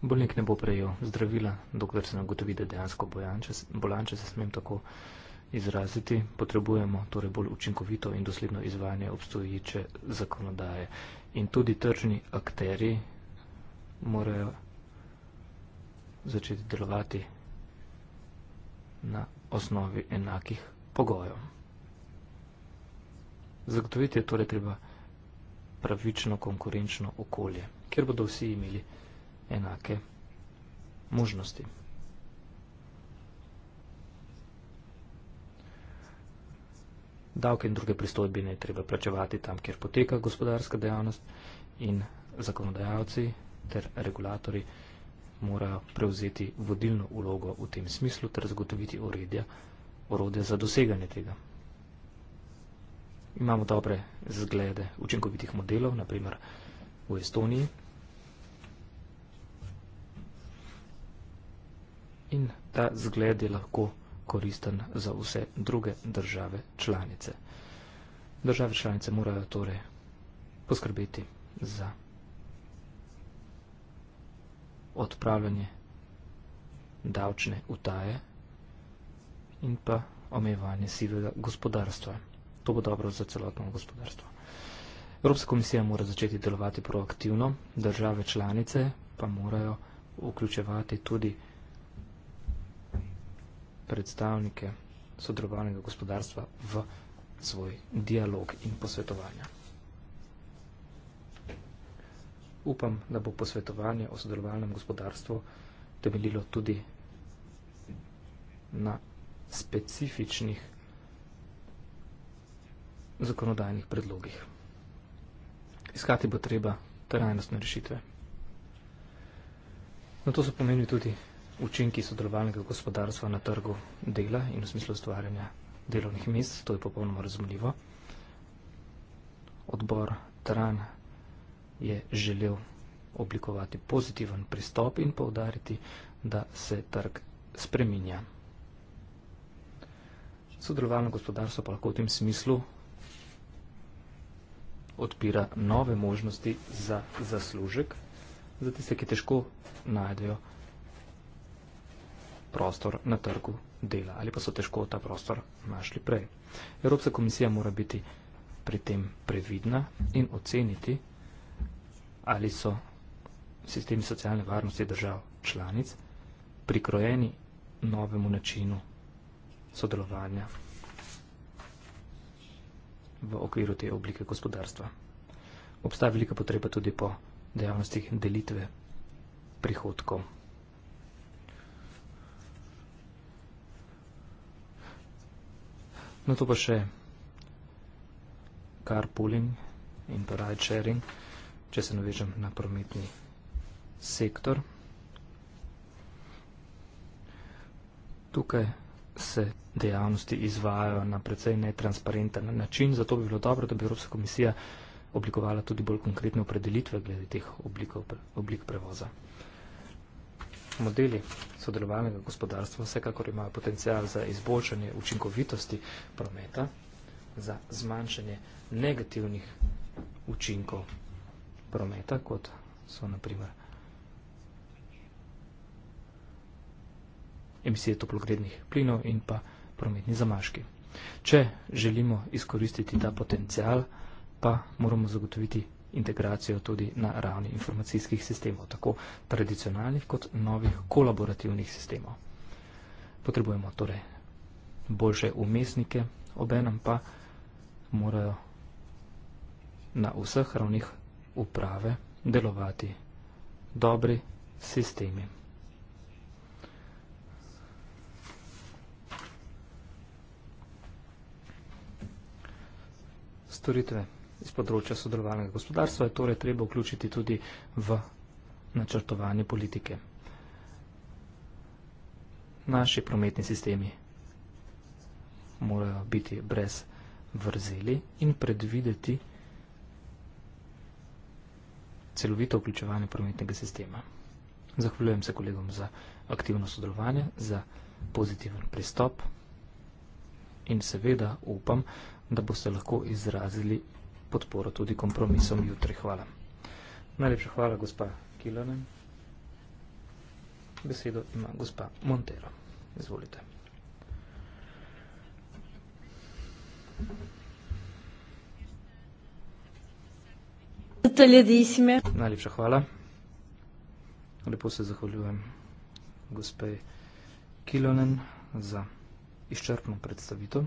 bolnik ne bo prejel zdravila, dokler se ne ugotovi, da dejansko bolanče, bolanče se smem tako izgledati izraziti, potrebujemo torej bolj učinkovito in dosledno izvajanje obstoječe zakonodaje. In tudi tržni akteri morajo začeti delovati na osnovi enakih pogojev. Zagotoviti je torej treba pravično konkurenčno okolje, kjer bodo vsi imeli enake možnosti. davke in druge pristojbine je treba plačevati tam, kjer poteka gospodarska dejavnost in zakonodajalci ter regulatori morajo prevzeti vodilno ulogo v tem smislu ter zagotoviti orodja, orodja za doseganje tega. Imamo dobre zglede učinkovitih modelov, naprimer v Estoniji. In ta zgled je lahko vsega koristen za vse druge države članice. Države članice morajo torej poskrbeti za odpravljanje davčne utaje in pa omejevanje sivega gospodarstva. To bo dobro za celotno gospodarstvo. Evropska komisija mora začeti delovati proaktivno, države članice pa morajo vključevati tudi predstavnike sodelovalnega gospodarstva v svoj dialog in posvetovanja. Upam, da bo posvetovanje o sodelovalnem gospodarstvu temeljilo tudi na specifičnih zakonodajnih predlogih. Iskati bo treba trajnostne rešitve. Na to so pomeni tudi učinki sodelovalnega gospodarstva na trgu dela in v smislu ustvarjanja delovnih mest. To je popolnoma razumljivo. Odbor Tran je želel oblikovati pozitiven pristop in povdariti, da se trg spreminja. Sodelovalno gospodarstvo pa lahko v tem smislu odpira nove možnosti za zaslužek, za tiste, ki težko najdejo prostor na trgu dela ali pa so težko ta prostor našli prej. Evropska komisija mora biti pri tem previdna in oceniti, ali so sistemi socialne varnosti držav članic prikrojeni novemu načinu sodelovanja v okviru te oblike gospodarstva. Obstaja velika potreba tudi po dejavnostih delitve prihodkov. No to pa še carpooling in pa ride sharing, če se navežem na prometni sektor. Tukaj se dejavnosti izvajajo na precej netransparenten način, zato bi bilo dobro, da bi Evropska komisija oblikovala tudi bolj konkretne opredelitve glede teh oblikov, oblik prevoza modeli sodelovalnega gospodarstva vsekakor imajo potencial za izboljšanje učinkovitosti prometa, za zmanjšanje negativnih učinkov prometa, kot so naprimer emisije toplogrednih plinov in pa prometni zamaški. Če želimo izkoristiti ta potencial, pa moramo zagotoviti integracijo tudi na ravni informacijskih sistemov, tako tradicionalnih kot novih kolaborativnih sistemov. Potrebujemo torej boljše umestnike, obenem pa morajo na vseh ravnih uprave delovati dobri sistemi. Storitve iz področja sodelovalnega gospodarstva je torej treba vključiti tudi v načrtovanje politike. Naši prometni sistemi morajo biti brez vrzeli in predvideti celovito vključevanje prometnega sistema. Zahvaljujem se kolegom za aktivno sodelovanje, za pozitiven pristop in seveda upam, da boste lahko izrazili podporo tudi kompromisom jutri. Hvala. Najlepša hvala, gospa Kilane. Besedo ima gospa Montero. Izvolite. Najlepša hvala. Lepo se zahvaljujem gospe Kilonen za izčrpno predstavitev.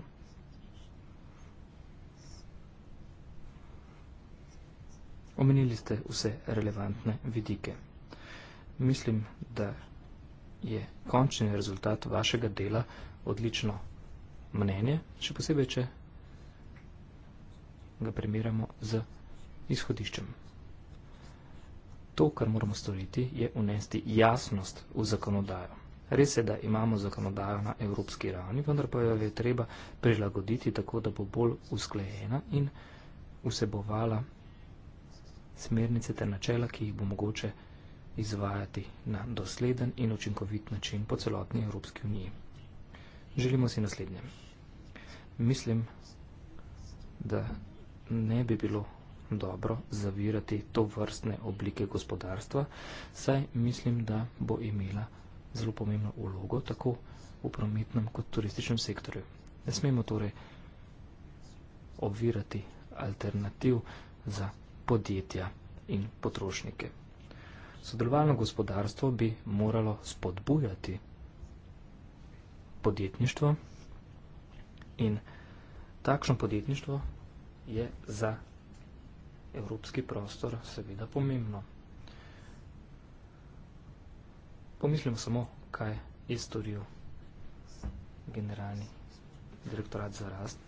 Omenili ste vse relevantne vidike. Mislim, da je končni rezultat vašega dela odlično mnenje, še posebej, če ga primiramo z izhodiščem. To, kar moramo storiti, je unesti jasnost v zakonodajo. Res je, da imamo zakonodajo na evropski ravni, vendar pa jo je treba prilagoditi tako, da bo bolj usklejena in vsebovala smernice ter načela, ki jih bo mogoče izvajati na dosleden in učinkovit način po celotni Evropski uniji. Želimo si naslednje. Mislim, da ne bi bilo dobro zavirati to vrstne oblike gospodarstva, saj mislim, da bo imela zelo pomembno ulogo tako v prometnem kot turističnem sektorju. Ne smemo torej obvirati alternativ za podjetja in potrošnike. Sodelovalno gospodarstvo bi moralo spodbujati podjetništvo in takšno podjetništvo je za evropski prostor seveda pomembno. Pomislimo samo, kaj je storil generalni direktorat za rast.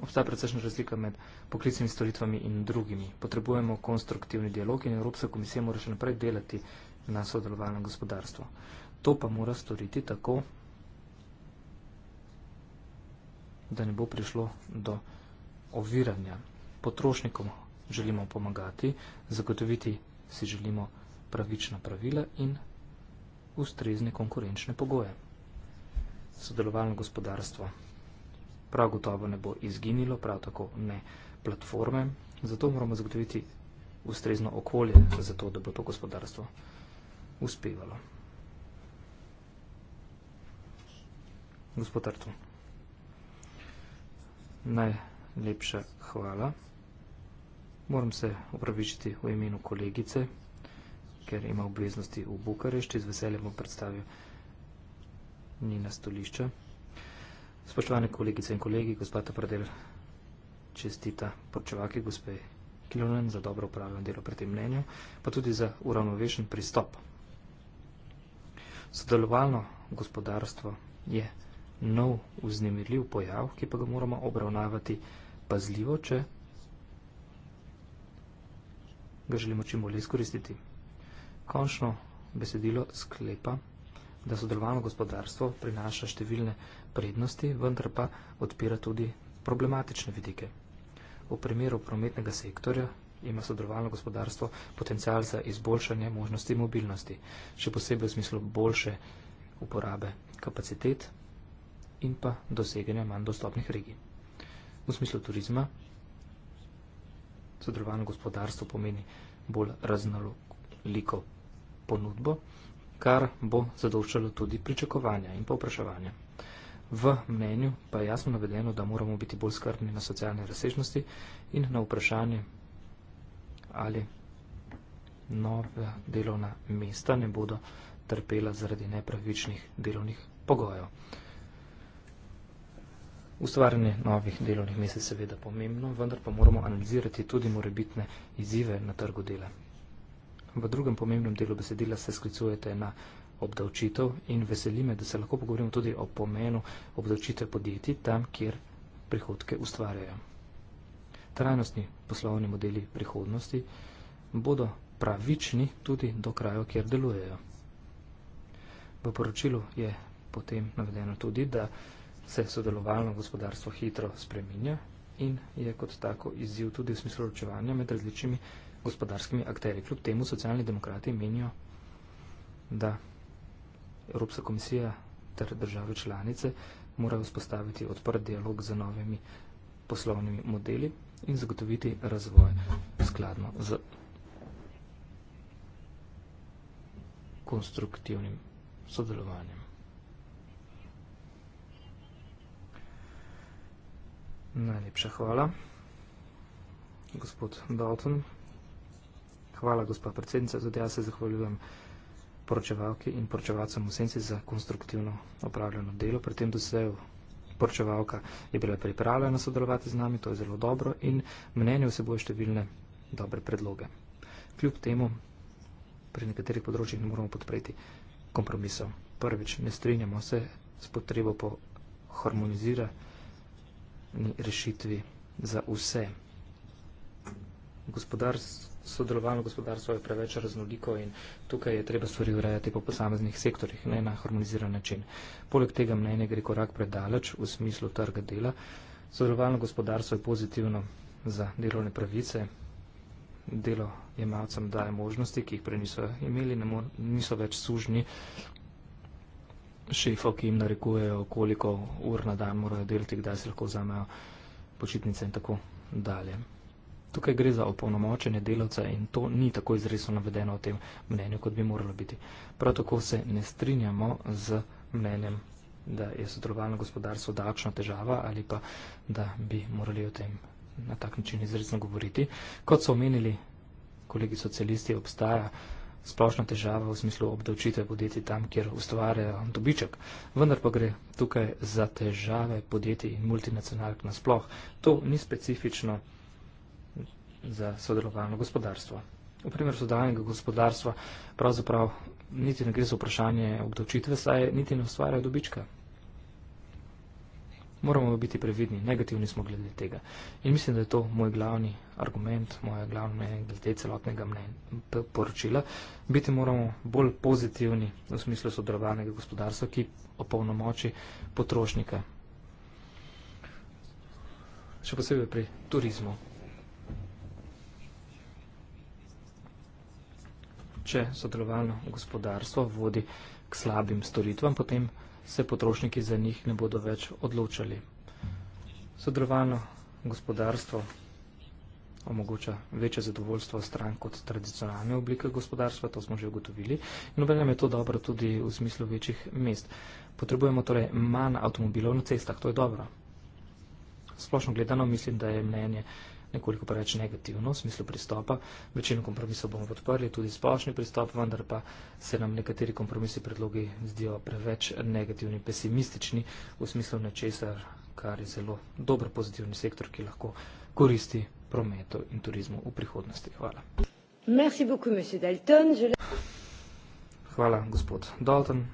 obstaja precejšna razlika med poklicnimi storitvami in drugimi. Potrebujemo konstruktivni dialog in Evropska komisija mora še naprej delati na sodelovalno gospodarstvo. To pa mora storiti tako, da ne bo prišlo do oviranja. Potrošnikom želimo pomagati, zagotoviti si želimo pravična pravila in ustrezne konkurenčne pogoje. Sodelovalno gospodarstvo prav gotovo ne bo izginilo, prav tako ne platforme. Zato moramo zagotoviti ustrezno okolje, zato da bo to gospodarstvo uspevalo. Gospod Artur, najlepša hvala. Moram se upravičiti v imenu kolegice, ker ima obveznosti v Bukarešti. Z veseljem bom predstavil njena stolišča. Spoštovane kolegice in kolegi, gospod Tapradel, čestita porčevaki gospe Kilonen za dobro upravljeno delo pri tem mnenju, pa tudi za uravnovešen pristop. Sodelovalno gospodarstvo je nov vznemirljiv pojav, ki pa ga moramo obravnavati pazljivo, če ga želimo čim bolje izkoristiti. Končno besedilo sklepa, da sodelovalno gospodarstvo prinaša številne prednosti, vendar pa odpira tudi problematične vidike. V primeru prometnega sektorja ima sodelovalno gospodarstvo potencial za izboljšanje možnosti mobilnosti, še posebej v smislu boljše uporabe kapacitet in pa doseganja manj dostopnih regij. V smislu turizma sodelovalno gospodarstvo pomeni bolj raznoliko ponudbo, kar bo zadovoljšalo tudi pričakovanja in pa vpraševanja. V mnenju pa je jasno navedeno, da moramo biti bolj skrbni na socialne razsežnosti in na vprašanje, ali nove delovna mesta ne bodo trpela zaradi nepravičnih delovnih pogojev. Ustvarjanje novih delovnih mest je seveda pomembno, vendar pa moramo analizirati tudi morebitne izzive na trgu dela. V drugem pomembnem delu besedila se sklicujete na obdavčitev in veseli me, da se lahko pogovorimo tudi o pomenu obdavčitev podjetij tam, kjer prihodke ustvarjajo. Trajnostni poslovni modeli prihodnosti bodo pravični tudi do krajev, kjer delujejo. V poročilu je potem navedeno tudi, da se sodelovalno gospodarstvo hitro spreminja in je kot tako izziv tudi v smislu ročevanja med različnimi gospodarskimi akteri. Kljub temu socialni demokrati menijo, da Evropska komisija ter države članice morajo vzpostaviti odprt dialog z novimi poslovnimi modeli in zagotoviti razvoj skladno z konstruktivnim sodelovanjem. Najlepša hvala, gospod Dalton. Hvala, gospod predsednica. Zdaj, ja se zahvaljujem vam poročevalke in poročevalcem v senci za konstruktivno opravljeno delo. Pri tem doseju poročevalka je bila pripravljena sodelovati z nami, to je zelo dobro in mnenje vseboj številne dobre predloge. Kljub temu pri nekaterih področjih ne moramo podpreti kompromisov. Prvič, ne strinjamo se s potrebo po harmonizirani rešitvi za vse. Gospodarstvo sodelovalno gospodarstvo je preveč raznoliko in tukaj je treba stvari urejati po posameznih sektorjih ne, na harmoniziran način. Poleg tega mnenje gre korak predaleč v smislu trga dela. Sodelovalno gospodarstvo je pozitivno za delovne pravice. Delo jemalcem daje možnosti, ki jih prej niso imeli, mor, niso več sužni šefov, ki jim narekujejo, koliko ur na dan morajo delati, kdaj se lahko vzamejo počitnice in tako dalje. Tukaj gre za opolnomočenje delavca in to ni tako izresno navedeno v tem mnenju, kot bi moralo biti. Prav tako se ne strinjamo z mnenjem, da je sodelovalno gospodarstvo davčna težava ali pa da bi morali o tem na tak način izresno govoriti. Kot so omenili kolegi socialisti, obstaja splošna težava v smislu obdavčitve podjetij tam, kjer ustvarjajo dobiček. Vendar pa gre tukaj za težave podjetij in multinacionalk nasploh. To ni specifično za sodelovalno gospodarstvo. V primer sodelovalnega gospodarstva pravzaprav niti ne gre za vprašanje obdavčitve, saj niti ne ustvarjajo dobička. Moramo biti previdni, negativni smo glede tega. In mislim, da je to moj glavni argument, moja glavna mnenja glede celotnega mnen poročila. Biti moramo bolj pozitivni v smislu sodelovalnega gospodarstva, ki opolnomoči potrošnika. Še posebej pri turizmu. če sodelovalno gospodarstvo vodi k slabim storitvam, potem se potrošniki za njih ne bodo več odločali. Sodelovalno gospodarstvo omogoča večje zadovoljstvo stran kot tradicionalne oblike gospodarstva, to smo že ugotovili, in obenem je to dobro tudi v smislu večjih mest. Potrebujemo torej manj avtomobilov na cestah, to je dobro. Splošno gledano mislim, da je mnenje uh, nekoliko preveč negativno v smislu pristopa. Večino kompromisov bomo podprli, tudi splošni pristop, vendar pa se nam nekateri kompromisi predlogi zdijo preveč negativni, pesimistični v smislu nečesa, kar je zelo dober pozitivni sektor, ki lahko koristi prometu in turizmu v prihodnosti. Hvala. Hvala, gospod Dalton,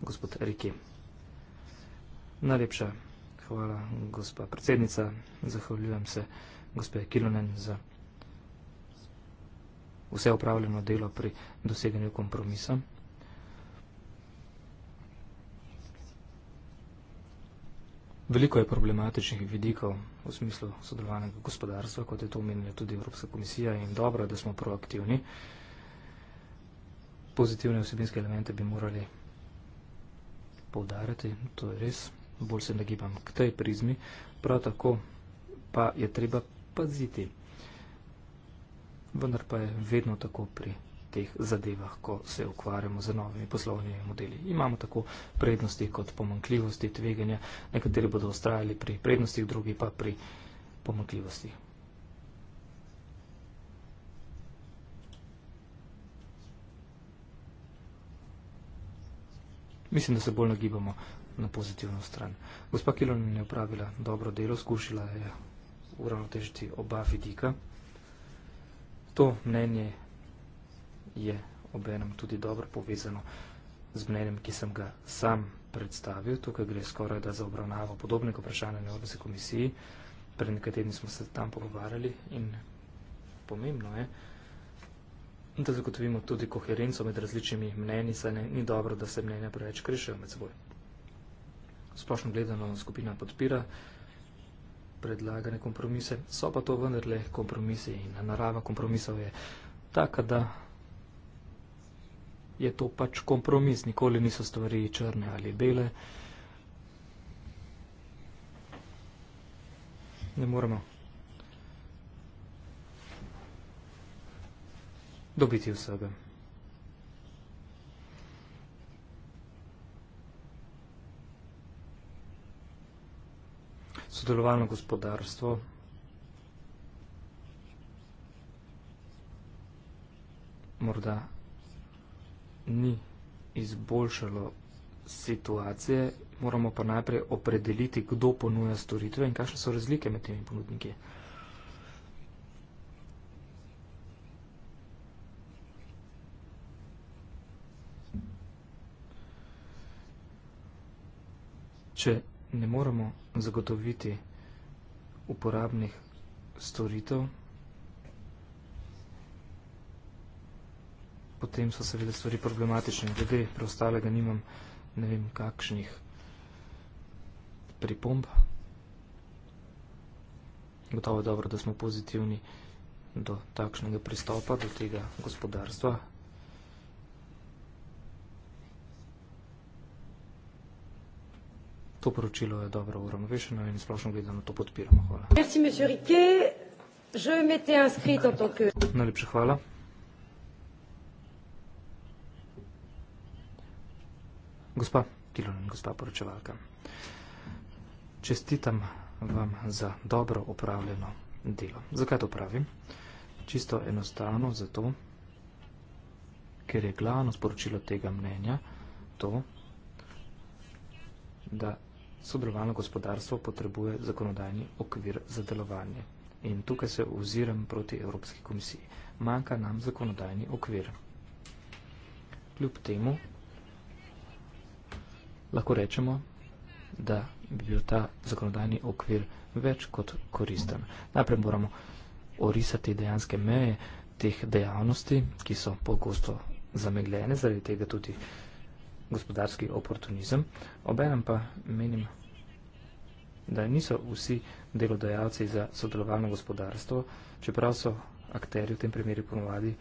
gospod Riki. Najlepša hvala, gospa predsednica. Zahvaljujem se gospe Kilonen za vse upravljeno delo pri doseganju kompromisa. Veliko je problematičnih vidikov v smislu sodelovanega gospodarstva, kot je to omenila tudi Evropska komisija in dobro, da smo proaktivni. Pozitivne vsebinske elemente bi morali poudariti, to je res bolj se nagibam k tej prizmi, prav tako pa je treba paziti. Vendar pa je vedno tako pri teh zadevah, ko se ukvarjamo z novimi poslovnimi modeli. Imamo tako prednosti kot pomankljivosti, tveganja, nekateri bodo ustrajali pri prednostih, drugi pa pri pomankljivosti. Mislim, da se bolj nagibamo na pozitivno stran. Gospa Kilon je upravila dobro delo, skušala je uravnotežiti oba vidika. To mnenje je obenem tudi dobro povezano z mnenjem, ki sem ga sam predstavil. Tukaj gre skoraj da za obravnavo podobnega vprašanja na Evropski komisiji. Pred nekaj tedni smo se tam pogovarjali in pomembno je, da zagotovimo tudi koherenco med različnimi mnenji, saj ni dobro, da se mnenja preveč krešijo med seboj splošno gledano skupina podpira predlagane kompromise, so pa to vendarle kompromise in narava kompromisov je taka, da je to pač kompromis, nikoli niso stvari črne ali bele. Ne moremo dobiti vsega. sodelovalno gospodarstvo. Morda ni izboljšalo situacije, moramo pa najprej opredeliti, kdo ponuja storitve in kakšne so razlike med temi ponudniki. Če ne moremo zagotoviti uporabnih storitev, potem so seveda stvari problematične. Glede preostalega nimam ne vem kakšnih pripomb. Gotovo je dobro, da smo pozitivni do takšnega pristopa, do tega gospodarstva, to poročilo je dobro uravnovešeno in splošno gledano to podpiramo. Hvala. Najlepša hvala. Gospa Kilonen, gospa poročevalka, čestitam vam za dobro opravljeno delo. Zakaj to pravim? Čisto enostavno zato, ker je glavno sporočilo tega mnenja to, da sodelovalno gospodarstvo potrebuje zakonodajni okvir za delovanje. In tukaj se oziram proti Evropski komisiji. Manjka nam zakonodajni okvir. Kljub temu lahko rečemo, da bi bil ta zakonodajni okvir več kot koristen. Najprej moramo orisati dejanske meje teh dejavnosti, ki so pogosto zamegljene, zaradi tega tudi gospodarski oportunizem. Obenem pa menim, da niso vsi delodajalci za sodelovalno gospodarstvo, čeprav so akteri v tem primeru ponovadi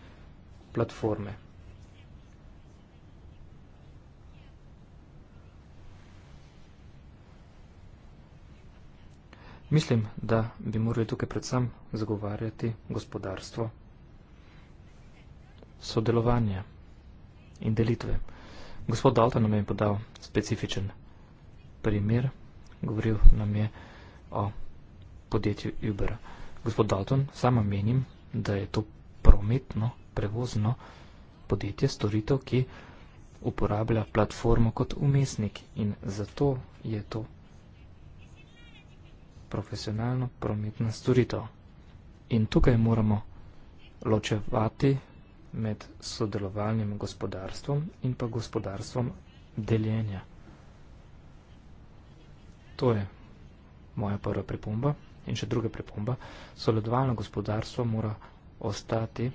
platforme. Mislim, da bi morali tukaj predvsem zagovarjati gospodarstvo, sodelovanje in delitve. Gospod Dalton nam je podal specifičen primer, govoril nam je o podjetju Uber. Gospod Dalton, sama menim, da je to prometno, prevozno podjetje, storitev, ki uporablja platformo kot umestnik in zato je to profesionalno prometna storitev. In tukaj moramo ločevati med sodelovalnim gospodarstvom in pa gospodarstvom deljenja. To je moja prva pripomba in še druga pripomba. Sodelovalno gospodarstvo mora ostati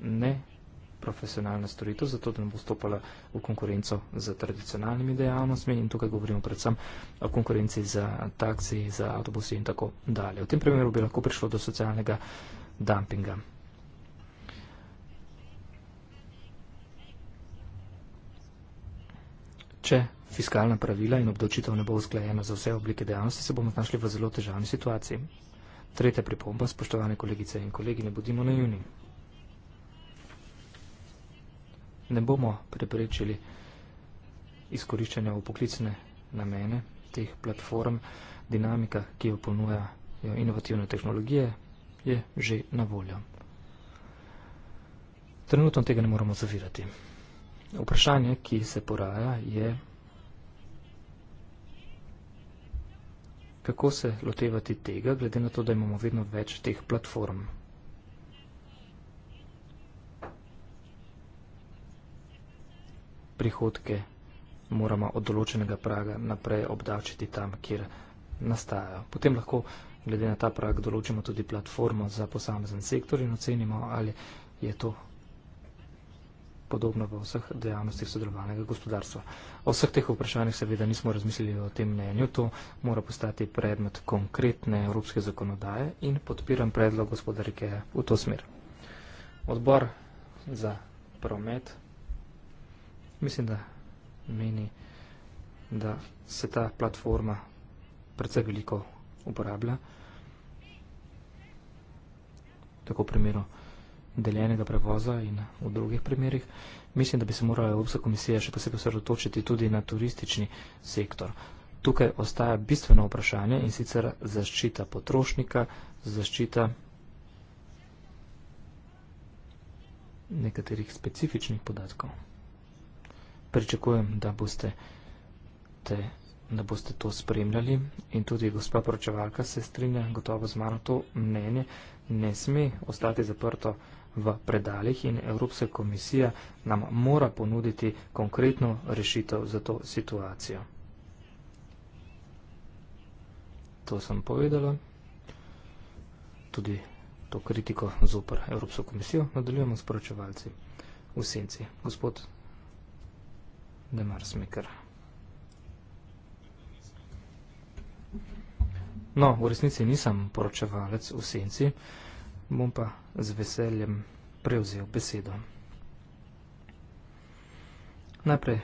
ne profesionalna storitev, zato da ne bo stopala v konkurenco z tradicionalnimi dejavnostmi in tukaj govorimo predvsem o konkurenci za taksi, za avtobusi in tako dalje. V tem primeru bi lahko prišlo do socialnega uh, dumpinga. Če fiskalna pravila in obdočitev ne bo usklajena za vse oblike dejavnosti, se bomo našli v zelo težavni situaciji. Tretja pripomba, spoštovane kolegice in kolegi, ne bodimo na juni. Ne bomo preprečili izkoriščanja v poklicne namene teh platform, dinamika, ki jo ponujajo inovativne tehnologije, je že na voljo. Trenutno tega ne moramo zavirati. Vprašanje, ki se poraja, je, kako se lotevati tega, glede na to, da imamo vedno več teh platform. Prihodke moramo od določenega praga naprej obdavčiti tam, kjer nastajajo. Potem lahko glede na ta prak določimo tudi platformo za posamezen sektor in ocenimo, ali je to podobno v vseh dejavnostih sodelovanega gospodarstva. O vseh teh vprašanjih seveda nismo razmislili o tem mnenju, to mora postati predmet konkretne evropske zakonodaje in podpiram predlog gospodarike v to smer. Odbor za promet mislim, da meni, da se ta platforma predvsej veliko uporablja. Tako v primeru deljenega prevoza in v drugih primerih. Mislim, da bi se morala Evropska komisija še posebej osredotočiti tudi na turistični sektor. Tukaj ostaja bistveno vprašanje in sicer zaščita potrošnika, zaščita nekaterih specifičnih podatkov. Pričakujem, da boste te da boste to spremljali in tudi gospa poročevalka se strinja gotovo z mano, to mnenje ne sme ostati zaprto v predalih in Evropska komisija nam mora ponuditi konkretno rešitev za to situacijo. To sem povedala, tudi to kritiko zopr Evropsko komisijo nadaljujemo s poročevalci v senci. Gospod Demar Smikar. No, v resnici nisem poročevalec v senci, bom pa z veseljem prevzel besedo. Najprej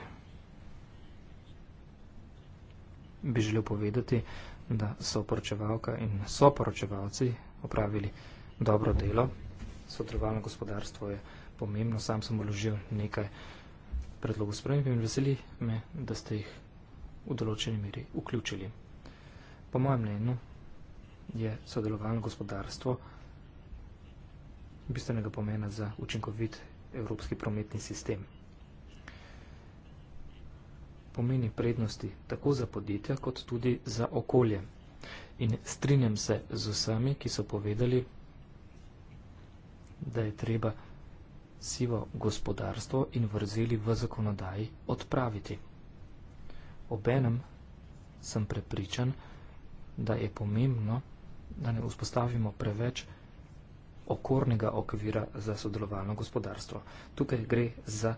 bi želel povedati, da so poročevalka in so poročevalci opravili dobro delo. Sodrovalno gospodarstvo je pomembno, sam sem vložil nekaj predlogov spremembe in veseli me, da ste jih v določeni meri vključili. Po mojem mnenju je sodelovalno gospodarstvo bistvenega pomena za učinkovit evropski prometni sistem. Pomeni prednosti tako za podjetja, kot tudi za okolje. In strinjam se z vsemi, ki so povedali, da je treba sivo gospodarstvo in vrzeli v zakonodaji odpraviti. Obenem sem prepričan, da da je pomembno, da ne vzpostavimo preveč okornega okvira za sodelovalno gospodarstvo. Tukaj gre za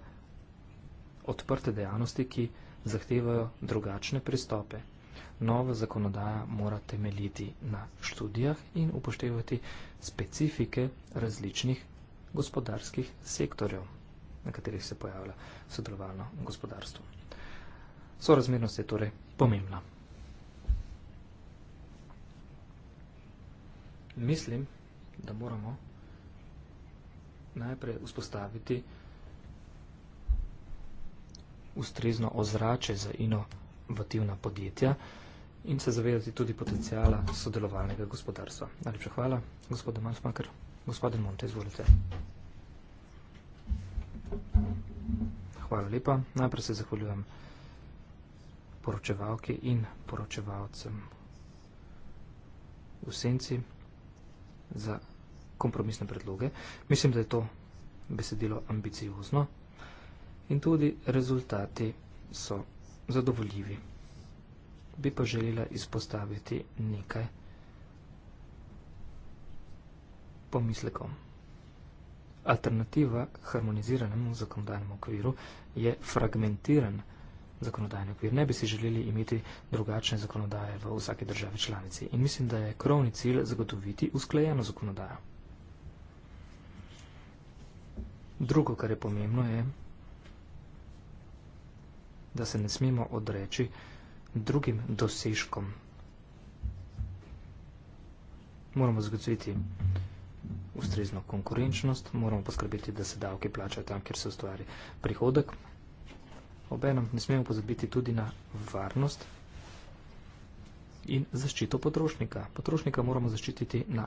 odprte dejavnosti, ki zahtevajo drugačne pristope. Nova zakonodaja mora temeljiti na študijah in upoštevati specifike različnih gospodarskih sektorjev, na katerih se pojavlja sodelovalno gospodarstvo. Sorazmernost je torej pomembna. mislim, da moramo najprej vzpostaviti ustrezno ozrače za inovativna podjetja in se zavedati tudi potencijala sodelovalnega gospodarstva. Najlepša hvala, gospodin Mansmaker. Gospodin Monte, izvolite. Hvala lepa. Najprej se zahvaljujem poročevalke in poročevalcem v senci za kompromisne predloge. Mislim, da je to besedilo ambiciozno in tudi rezultati so zadovoljivi. Bi pa želela izpostaviti nekaj pomislekom. Alternativa harmoniziranemu zakonodajnemu okviru je fragmentiran zakonodajnemu okviru zakonodajni okvir. Ne bi si želeli imeti drugačne zakonodaje v vsaki državi članici. In mislim, da je krovni cilj zagotoviti usklajeno zakonodajo. Drugo, kar je pomembno, je, da se ne smemo odreči drugim dosežkom. Moramo zagotoviti ustrezno konkurenčnost, moramo poskrbeti, da se davke plačajo tam, kjer se ustvari prihodek, obenem ne smemo pozabiti tudi na varnost in zaščito potrošnika. Potrošnika moramo zaščititi na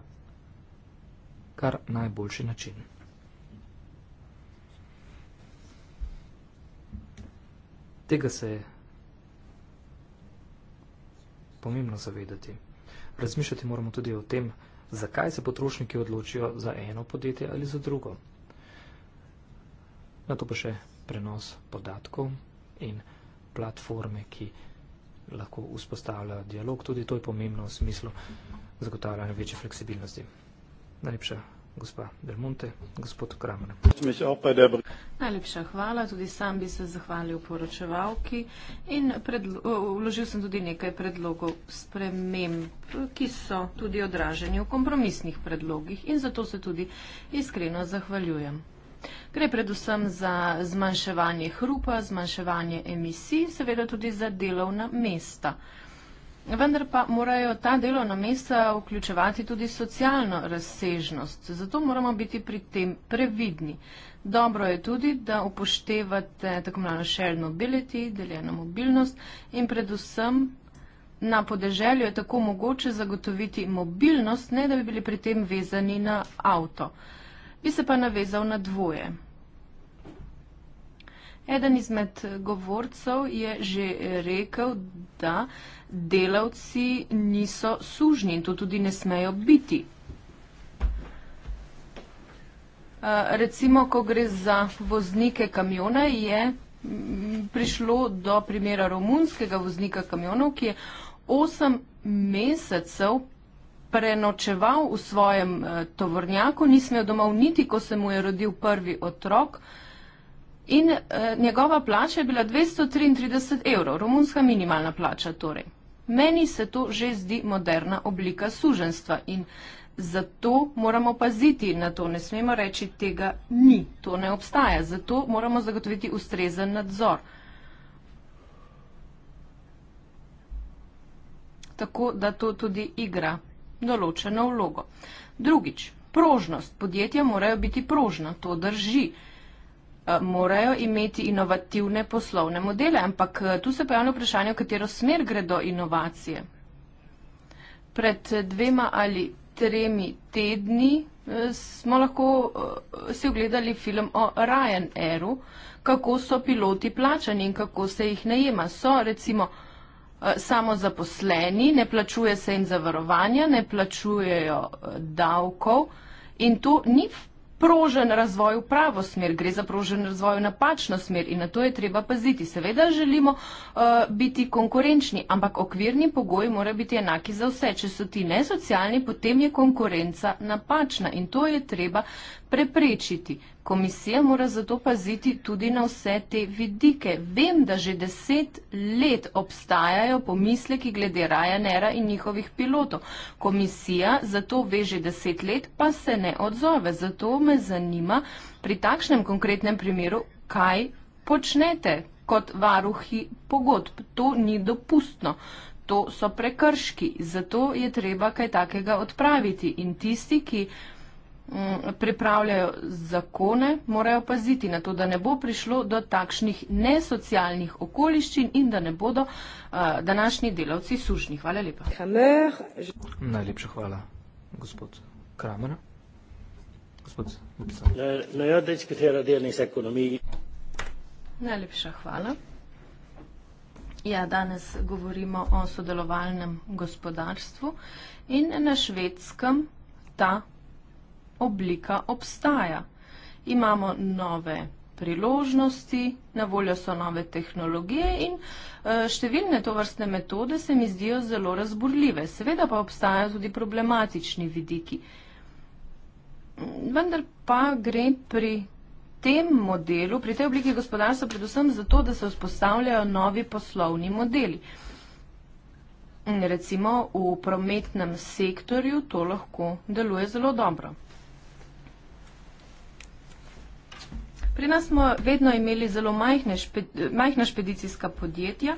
kar najboljši način. Tega se je pomembno zavedati. Razmišljati moramo tudi o tem, zakaj se potrošniki odločijo za eno podjetje ali za drugo. Na to pa še prenos podatkov, in platforme, ki lahko vzpostavljajo dialog. Tudi to je pomembno v smislu zagotavljanja večje fleksibilnosti. Najlepša. Gospa Belmonte, gospod Kramer. Najlepša hvala. Tudi sam bi se zahvalil poročevalki in vložil sem tudi nekaj predlogov sprememb, ki so tudi odraženi v kompromisnih predlogih in zato se tudi iskreno zahvaljujem. Gre predvsem za zmanjševanje hrupa, zmanjševanje emisij, seveda tudi za delovna mesta. Vendar pa morajo ta delovna mesta vključevati tudi socialno razsežnost, zato moramo biti pri tem previdni. Dobro je tudi, da upoštevate tako imenovano shared mobility, deljeno mobilnost in predvsem na podeželju je tako mogoče zagotoviti mobilnost, ne da bi bili pri tem vezani na avto. Uh, bi se pa navezal na dvoje. Eden izmed govorcev je že rekel, da delavci niso sužni in to tudi ne smejo biti. Recimo, ko gre za voznike kamiona, je prišlo do primera romunskega voznika kamionov, ki je 8 mesecev prenočeval v svojem eh, tovornjaku, ni smel domov niti, ko se mu je rodil prvi otrok. In eh, njegova plača je bila 233 evrov, romunska minimalna plača torej. Meni se to že zdi moderna oblika suženstva in zato moramo paziti na to. Ne smemo reči, tega ni, to ne obstaja. Zato moramo zagotoviti ustrezen nadzor. Tako da to tudi igra določeno vlogo. Drugič, prožnost. Podjetja morajo biti prožna, to drži. Eh, morajo imeti inovativne poslovne modele, ampak eh, tu se pojavlja vprašanje, v katero smer gredo inovacije. Pred eh, dvema ali tremi tedni smo lahko si ogledali film o Ryanairu, kako so piloti plačani in kako se jih najema. So recimo Eh, samozaposleni, ne plačuje se jim zavarovanja, ne plačujejo eh, davkov in tu ni prožen razvoj v pravo smer, gre za prožen razvoj v napačno smer in na to je treba paziti. Seveda želimo uh, biti konkurenčni, ampak okvirni pogoji morajo biti enaki za vse. Če so ti nesocialni, potem je konkurenca napačna in to je treba preprečiti. Komisija mora zato paziti tudi na vse te vidike. Vem, da že deset let obstajajo pomisleki glede Ryanaira in njihovih pilotov. Komisija zato ve že deset let, pa se ne odzove. Zato me zanima pri takšnem konkretnem primeru, kaj počnete kot varuhi pogodb. To ni dopustno. To so prekrški, zato je treba kaj takega odpraviti. In tisti, ki Mm, pripravljajo zakone, morajo paziti na to, da ne bo prišlo do takšnih nesocialnih okoliščin in da ne bodo uh, današnji delavci sužni. Hvala lepa. Najlepša hvala, gospod Kramer. Gospod Bupsa. Najlepša hvala. Ja, danes govorimo o sodelovalnem gospodarstvu in na švedskem ta oblika obstaja. Imamo nove priložnosti, na voljo so nove tehnologije in eh, številne tovrstne metode se mi zdijo zelo razburljive. Seveda pa obstajajo tudi problematični vidiki. Vendar pa gre pri tem modelu, pri tej obliki gospodarstva, predvsem zato, da se vzpostavljajo novi poslovni modeli. Recimo v prometnem sektorju to lahko deluje zelo dobro. Pri nas smo vedno imeli zelo majhne špe, majhna špedicijska podjetja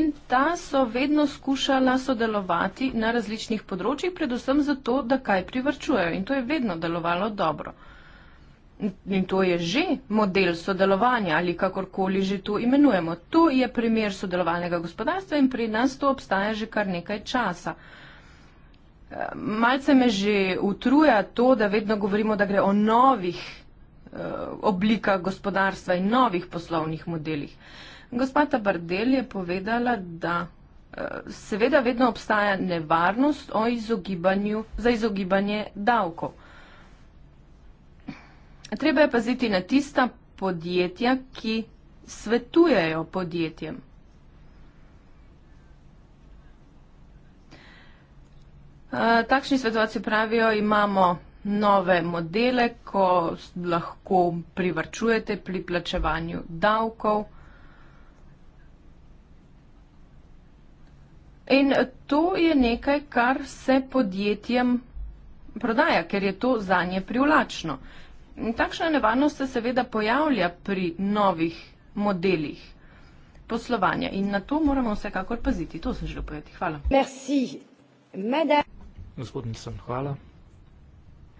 in ta so vedno skušala sodelovati na različnih področjih, predvsem zato, da kaj privrčujejo in to je vedno delovalo dobro. In to je že model sodelovanja ali kakorkoli že to imenujemo. To je primer sodelovalnega gospodarstva in pri nas to obstaja že kar nekaj časa. Malce me že utruja to, da vedno govorimo, da gre o novih Eh, oblikah gospodarstva in novih poslovnih modelih. Gospa Tabardel je povedala, da eh, seveda vedno obstaja nevarnost o izogibanju, za izogibanje davkov. Treba je paziti na tista podjetja, ki svetujejo podjetjem. Eh, takšni svetovci pravijo, imamo nove modele, ko lahko privrčujete pri plačevanju davkov. In to je nekaj, kar se podjetjem prodaja, ker je to za nje privlačno. Takšna nevarnost se seveda pojavlja pri novih modelih poslovanja in na to moramo vsekakor paziti. To sem želel povedati. Hvala. Merci. Madame. Gospodin sem, hvala.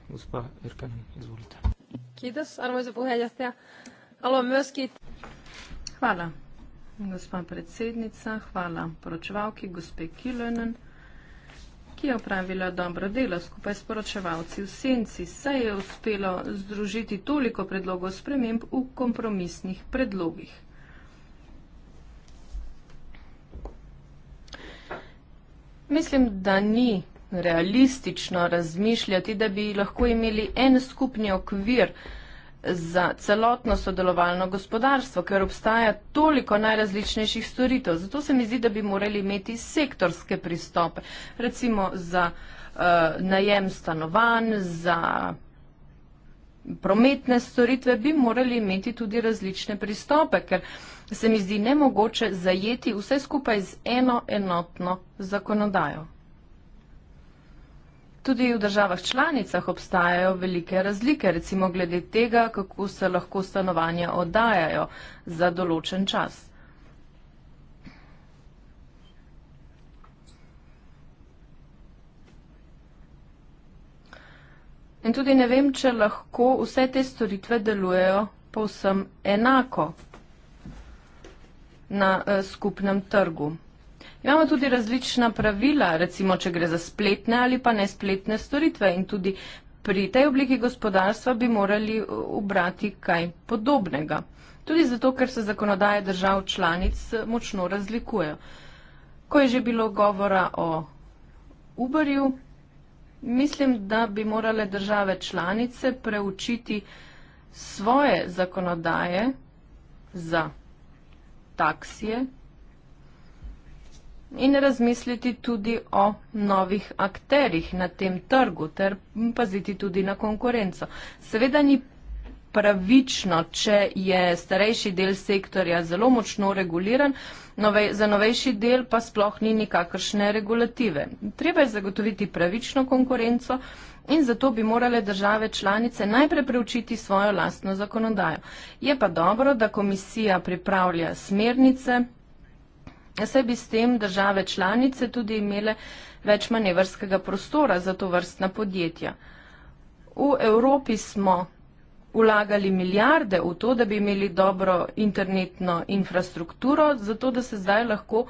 Gospa Erkan, izvolite. Kides, arvoisa puheenjohtaja. Haluan myöskin... Hvala, gospa predsednica, hvala poročevalki, gospe Kilönen, ki je opravila dobro delo skupaj s poročevalci v senci. Se je uspelo združiti toliko predlogov sprememb v kompromisnih predlogih. Mislim, da ni realistično razmišljati, da bi lahko imeli en skupni okvir za celotno sodelovalno gospodarstvo, ker obstaja toliko najrazličnejših storitev. Zato se mi zdi, da bi morali imeti sektorske pristope, recimo za uh, najem stanovanj, za prometne storitve, bi morali imeti tudi različne pristope, ker se mi zdi nemogoče zajeti vse skupaj z eno enotno zakonodajo tudi v državah članicah obstajajo velike razlike, recimo glede tega, kako se lahko stanovanja oddajajo za določen čas. In tudi ne vem, če lahko vse te storitve delujejo povsem enako na eh, skupnem trgu. Imamo tudi različna pravila, recimo, če gre za spletne ali pa nespletne storitve in tudi pri tej obliki gospodarstva bi morali uh, ubrati kaj podobnega. Tudi zato, ker se zakonodaje držav članic uh, močno razlikujejo. Ko je že bilo govora o Uberju, mislim, da bi morale države članice preučiti svoje zakonodaje za taksije, in razmisliti tudi o novih akterjih na tem trgu ter paziti tudi na konkurenco. Seveda ni pravično, če je starejši del sektorja zelo močno reguliran, nove, za novejši del pa sploh ni nikakršne regulative. Treba je zagotoviti pravično konkurenco. In zato bi morale države članice najprej preučiti svojo lastno zakonodajo. Je pa dobro, da komisija pripravlja smernice Saj bi s tem države članice tudi imele več manevrskega prostora za to vrstna podjetja. V Evropi smo vlagali milijarde v to, da bi imeli dobro internetno infrastrukturo, zato da se zdaj lahko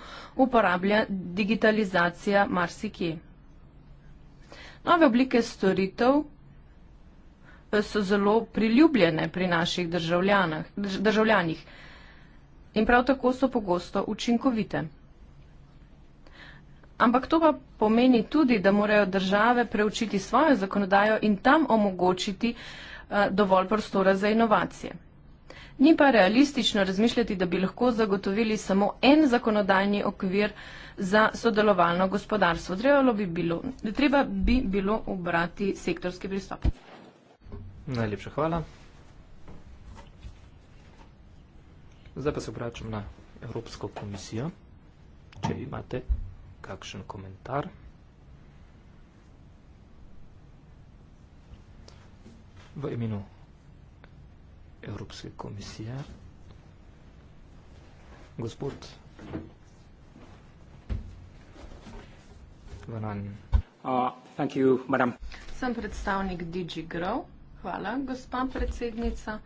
uporablja digitalizacija marsikje. Nove oblike storitev eh, so zelo priljubljene pri naših državljanih in prav tako so pogosto učinkovite. Ampak to pa pomeni tudi, da morajo države preučiti svojo zakonodajo in tam omogočiti eh, dovolj prostora za inovacije. Ni pa realistično razmišljati, da bi lahko zagotovili samo en zakonodajni okvir za sodelovalno gospodarstvo. Bi bilo, treba bi bilo obrati sektorski pristop. Najlepša hvala. Zdaj pa se vračam na Evropsko komisijo. Če imate kakšen komentar. V imenu Evropske komisije. Gospod Vanan. Uh, thank you, madam. Sem predstavnik DigiGrow. Hvala, gospa predsednica.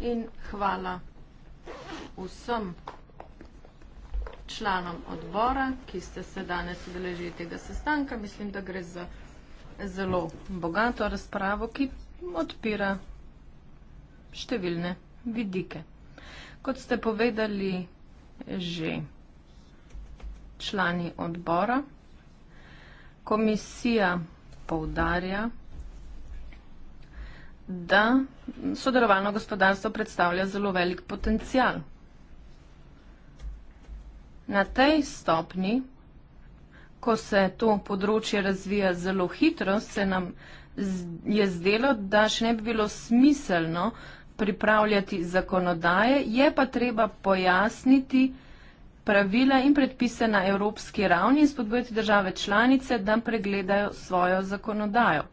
In hvala predsednica vsem članom odbora, ki ste se danes udeležili tega sestanka. Mislim, da gre za zelo bogato razpravo, ki odpira številne vidike. Kot ste povedali že člani odbora, komisija poudarja, da sodelovalno gospodarstvo predstavlja zelo velik potencial. Na tej stopni, ko se to področje razvija zelo hitro, se nam je zdelo, da še ne bi bilo smiselno pripravljati zakonodaje, je pa treba pojasniti pravila in predpise na evropski ravni in spodbojiti države članice, da pregledajo svojo zakonodajo.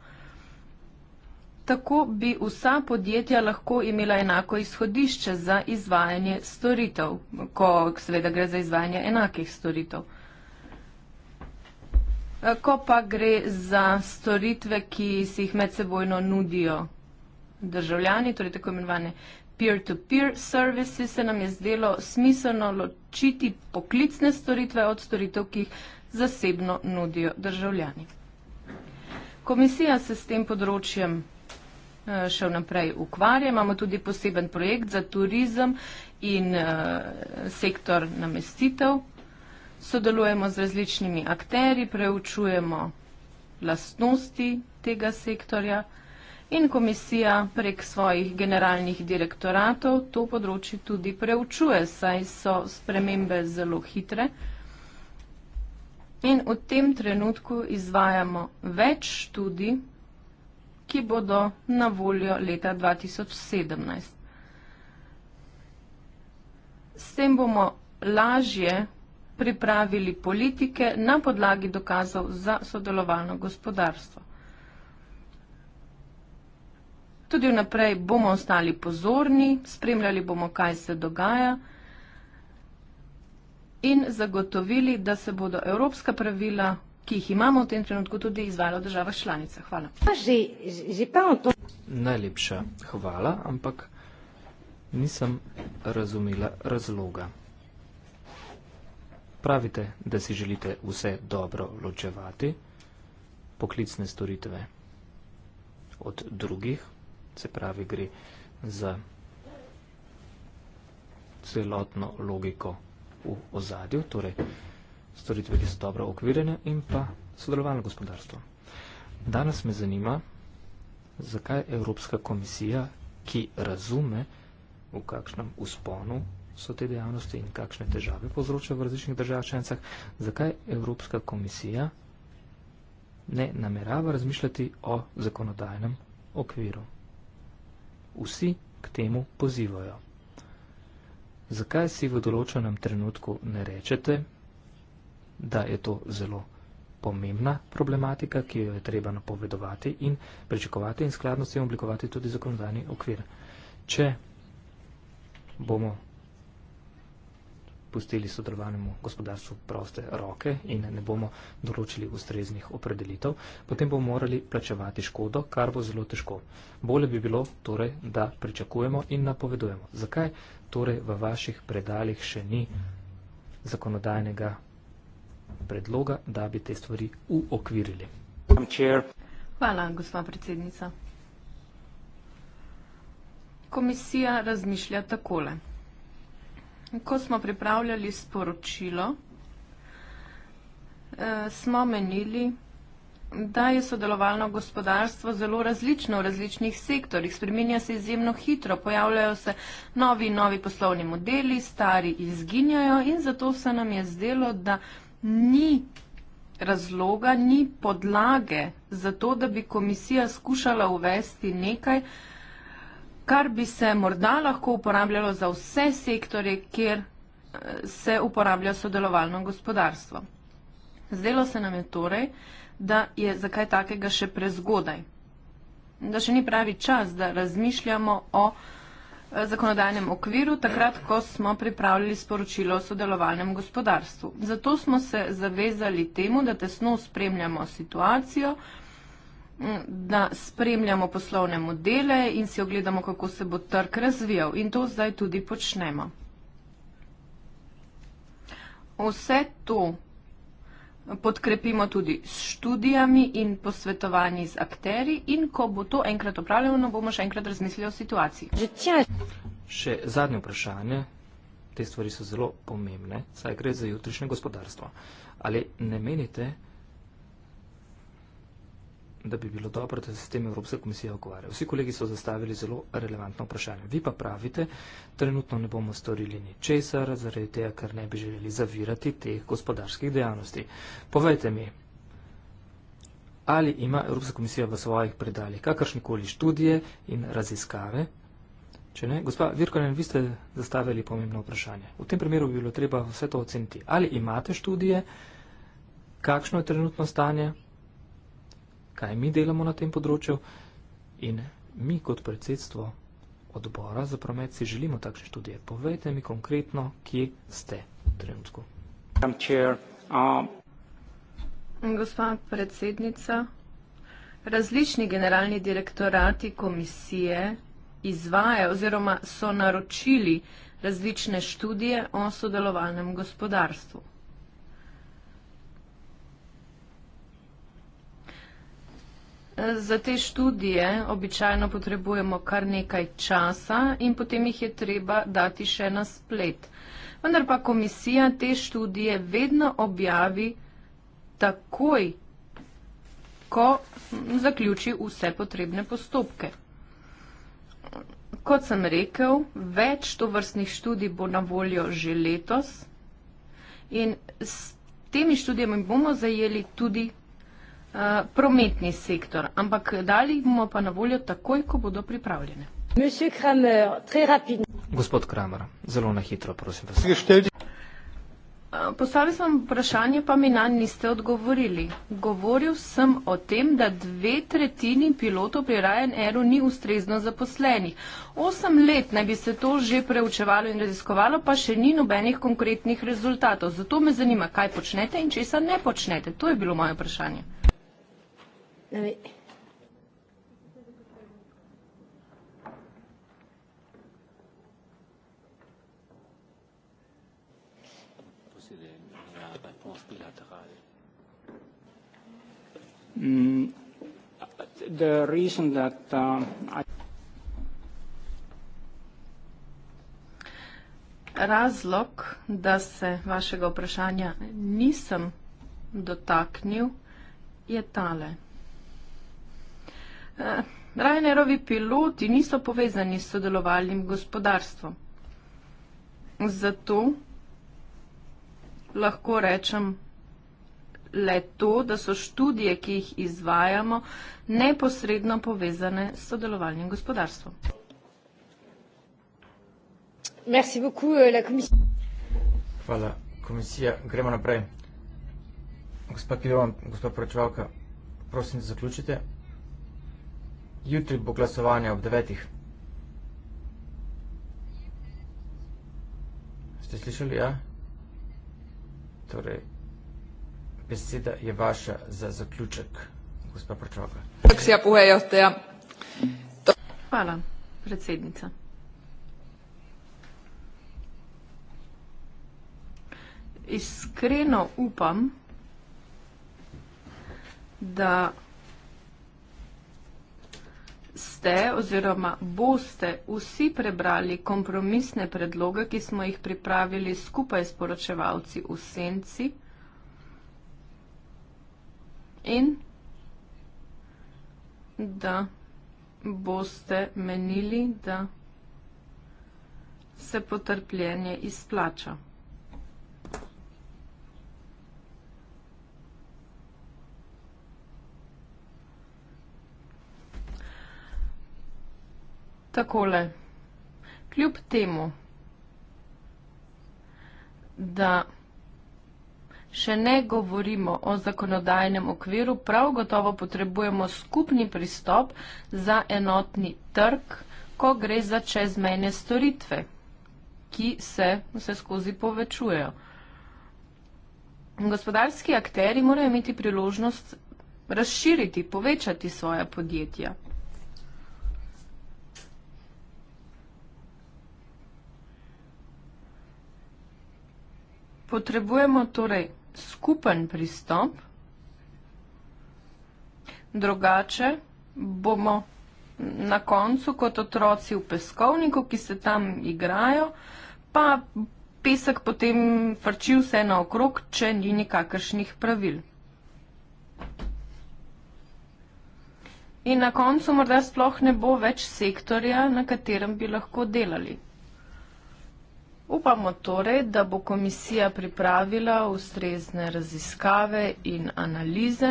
Tako bi vsa podjetja lahko imela enako izhodišče za izvajanje storitev, ko seveda gre za izvajanje enakih storitev. Ko pa gre za storitve, ki si jih medsebojno nudijo državljani, torej tako imenovane peer-to-peer -peer services, se nam je zdelo smiselno ločiti poklicne storitve od storitev, ki jih zasebno nudijo državljani. Komisija se s tem področjem Eh, še naprej ukvarja. Imamo tudi poseben projekt za turizem in eh, sektor namestitev. Sodelujemo z različnimi akteri, preučujemo lastnosti tega sektorja in komisija prek svojih generalnih direktoratov to področje tudi preučuje, saj so spremembe zelo hitre. In v tem trenutku izvajamo več študij ki bodo na voljo leta 2017. S tem bomo lažje pripravili politike na podlagi dokazov za sodelovalno gospodarstvo. Tudi vnaprej bomo ostali pozorni, spremljali bomo, kaj se dogaja in zagotovili, da se bodo evropska pravila ki jih imamo v tem trenutku tudi izvajalo v državah članicah. Hvala. Že, že to... Najlepša hvala, ampak nisem razumela razloga. Pravite, da si želite vse dobro ločevati, poklicne storitve od drugih, se pravi gre za celotno logiko v ozadju, torej storitve, ki so dobro okvirjene in pa sodelovalno gospodarstvo. Danes me zanima, zakaj Evropska komisija, ki razume, v kakšnem usponu so te dejavnosti in kakšne težave povzročajo v različnih držav članicah, zakaj Evropska komisija ne namerava razmišljati o zakonodajnem okviru. Vsi k temu pozivajo. Zakaj si v določenem trenutku ne rečete, da je to zelo pomembna problematika, ki jo je treba napovedovati in pričakovati in skladno s tem oblikovati tudi zakonodajni okvir. Če bomo pustili sodelovanemu gospodarstvu proste roke in ne bomo določili ustreznih opredelitev, potem bomo morali plačevati škodo, kar bo zelo težko. Bolje bi bilo torej, da pričakujemo in napovedujemo. Zakaj torej v vaših predaljih še ni zakonodajnega predloga, da bi te stvari uokvirili. Hvala, gospa predsednica. Komisija razmišlja takole. Ko smo pripravljali sporočilo, eh, smo menili, da je sodelovalno gospodarstvo zelo različno v različnih sektorjih, spreminja se izjemno hitro, pojavljajo se novi in novi poslovni modeli, stari izginjajo in zato se nam je zdelo, da ni razloga, ni podlage za to, da bi komisija skušala uvesti nekaj, kar bi se morda lahko uporabljalo za vse sektore, kjer eh, se uporablja sodelovalno gospodarstvo. Zdelo se nam je torej, da je zakaj takega še prezgodaj. Da še ni pravi čas, da razmišljamo o vsega, Eh, zakonodajnem okviru, takrat, ko smo pripravljali sporočilo o sodelovalnem gospodarstvu. Zato smo se zavezali temu, da tesno spremljamo situacijo, mm, da spremljamo poslovne modele in si ogledamo, kako se bo trg razvijal. In to zdaj tudi počnemo. Vse to podkrepimo tudi s študijami in posvetovanji z akteri in ko bo to enkrat opravljeno, bomo še enkrat razmislili o situaciji. Še zadnje vprašanje. Te stvari so zelo pomembne, saj gre za jutrišnje gospodarstvo. Ali ne menite, da bi bilo dobro, da se s tem Evropska komisija ukvarja. Vsi kolegi so zastavili zelo relevantno vprašanje. Vi pa pravite, trenutno ne bomo storili ničesar, zaradi tega, ker ne bi želeli zavirati teh gospodarskih dejavnosti. Povejte mi, ali ima Evropska komisija v svojih predaljih kakršnekoli študije in raziskave? Če ne, gospa Virkonen, vi ste zastavili pomembno vprašanje. V tem primeru bi bilo treba vse to oceniti. Ali imate študije, kakšno je trenutno stanje? kaj mi delamo na tem področju in mi kot predsedstvo odbora za promet si želimo takšne študije. Povejte mi konkretno, kje ste v trenutku. Gospa predsednica, različni generalni direktorati komisije izvaja oziroma so naročili različne študije o sodelovalnem gospodarstvu. Za te študije običajno potrebujemo kar nekaj časa in potem jih je treba dati še na splet. Vendar pa komisija te študije vedno objavi takoj, ko zaključi vse potrebne postopke. Kot sem rekel, več tovrstnih študij bo na voljo že letos in s temi študijami bomo zajeli tudi Eh, prometni sektor, ampak dali bomo pa na voljo takoj, ko bodo pripravljene. Gospod Kramer, zelo na hitro, prosim vas. Eh, postavil sem vprašanje, pa mi na niste odgovorili. Govoril sem o tem, da dve tretjini pilotov pri Ryanairu ni ustrezno zaposlenih. Osem let naj bi se to že preučevalo in raziskovalo, pa še ni nobenih konkretnih rezultatov. Zato me zanima, kaj počnete in česa ne počnete. To je bilo moje vprašanje. Ne ve. Mm, the reason that uh, Razlog, da se vašega vprašanja nisem dotaknil, je tale. Eh, Rajnerovi piloti niso povezani s sodelovalnim gospodarstvom. Zato lahko rečem le to, da so študije, ki jih izvajamo, neposredno povezane s sodelovalnim gospodarstvom. Merci beaucoup, euh, la Hvala, komisija. Gremo naprej. Gospa Kidovan, gospa poročevalka, prosim, zaključite. Jutri bo glasovanje ob devetih. Ste slišali, ja? Torej, beseda je vaša za zaključek, gospa Pročoka. Tako si ja povejo, da ja. Hvala, predsednica. Iskreno upam, da ste oziroma boste vsi prebrali kompromisne predloge, ki smo jih pripravili skupaj s poročevalci v senci. In da boste menili, da se potrpljenje izplača. takole. Kljub temu, da še ne govorimo o zakonodajnem okviru, prav gotovo potrebujemo skupni pristop za enotni trg, ko gre za čezmejne storitve, ki se vse skozi povečujejo. Gospodarski akteri morajo imeti priložnost razširiti, povečati svoje podjetja. Potrebujemo torej skupen pristop, drugače bomo na koncu kot otroci v peskovniku, ki se tam igrajo, pa pesek potem frči vse naokrog, če ni nikakršnih pravil. In na koncu morda sploh ne bo več sektorja, na katerem bi lahko delali. Upamo torej, da bo komisija pripravila ustrezne raziskave in analize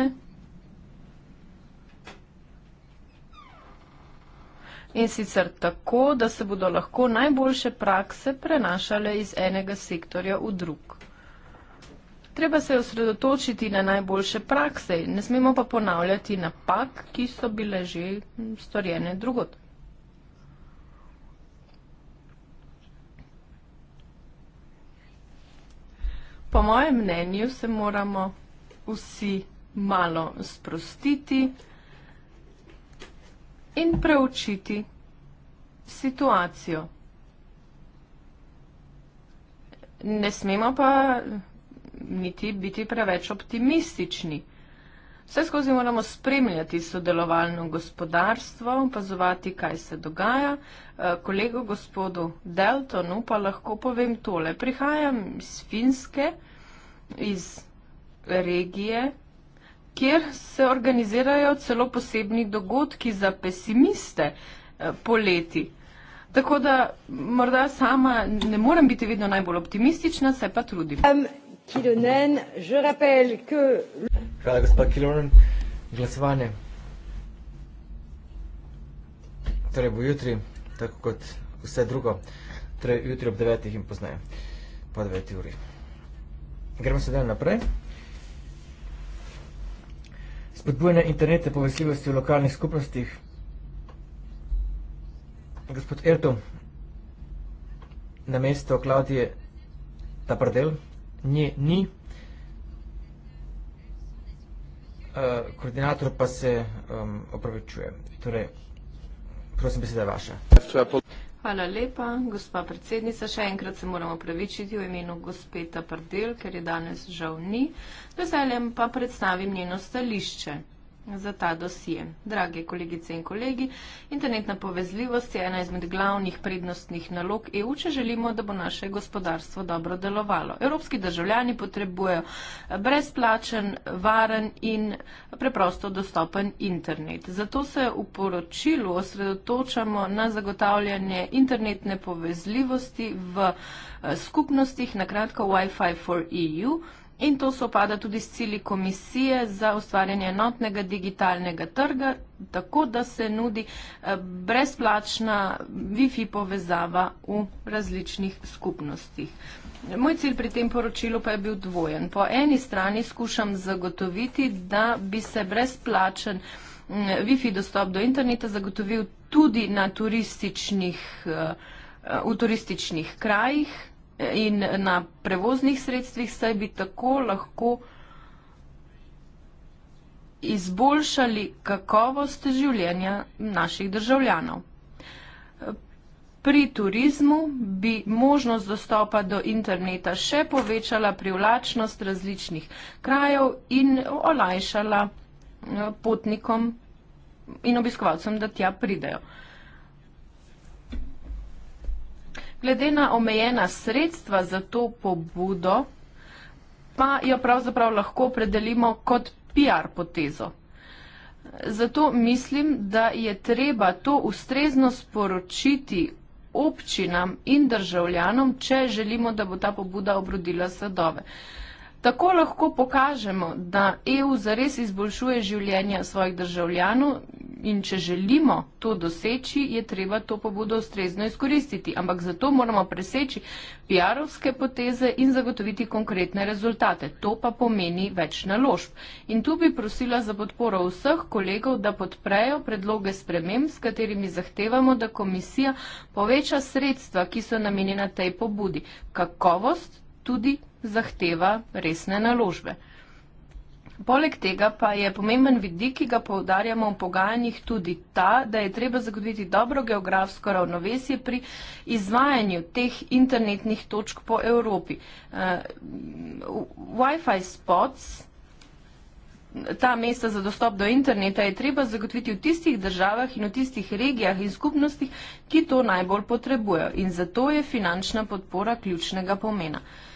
in sicer tako, da se bodo lahko najboljše prakse prenašale iz enega sektorja v drug. Treba se osredotočiti na najboljše prakse, ne smemo pa ponavljati napak, ki so bile že storjene drugot. Po mojem mnenju se moramo vsi malo sprostiti in preučiti situacijo. Ne smemo pa niti biti preveč optimistični. Vse skozi moramo spremljati sodelovalno gospodarstvo, opazovati, kaj se dogaja. Eh, Kolego gospodu Deltonu pa lahko povem tole. Prihajam iz Finske, iz regije, kjer se organizirajo celo posebni dogodki za pesimiste eh, poleti. Tako da morda sama ne morem biti vedno najbolj optimistična, se pa trudim. Um, Kilonen. Je rappelle que. Draga gospa Kilonen, glasovanje. Torej bo jutri, tako kot vse drugo. Torej jutri ob 9 in poznaje, po 9 uri. Gremo sedaj naprej. Spodbujanje interneta povezljivosti v lokalnih skupnostih. Gospod Erto, na mesto Klaudije Taprdel nje ni. Eh, koordinator pa se um, opravičuje. Torej, prosim, beseda je vaša. Hvala lepa, gospa predsednica. Še enkrat se moramo opravičiti v imenu gospeta Pardel, ker je danes žal ni. Z veseljem pa predstavim njeno stališče za ta dosije. Drage kolegice in kolegi, internetna povezljivost je ena izmed glavnih prednostnih nalog EU, če želimo, da bo naše gospodarstvo dobro delovalo. Evropski državljani potrebujejo brezplačen, varen in preprosto dostopen internet. Zato se v poročilu osredotočamo na zagotavljanje internetne povezljivosti v eh, skupnostih, na kratko Wi-Fi for EU in to sopada tudi s cili komisije za ustvarjanje enotnega digitalnega trga, tako da se nudi eh, brezplačna Wi-Fi povezava v različnih skupnostih. Moj cilj pri tem poročilu pa je bil dvojen. Po eni strani skušam zagotoviti, da bi se brezplačen mm, Wi-Fi dostop do interneta zagotovil tudi na turističnih, eh, eh, v turističnih krajih, in na prevoznih sredstvih, saj bi tako lahko izboljšali kakovost življenja naših državljanov. Pri turizmu bi možnost dostopa do interneta še povečala privlačnost različnih krajev in olajšala eh, potnikom in obiskovalcem, da tja pridejo. glede na omejena sredstva za to pobudo, pa jo pravzaprav lahko predelimo kot PR potezo. Zato mislim, da je treba to ustrezno sporočiti občinam in državljanom, če želimo, da bo ta pobuda obrodila sadove. Tako lahko pokažemo, da EU zares izboljšuje življenja svojih državljanov in če želimo to doseči, je treba to pobudo ustrezno izkoristiti. Ampak zato moramo preseči PR-ovske poteze in zagotoviti konkretne rezultate. To pa pomeni več naložb. In tu bi prosila za podporo vseh kolegov, da podprejo predloge sprememb, s katerimi zahtevamo, da komisija poveča sredstva, ki so namenjena tej pobudi. Kakovost tudi zahteva resne naložbe. Poleg tega pa je pomemben vidik, ki ga poudarjamo v pogajanjih, tudi ta, da je treba zagotoviti dobro geografsko ravnovesje pri izvajanju teh internetnih točk po Evropi. Uh, Wi-Fi spots, ta mesta za dostop do interneta, je treba zagotoviti v tistih državah in v tistih regijah in skupnostih, ki to najbolj potrebujejo. In zato je finančna podpora ključnega pomena. Uh,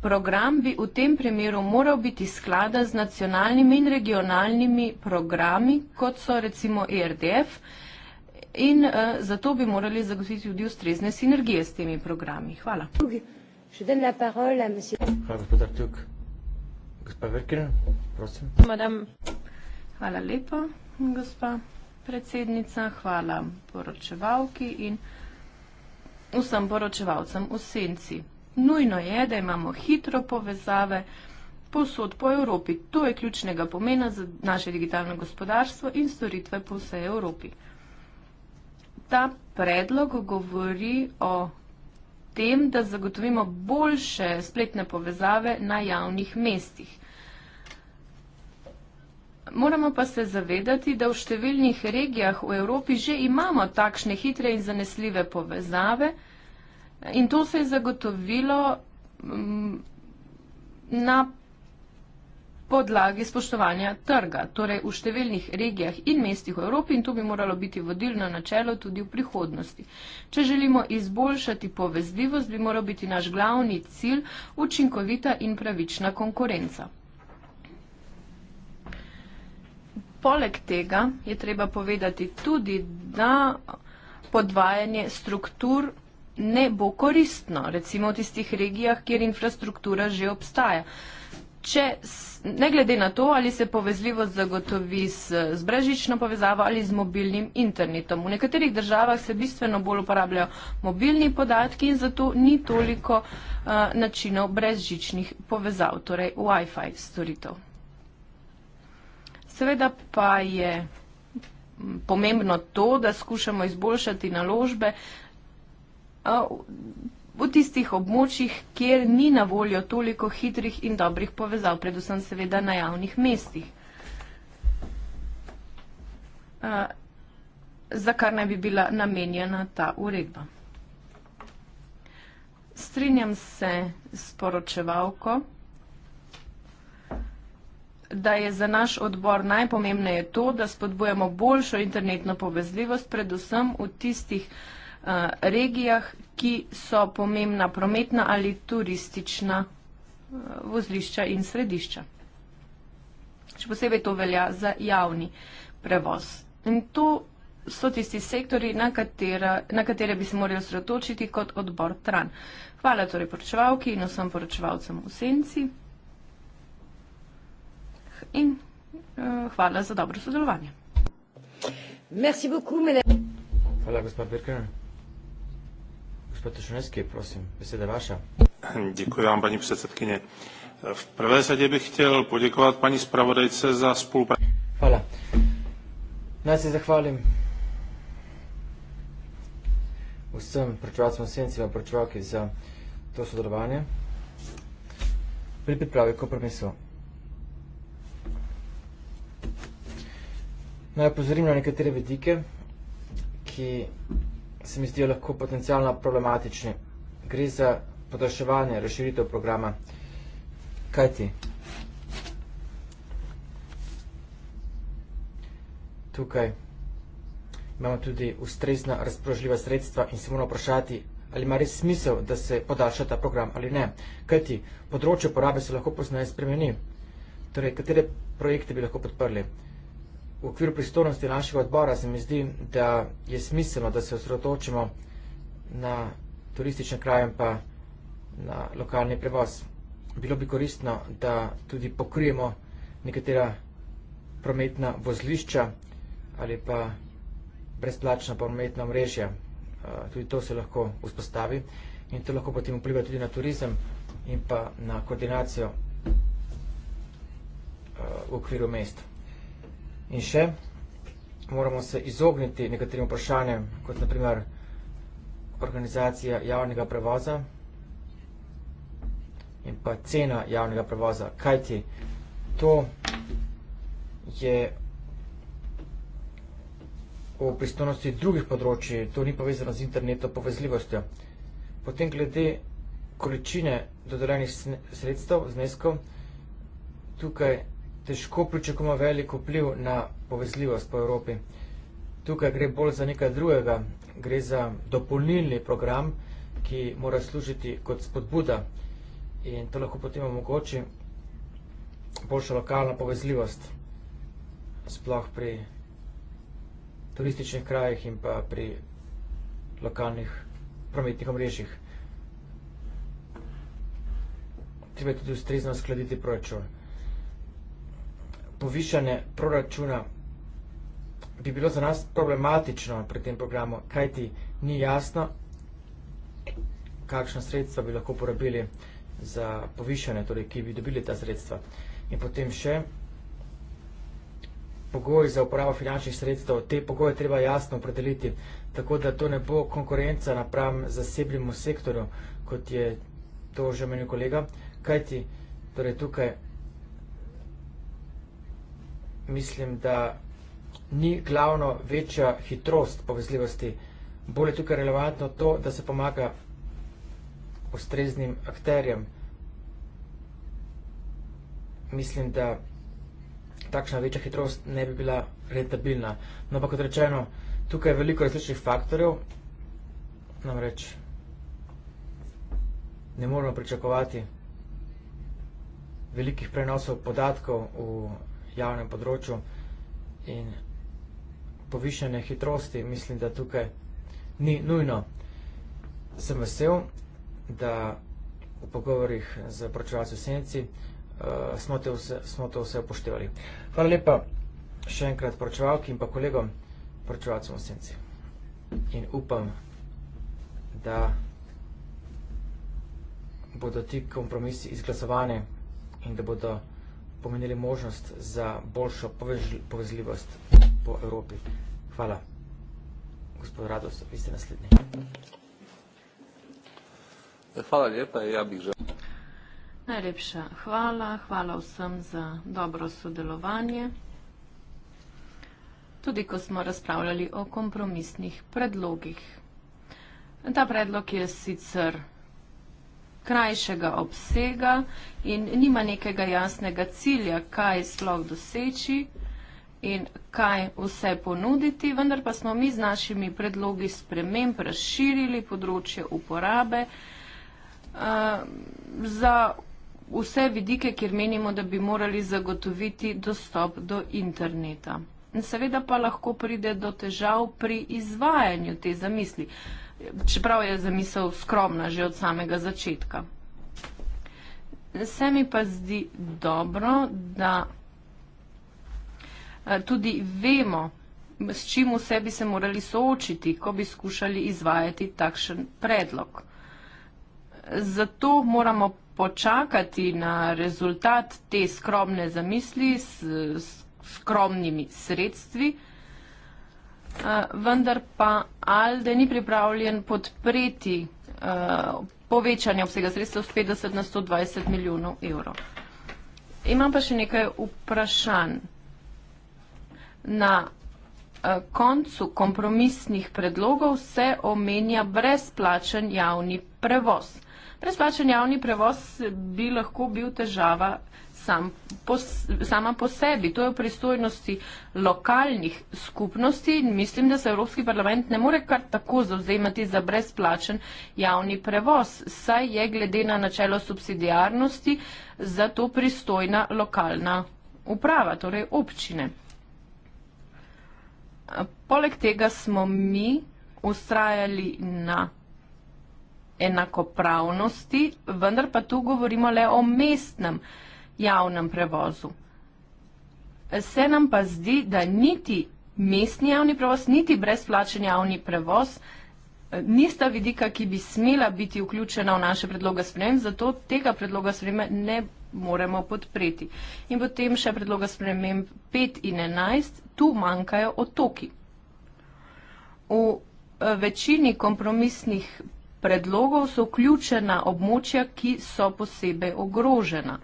Program bi v tem primeru moral biti skladen z nacionalnimi in regionalnimi programi, kot so recimo ERDF, in uh, zato bi morali zagotoviti tudi ustrezne sinergije s temi programi. Hvala. Hvala lepa, gospa predsednica, hvala poročevalki in vsem poročevalcem v senci. Nujno je, da imamo hitro povezave povsod po Evropi. To je ključnega pomena za naše digitalno gospodarstvo in storitve po vsej Evropi. Ta predlog govori o tem, da zagotovimo boljše spletne povezave na javnih mestih. Moramo pa se zavedati, da v številnih regijah v Evropi že imamo takšne hitre in zanesljive povezave, In to se je zagotovilo mm, na podlagi spoštovanja trga, torej v številnih regijah in mestih v Evropi in to bi moralo biti vodilno načelo tudi v prihodnosti. Če želimo izboljšati povezljivost, bi moral biti naš glavni cilj učinkovita in pravična konkurenca. Poleg tega je treba povedati tudi, da podvajanje struktur ne bo koristno, recimo v tistih regijah, kjer infrastruktura že obstaja. Če, ne glede na to, ali se povezljivost zagotovi z, z brežično povezavo ali z mobilnim internetom. V nekaterih državah se bistveno bolj uporabljajo mobilni podatki in zato ni toliko uh, načinov brežičnih povezav, torej Wi-Fi storitev. Seveda pa je mm, pomembno to, da skušamo izboljšati naložbe uh, v tistih območjih, kjer ni na voljo toliko hitrih in dobrih povezav, predvsem seveda na javnih mestih. Za kar naj bi bila namenjena ta uredba. Strinjam se s poročevalko, da je za naš odbor najpomembneje to, da spodbujamo boljšo internetno povezljivost, predvsem v tistih področjih, Eh, regijah, ki so pomembna prometna ali turistična eh, vozlišča in središča. Še posebej to velja za javni prevoz. In to so tisti sektori, na, katera, na katere bi se morali sredotočiti kot odbor TRAN. Hvala torej poročevalki in vsem poročevalcem v senci. In uh, hvala za dobro sodelovanje. Merci beaucoup, mele. Hvala, gospod Birker. Gospod Tešunecký, prosím, beseda vaša. Děkuji vám, paní předsedkyně. V prvé řadě bych chtěl poděkovat paní zpravodajce za spolupráci. Hvala. Já se zachválím vsem pročovacím asistencím a pročovalky za to sodrování pri pripravi kompromisu. Naj opozorim na nekatere vidike, ki se mi zdijo lahko potencijalno problematični. Gre za podaljševanje, razširitev programa. Kaj ti? Tukaj imamo tudi ustrezna razprožljiva sredstva in se moramo vprašati, ali ima res smisel, da se podaljša ta program ali ne. Kaj ti? Področje porabe se lahko posneje spremeni. Torej, katere projekte bi lahko podprli? V okviru pristojnosti našega odbora se mi zdi, da je smiselno, da se osredotočimo na turistične kraje in pa na lokalni prevoz. Bilo bi koristno, da tudi pokrijemo nekatera prometna vozlišča ali pa brezplačna prometna mrežja. Tudi to se lahko vzpostavi in to lahko potem vpliva tudi na turizem in pa na koordinacijo v okviru mesta. In še, moramo se izogniti nekaterim vprašanjem, kot naprimer organizacija javnega prevoza in pa cena javnega prevoza. Kaj ti? To je v pristojnosti drugih področji, to ni povezano z interneto povezljivostjo. Potem glede količine dodeljenih sredstev, zneskov, tukaj težko pričakujemo veliko vpliv na povezljivost po Evropi. Tukaj gre bolj za nekaj drugega, gre za dopolnilni program, ki mora služiti kot spodbuda in to lahko potem omogoči boljšo lokalno povezljivost, sploh pri turističnih krajih in pa pri lokalnih prometnih omrežjih. Treba tudi ustrezno skladiti proračun povišanje proračuna bi bilo za nas problematično pri tem programu, kajti ni jasno, kakšna sredstva bi lahko porabili za povišanje, torej ki bi dobili ta sredstva. In potem še pogoji za uporabo finančnih sredstev. Te pogoje treba jasno opredeliti, tako da to ne bo konkurenca napram zasebnemu sektorju, kot je to že omenil kolega, kajti torej tukaj mislim, da ni glavno večja hitrost povezljivosti. Bolje tukaj relevantno to, da se pomaga ustreznim akterjem. Mislim, da takšna večja hitrost ne bi bila rentabilna. No pa kot rečeno, tukaj je veliko različnih faktorjev, namreč ne moramo pričakovati velikih prenosov podatkov v javnem področju in povišene hitrosti, mislim, da tukaj ni nujno. Sem vesel, da v pogovorih z pročevalci v senci uh, smo, to vse, smo to vse upoštevali. Hvala lepa še enkrat pročevalki in pa kolegom pročevalcem v senci. In upam, da bodo ti kompromisi izglasovani in da bodo pomenili možnost za boljšo povezljivost po Evropi. Hvala. Gospod Rados, vi ste naslednji. Hvala lepa, ja bih želel. Najlepša hvala, hvala vsem za dobro sodelovanje. Tudi, ko smo razpravljali o kompromisnih predlogih. Ta predlog je sicer predlog, krajšega obsega in nima nekega jasnega cilja, kaj sploh doseči in kaj vse ponuditi, vendar pa smo mi z našimi predlogi sprememb razširili področje uporabe uh, za vse vidike, kjer menimo, da bi morali zagotoviti dostop do interneta. In seveda pa lahko pride do težav pri izvajanju te zamisli. Uh, čeprav je zamisel skromna že od samega začetka. Se mi pa zdi dobro, da eh, tudi vemo, s čim vse bi se morali soočiti, ko bi skušali izvajati takšen predlog. Zato moramo počakati na rezultat te skromne zamisli s skromnimi sredstvi. Eh, vendar pa Alde ni pripravljen podpreti eh, povečanja obsega sredstva z 50 na 120 milijonov evrov. Imam pa še nekaj vprašanj. Na eh, koncu kompromisnih predlogov se omenja brezplačen javni prevoz. Brezplačen javni prevoz bi lahko bil težava sam, po, sama po sebi. To je v pristojnosti lokalnih skupnosti in mislim, da se Evropski parlament ne more kar tako zauzemati za brezplačen javni prevoz, saj je glede na načelo subsidijarnosti za to pristojna lokalna uprava, torej občine. Poleg tega smo mi ustrajali na enakopravnosti, vendar pa tu govorimo le o mestnem javnem prevozu. Se nam pa zdi, da niti mestni javni prevoz, niti brezplačen javni prevoz eh, nista vidika, ki bi smela biti vključena v naše predloga sprememb, zato tega predloga sprememb ne moremo podpreti. In potem še predloga sprememb 5 in 11, tu manjkajo otoki. V eh, večini kompromisnih predlogov so vključena območja, ki so posebej ogrožena.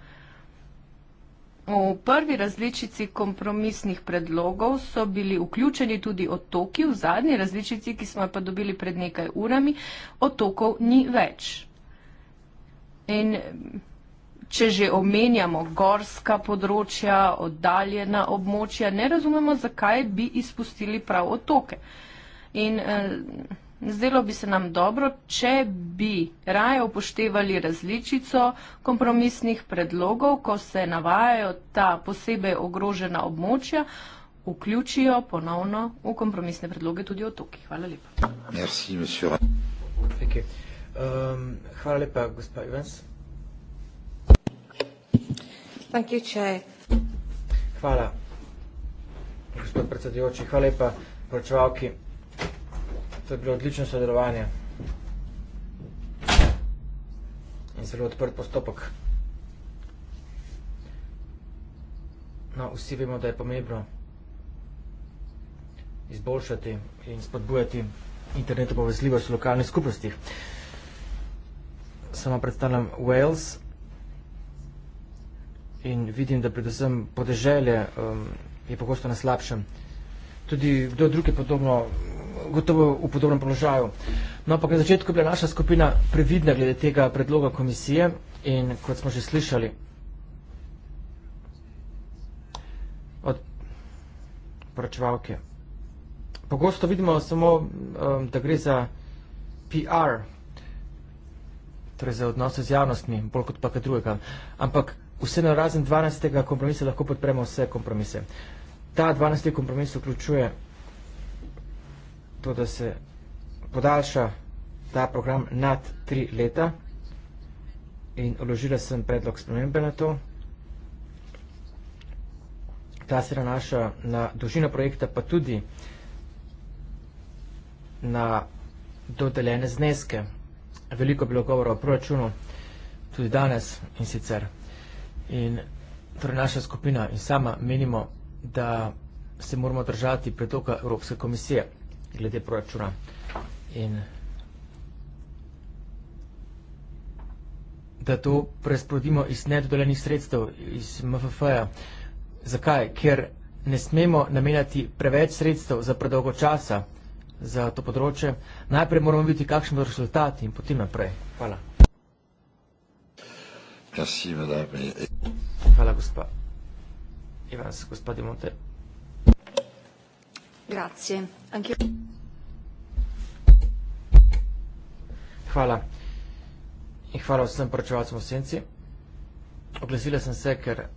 V prvi različici kompromisnih predlogov so bili vključeni tudi otoki, v zadnji različici, ki smo jo pa dobili pred nekaj urami, otokov ni več. In če že omenjamo gorska področja, oddaljena območja, ne razumemo, zakaj bi izpustili prav otoke. In, eh, Zdelo bi se nam dobro, če bi raje upoštevali različico kompromisnih predlogov, ko se navajajo ta posebej ogrožena območja, vključijo ponovno v kompromisne predloge tudi otoki. Hvala lepa. Merci, monsieur. Okay. Um, hvala lepa, gospa Ivens. Thank you, Chair. Hvala, gospod predsedujoči. Hvala lepa, poročevalki to je bilo odlično sodelovanje in zelo odprt postopek. No, vsi vemo, da je pomembno izboljšati in spodbujati internetu povezljivost v lokalnih skupnostih. Samo predstavljam Wales in vidim, da predvsem podeželje um, je pogosto na slabšem. Tudi kdo drug je podobno gotovo v podobnem položaju. No, ampak na začetku je bila naša skupina previdna glede tega predloga komisije in kot smo že slišali, od poročevalke. Pogosto vidimo samo, um, da gre za PR, torej za odnose z javnostmi, bolj kot pa kaj drugega. Ampak vse na razen 12. kompromise lahko podpremo vse kompromise. Ta 12. kompromis vključuje to, da se podaljša ta program nad tri leta in uložila sem predlog spremembe na to. Ta se nanaša na dolžino projekta, pa tudi na dodeljene zneske. Veliko je bilo govora o proračunu, tudi danes in sicer. In torej naša skupina in sama menimo, da se moramo držati predloga Evropske komisije glede proračuna. In da to presprodimo iz nedodeljenih sredstev, iz MFF-ja. Zakaj? Ker ne smemo namenjati preveč sredstev za predolgo časa za to področje. Najprej moramo videti, kakšen bo rezultat in potem naprej. Hvala. Merci, madame. Hvala, gospa. Ivans, gospa Dimonte. Grazie. Anche... Hvala. In hvala vsem pročevalcem v senci. Oglasila sem se, ker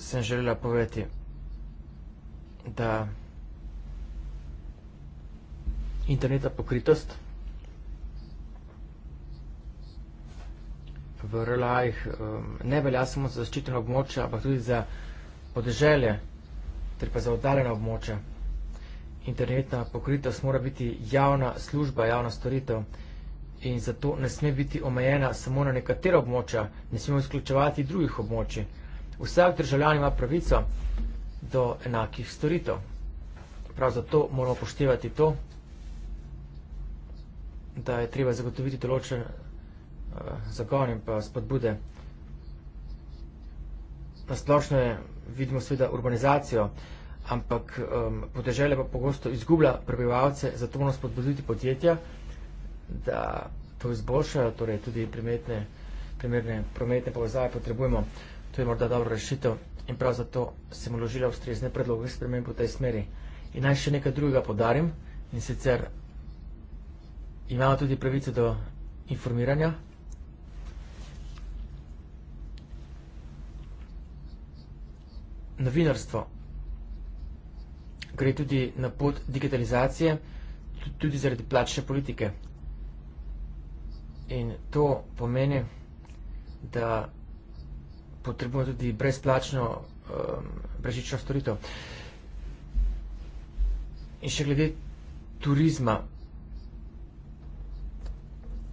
sem želela povedati, da interneta pokritost v RLA-jih ehm, ne velja samo za zaščiteno območje, ampak tudi za podeželje, ter pa za oddaljena območja. Internetna pokritost mora biti javna služba, javna storitev in zato ne sme biti omejena samo na nekatera območja, ne smemo izključevati drugih območij. Vsak državljan ima pravico do enakih storitev. Prav zato moramo poštevati to, da je treba zagotoviti določen uh, zagon in pa spodbude. Na splošno je, vidimo seveda urbanizacijo, uh, ampak um, podeželje pa pogosto izgublja prebivalce, zato moramo spodbuditi podjetja, da to izboljšajo, torej tudi primetne, primerne prometne povezave potrebujemo. To je morda dobro rešitev in prav zato sem vložila ustrezne predloge sprememb v tej smeri. In naj še nekaj drugega podarim in sicer imamo tudi pravico do informiranja. Novinarstvo gre tudi na pot digitalizacije, tudi zaradi plačne politike. In to pomeni, da potrebujemo tudi brezplačno um, brežično storitev. In še glede turizma.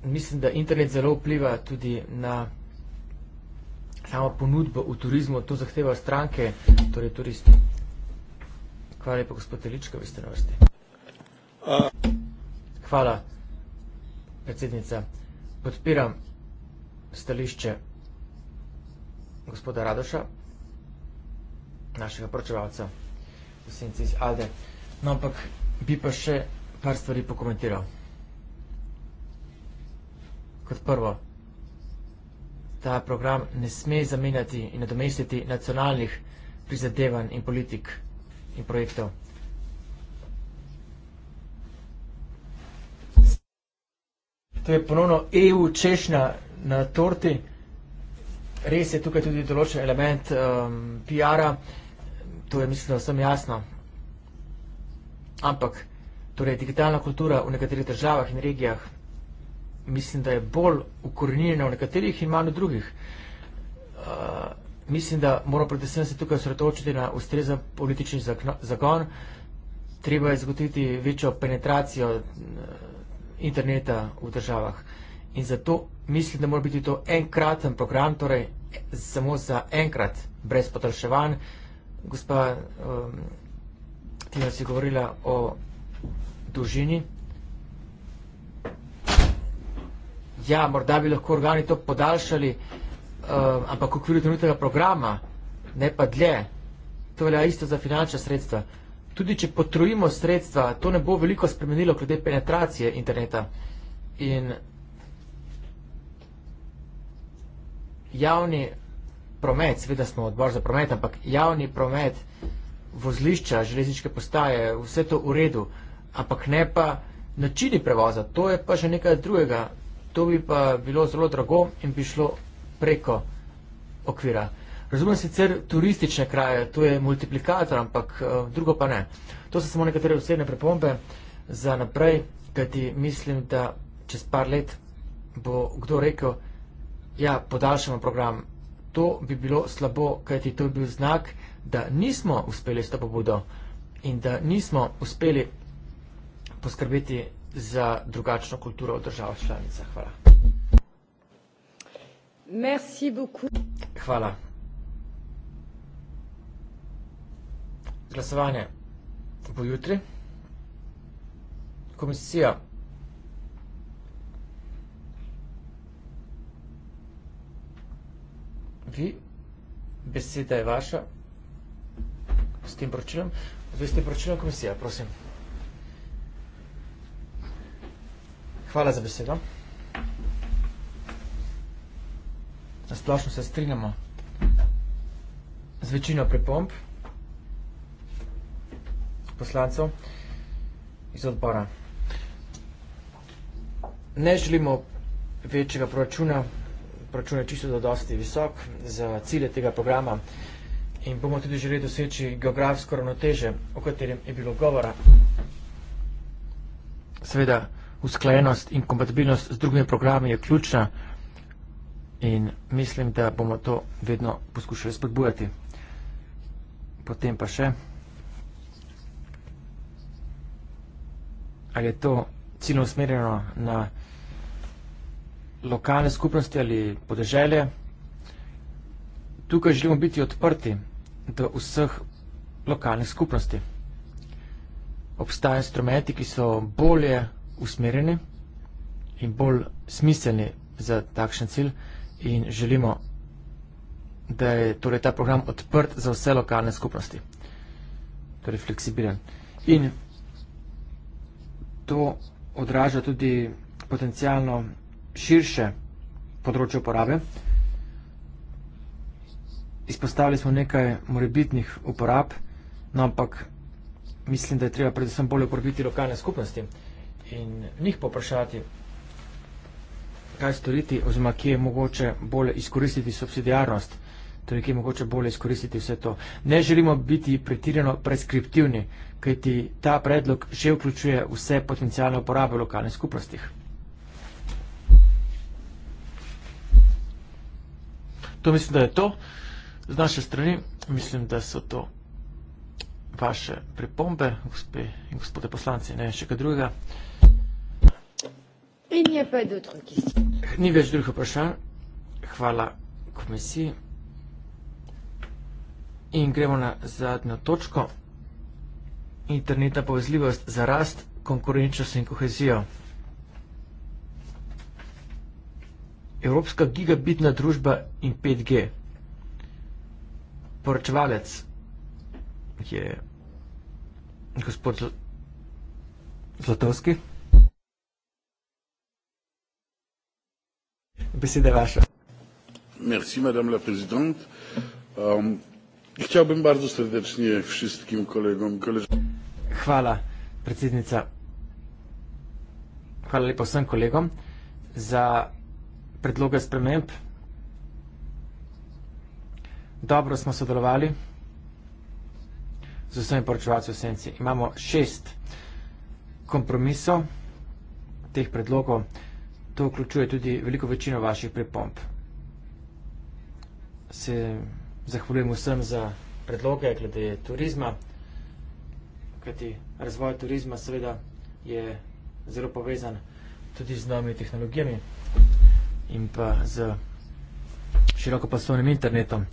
Mislim, da internet zelo vpliva tudi na samo ponudbo v turizmu, to zahtevajo stranke, torej turisti. Hvala lepa, gospod Teličko, vi ste na vrsti. Hvala, predsednica. Podpiram stališče gospoda Radoša, našega pročevalca v senci iz Alde. No, ampak bi pa še par stvari pokomentiral. Kot prvo, ta program ne sme zamenjati in nadomestiti nacionalnih prizadevanj in politik, y proyectó. To je ponovno EU češnja na torti. Res je tukaj tudi določen element um, PR-a. To je, mislim, vsem jasno. Ampak, torej, digitalna kultura v nekaterih državah in regijah, mislim, da je bolj ukorenjena v nekaterih in manj v drugih. Uh, mislim, da moramo predvsem se tukaj osredotočiti na ustrezen politični zakon. Treba je zagotoviti večjo penetracijo eh, interneta v državah. In zato mislim, da mora biti to enkraten program, torej e, samo za enkrat, brez podaljševanj. Gospa um, Tina si govorila o dolžini. Ja, morda bi lahko organi to podaljšali. Uh, uh, ampak v okviru trenutnega programa, ne pa dlje. To velja isto za finančna sredstva. Tudi če potrojimo sredstva, to ne bo veliko spremenilo glede penetracije interneta. In javni promet, seveda smo odbor za promet, ampak javni promet, vozlišča, železniške postaje, vse to v redu, ampak ne pa načini prevoza. To je pa že nekaj drugega. To bi pa bilo zelo drago in bi šlo preko okvira. Razumem sicer turistične kraje, to je multiplikator, ampak eh, drugo pa ne. To so samo nekatere osebne pripombe za naprej, kajti mislim, da čez par let bo kdo rekel, ja, podaljšamo program. To bi bilo slabo, kajti to je bil znak, da nismo uspeli s to pobudo in da nismo uspeli poskrbeti za drugačno kulturo v državah članicah. Hvala. Merci beaucoup. Hvala. Glasovanje bo jutri. Komisija Vi, beseda je vaša s tem pročilom. Zdaj s tem pročilom komisija, prosim. Hvala za besedo. Hvala za besedo. na splošno se strinjamo z večino pripomb poslancev iz odbora. Ne želimo večjega proračuna, proračun je čisto dodosti visok za cilje tega programa in bomo tudi želeli doseči geografsko ravnoteže, o katerem je bilo govora. Seveda, usklajenost in kompatibilnost z drugimi programi je ključna. In mislim, da bomo to vedno poskušali spodbujati. Potem pa še, ali je to ciljno usmerjeno na lokalne skupnosti ali podeželje. Tukaj želimo biti odprti do vseh lokalnih skupnosti. Obstajajo instrumenti, ki so bolje usmerjeni in bolj smiselni za takšen cilj in želimo, da je torej ta program odprt za vse lokalne skupnosti. Torej fleksibilen. In to odraža tudi potencijalno širše področje uporabe. Izpostavili smo nekaj morebitnih uporab, no ampak mislim, da je treba predvsem bolje uporabiti lokalne skupnosti in njih poprašati, kaj storiti, oziroma kje je mogoče bolje izkoristiti subsidijarnost, torej kje je mogoče bolje izkoristiti vse to. Ne želimo biti pretirano preskriptivni, kajti ta predlog že vključuje vse potencijalne uporabe v lokalnih skupnostih. To mislim, da je to. Z naše strani mislim, da so to vaše pripombe, gospe in gospode poslanci, ne še kaj drugega. Il n'y a pas d'autres questions. Ni več drugih vprašanj. Hvala komisiji. In gremo na zadnjo točko. Internetna povezljivost za rast, konkurenčnost in kohezijo. Evropska gigabitna družba in 5G. Poročevalec je gospod Zlatovski. Beseda vaša. Merci, madame la présidente. Um, chciałbym bardzo serdecznie wszystkim kolegom, koleżankom. Hvala, predsednica. Hvala lepo vsem kolegom za predloge sprememb. Dobro smo sodelovali z vsemi poročevalci v senci. Imamo šest kompromisov teh predlogov. To vključuje tudi veliko večino vaših pripomb. Se zahvaljujem vsem za predloge glede turizma, kajti razvoj turizma seveda je zelo povezan tudi z novimi tehnologijami in pa z široko poslovnim internetom.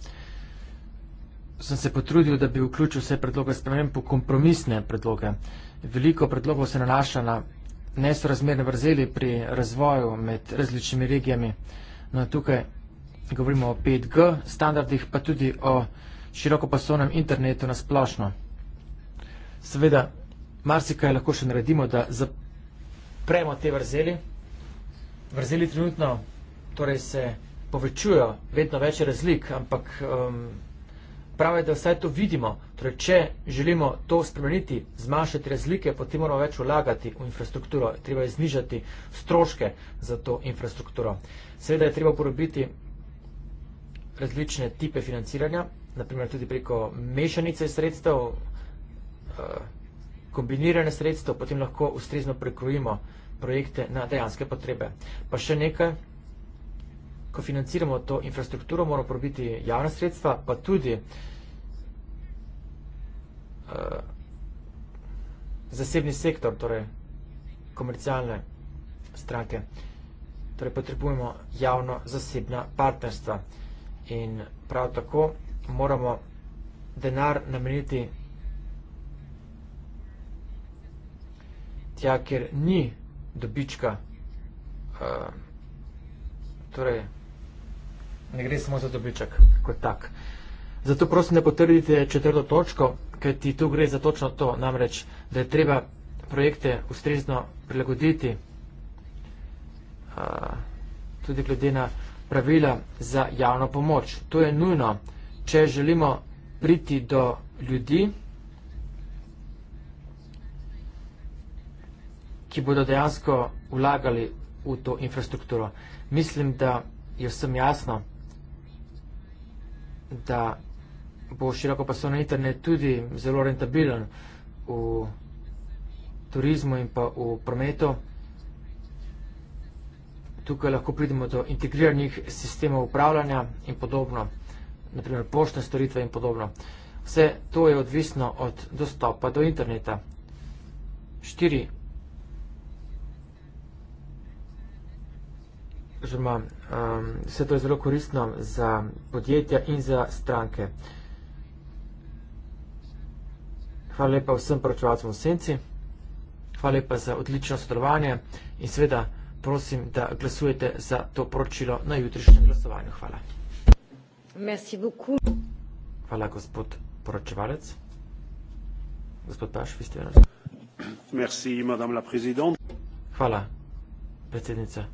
Sem se potrudil, da bi vključil vse predloge spremem po kompromisne predloge. Veliko predlogov se nanaša na nesorazmerne vrzeli pri razvoju med različnimi regijami. No, tukaj govorimo o 5G standardih, pa tudi o širokopasovnem internetu na splošno. Seveda, marsikaj lahko še naredimo, da zapremo te vrzeli. Vrzeli trenutno torej se povečujo, vedno več razlik, ampak um, Pravi, da vse to vidimo, torej, če želimo to spremeniti, zmanjšati razlike, potem moramo več vlagati v infrastrukturo, treba je znižati stroške za to infrastrukturo. Seveda je treba uporabiti različne tipe financiranja, naprimer tudi preko mešanice sredstev, eh, kombinirane sredstev, potem lahko ustrezno prekrojimo projekte na dejanske potrebe. Pa še nekaj ko financiramo to infrastrukturo, moramo probiti javna sredstva, pa tudi uh, zasebni sektor, torej komercialne stranke. Torej potrebujemo javno-zasebna partnerstva in prav tako moramo denar nameniti tja, kjer ni dobička, uh, torej ne gre samo za dobiček kot tak. Zato prosim, da potrdite četrto točko, ker ti tu gre za točno to, namreč, da je treba projekte ustrezno prilagoditi tudi glede na pravila za javno pomoč. To je nujno, če želimo priti do ljudi, ki bodo dejansko vlagali v to infrastrukturo. Mislim, da je vsem jasno, da bo široko pasovni internet tudi zelo rentabilen v turizmu in pa v prometu. Tukaj lahko pridemo do integriranih sistemov upravljanja in podobno, naprimer poštne storitve in podobno. Vse to je odvisno od dostopa do interneta. 4. oziroma um, vse to je zelo koristno za podjetja in za stranke. Hvala lepa vsem poročevalcem v Senci, hvala lepa za odlično sodelovanje in seveda prosim, da glasujete za to poročilo na jutrišnjem glasovanju. Hvala. Merci beaucoup. Hvala, gospod poročevalec. Gospod Paš, vi ste eno. Merci, madame la présidente. Hvala, predsednica.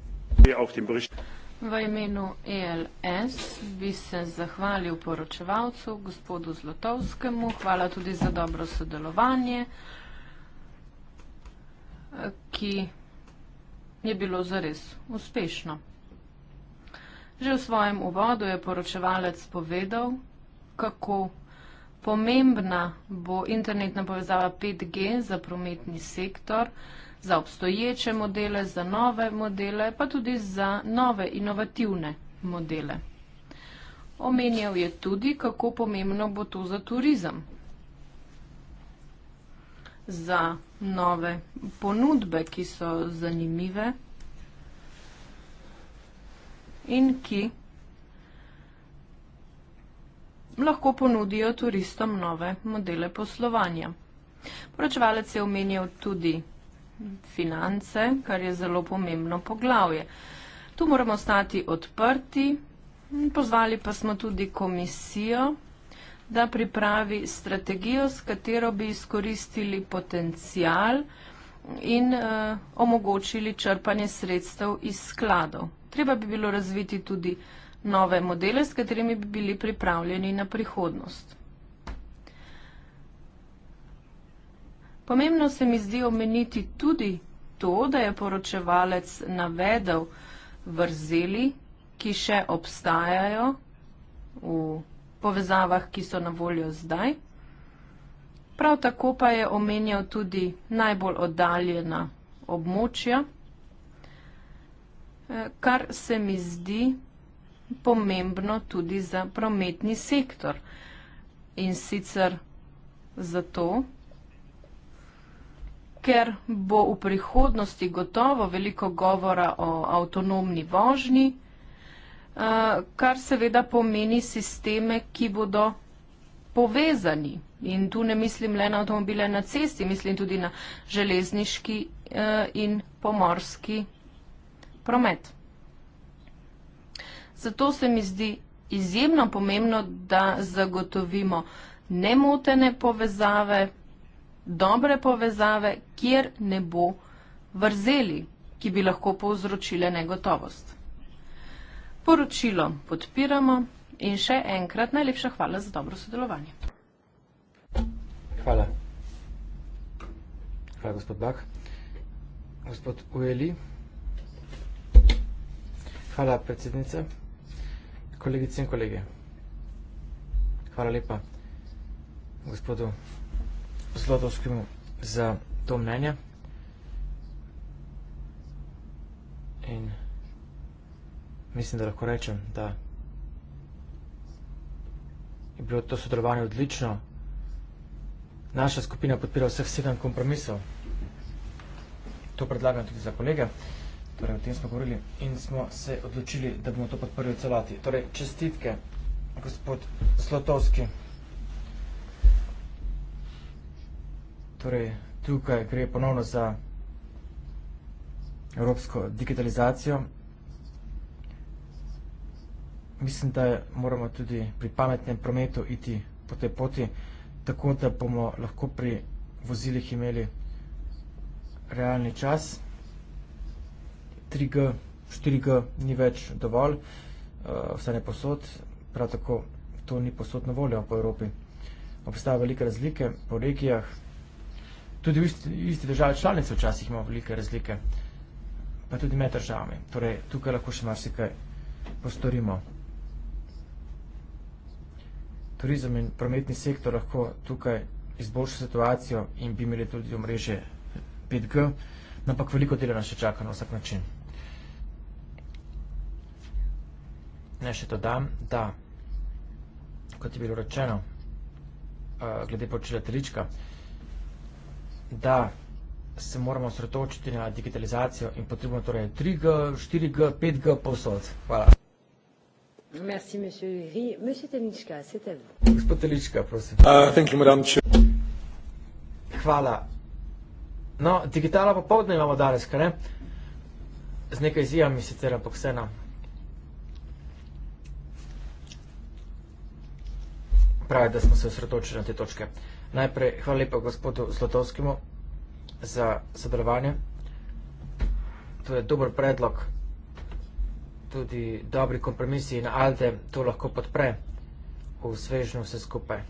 V imenu ELS bi se zahvalil poročevalcu, gospodu Zlotovskemu. Hvala tudi za dobro sodelovanje, ki je bilo zares uspešno. Že v svojem uvodu je poročevalec povedal, kako pomembna bo internetna povezava 5G za prometni sektor, za obstoječe modele, za nove modele, pa tudi za nove inovativne modele. Omenjal je tudi, kako pomembno bo to za turizem, za nove ponudbe, ki so zanimive in ki lahko ponudijo turistom nove modele poslovanja. Poročevalec je omenjal tudi finance, kar je zelo pomembno poglavje. Tu moramo ostati odprti, pozvali pa smo tudi komisijo, da pripravi strategijo, s katero bi izkoristili potencial in uh, omogočili črpanje sredstev iz skladov. Treba bi bilo razviti tudi nove modele, s katerimi bi bili pripravljeni na prihodnost. Pomembno se mi zdi omeniti tudi to, da je poročevalec navedel vrzeli, ki še obstajajo v povezavah, ki so na voljo zdaj. Prav tako pa je omenjal tudi najbolj oddaljena območja, eh, kar se mi zdi pomembno tudi za prometni sektor. In sicer zato, ker bo v prihodnosti gotovo veliko govora o avtonomni vožnji, eh, kar seveda pomeni sisteme, ki bodo povezani. In tu ne mislim le na avtomobile na cesti, mislim tudi na železniški eh, in pomorski promet. Zato se mi zdi izjemno pomembno, da zagotovimo nemotene povezave, dobre povezave, kjer ne bo vrzeli, ki bi lahko povzročile negotovost. Poročilo podpiramo in še enkrat najlepša hvala za dobro sodelovanje. Hvala. Hvala, gospod Bach. Gospod Ueli. Hvala, predsednica. Kolegice in kolege. Hvala lepa gospodu Zlotovskemu za to mnenje. In mislim, da lahko rečem, da je bilo to sodelovanje odlično. Naša skupina podpira vseh sedem kompromisov. To predlagam tudi za kolege. Torej, o tem smo govorili in smo se odločili, da bomo to podprli v celoti. Torej, čestitke, gospod Zlotovski. Torej, tukaj gre ponovno za evropsko digitalizacijo. Mislim, da moramo tudi pri pametnem prometu iti po tej poti, tako da bomo lahko pri vozilih imeli realni čas. 3G, 4G ni več dovolj, eh, vse ne posod, prav tako to ni posod na voljo po Evropi. Obstaja velike razlike po regijah, tudi v isti, isti državi članice včasih imamo velike razlike, pa tudi med državami. Torej, tukaj lahko še marsikaj postorimo. Turizem in prometni sektor lahko tukaj izboljša situacijo in bi imeli tudi omrežje 5G, ampak veliko dela nas še čaka na vsak način. Ne še dodam, da kot je bilo rečeno, eh, glede počela telička, da se moramo sretočiti na digitalizacijo in potrebno torej 3G, 4G, 5G povsod. Hvala. Merci, monsieur Lévy. Monsieur Telička, c'est à vous. Gospod Telička, prosim. Uh, thank you, madame. Ch Hvala. No, digitala popovdne imamo danes, kaj ne? Z nekaj izjivami sicer, ampak vse nam. Pravi, da smo se osredotočili na te točke. Najprej hvala lepa gospodu Zlatovskemu za sodelovanje. To je dober predlog, tudi dobri kompromisi in Alde to lahko podpre v svežnju vse skupaj.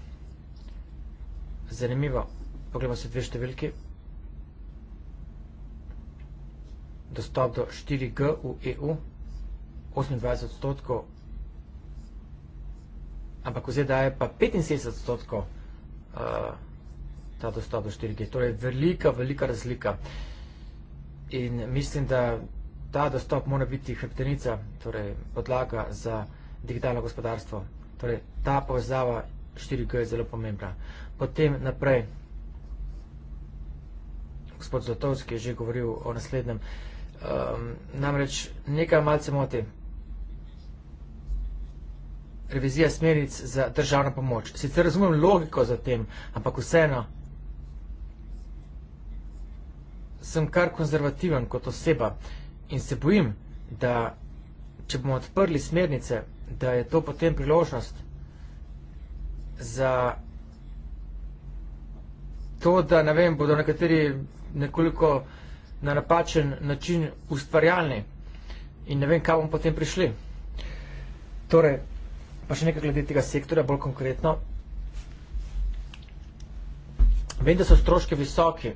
Zanimivo, pogledamo se dve številki. Dostop do 4G v EU, 28 odstotkov, ampak v ZDA je pa 75 odstotkov Eh, ta dostop do 4G. Torej, velika, velika razlika. In mislim, da ta dostop mora biti hrbtenica, torej podlaga za digitalno gospodarstvo. Torej, ta povezava 4G je zelo pomembna. Potem naprej, gospod Zlatovski je že govoril o naslednjem. Um, namreč nekaj malce moti revizija smernic za državno pomoč. Sicer razumem logiko za tem, ampak vseeno sem kar konzervativen kot oseba in se bojim, da če bomo odprli smernice, da je to potem priložnost za to, da ne vem, bodo nekateri nekoliko na napačen način ustvarjalni in ne vem, kam bomo potem prišli. Torej, pa še nekaj glede tega sektorja, bolj konkretno. Vem, da so stroške visoki,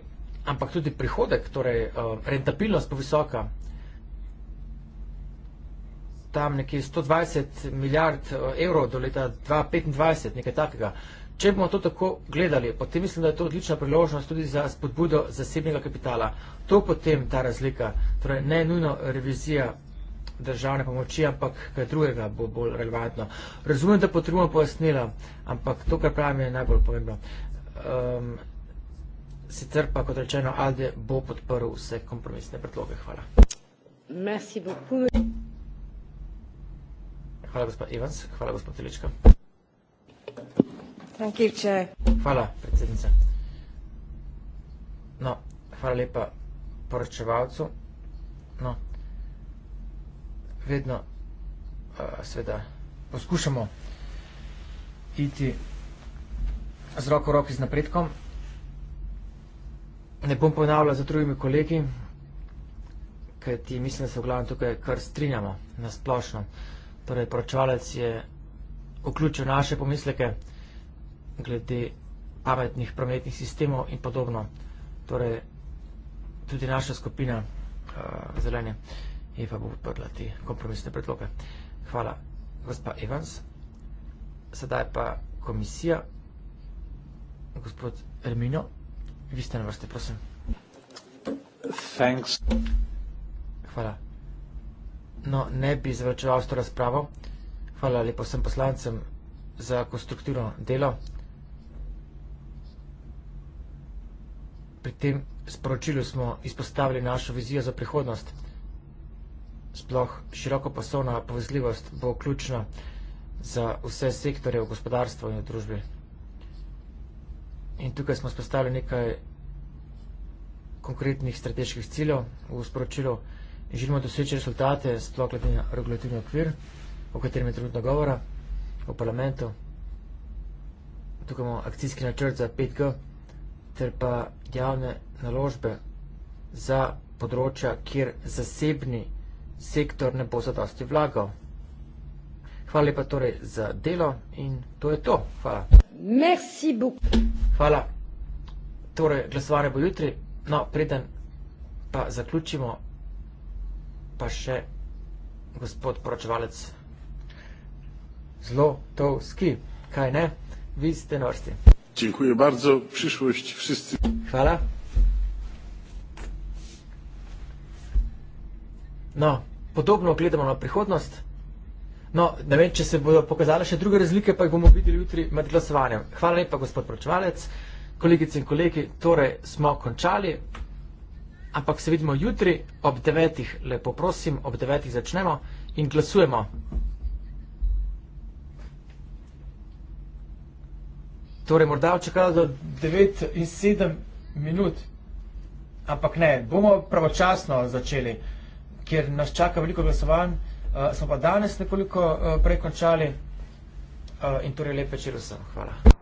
ampak tudi prihodek, torej eh, rentabilnost povisoka, tam nekje 120 milijard eh, evrov do leta 2025, nekaj takega. Če bomo to tako gledali, potem mislim, da je to odlična priložnost tudi za spodbudo zasebnega kapitala. To potem ta razlika, torej ne nujno revizija državne pomoči, ampak kaj drugega bo bolj relevantno. Razumem, da potrebujemo pojasnila, ampak to, kar pravim, je najbolj pomembno. Um, sicer pa, kot rečeno, Alde bo podprl vse kompromisne predloge. Hvala. Merci hvala, gospod Evans. Hvala, gospod Telička. Thank you, chair. Hvala, predsednica. No, hvala lepa poročevalcu. No vedno uh, seveda poskušamo iti z roko v roki z napredkom. Ne bom ponavljal za drugimi kolegi, ker ti mislim, da se v glavnem tukaj kar strinjamo na splošno. Torej, poročevalec je vključil naše pomisleke glede pametnih prometnih sistemov in podobno. Torej, tudi naša skupina uh, eh, zelenje. Uh, Eva bo podprla te kompromisne predloge. Hvala, gospa Evans. Sedaj pa komisija, gospod Ermino, vi ste na vrsti, prosim. Thanks. Hvala. No, ne bi zavračeval s to razpravo. Hvala lepo vsem poslancem za konstruktivno delo. Pri tem sporočilu smo izpostavili našo vizijo za prihodnost sploh širokopasovna povezljivost bo ključna za vse sektore v gospodarstvu in v družbi. In tukaj smo spostavili nekaj konkretnih strateških ciljev v sporočilu. Želimo doseči rezultate, sploh glede na regulativni okvir, o katerem je trenutno govora v parlamentu. Tukaj imamo akcijski načrt za 5G ter pa javne naložbe za področja, kjer zasebni sektor ne bo zadosti vlagal. Hvala lepa torej za delo in to je to. Hvala. Merci Hvala. Torej, glasovanje bo jutri. No, preden pa zaključimo, pa še gospod poročevalec zelo to ski. Kaj ne? Vi ste norsti. Dziękuję bardzo. Przyszłość wszyscy. Hvala. No, podobno gledamo na prihodnost. No, ne vem, če se bodo pokazale še druge razlike, pa jih bomo videli jutri med glasovanjem. Hvala lepa, gospod pročevalec, kolegice in kolegi, torej smo končali, ampak se vidimo jutri ob devetih, lepo prosim, ob devetih začnemo in glasujemo. Torej, morda očekajo do 9 in 7 minut, ampak ne, bomo pravočasno začeli kjer nas čaka veliko glasovanj, uh, smo pa danes nekoliko uh, eh, prekončali uh, eh, in torej lepe čelo vsem. Hvala.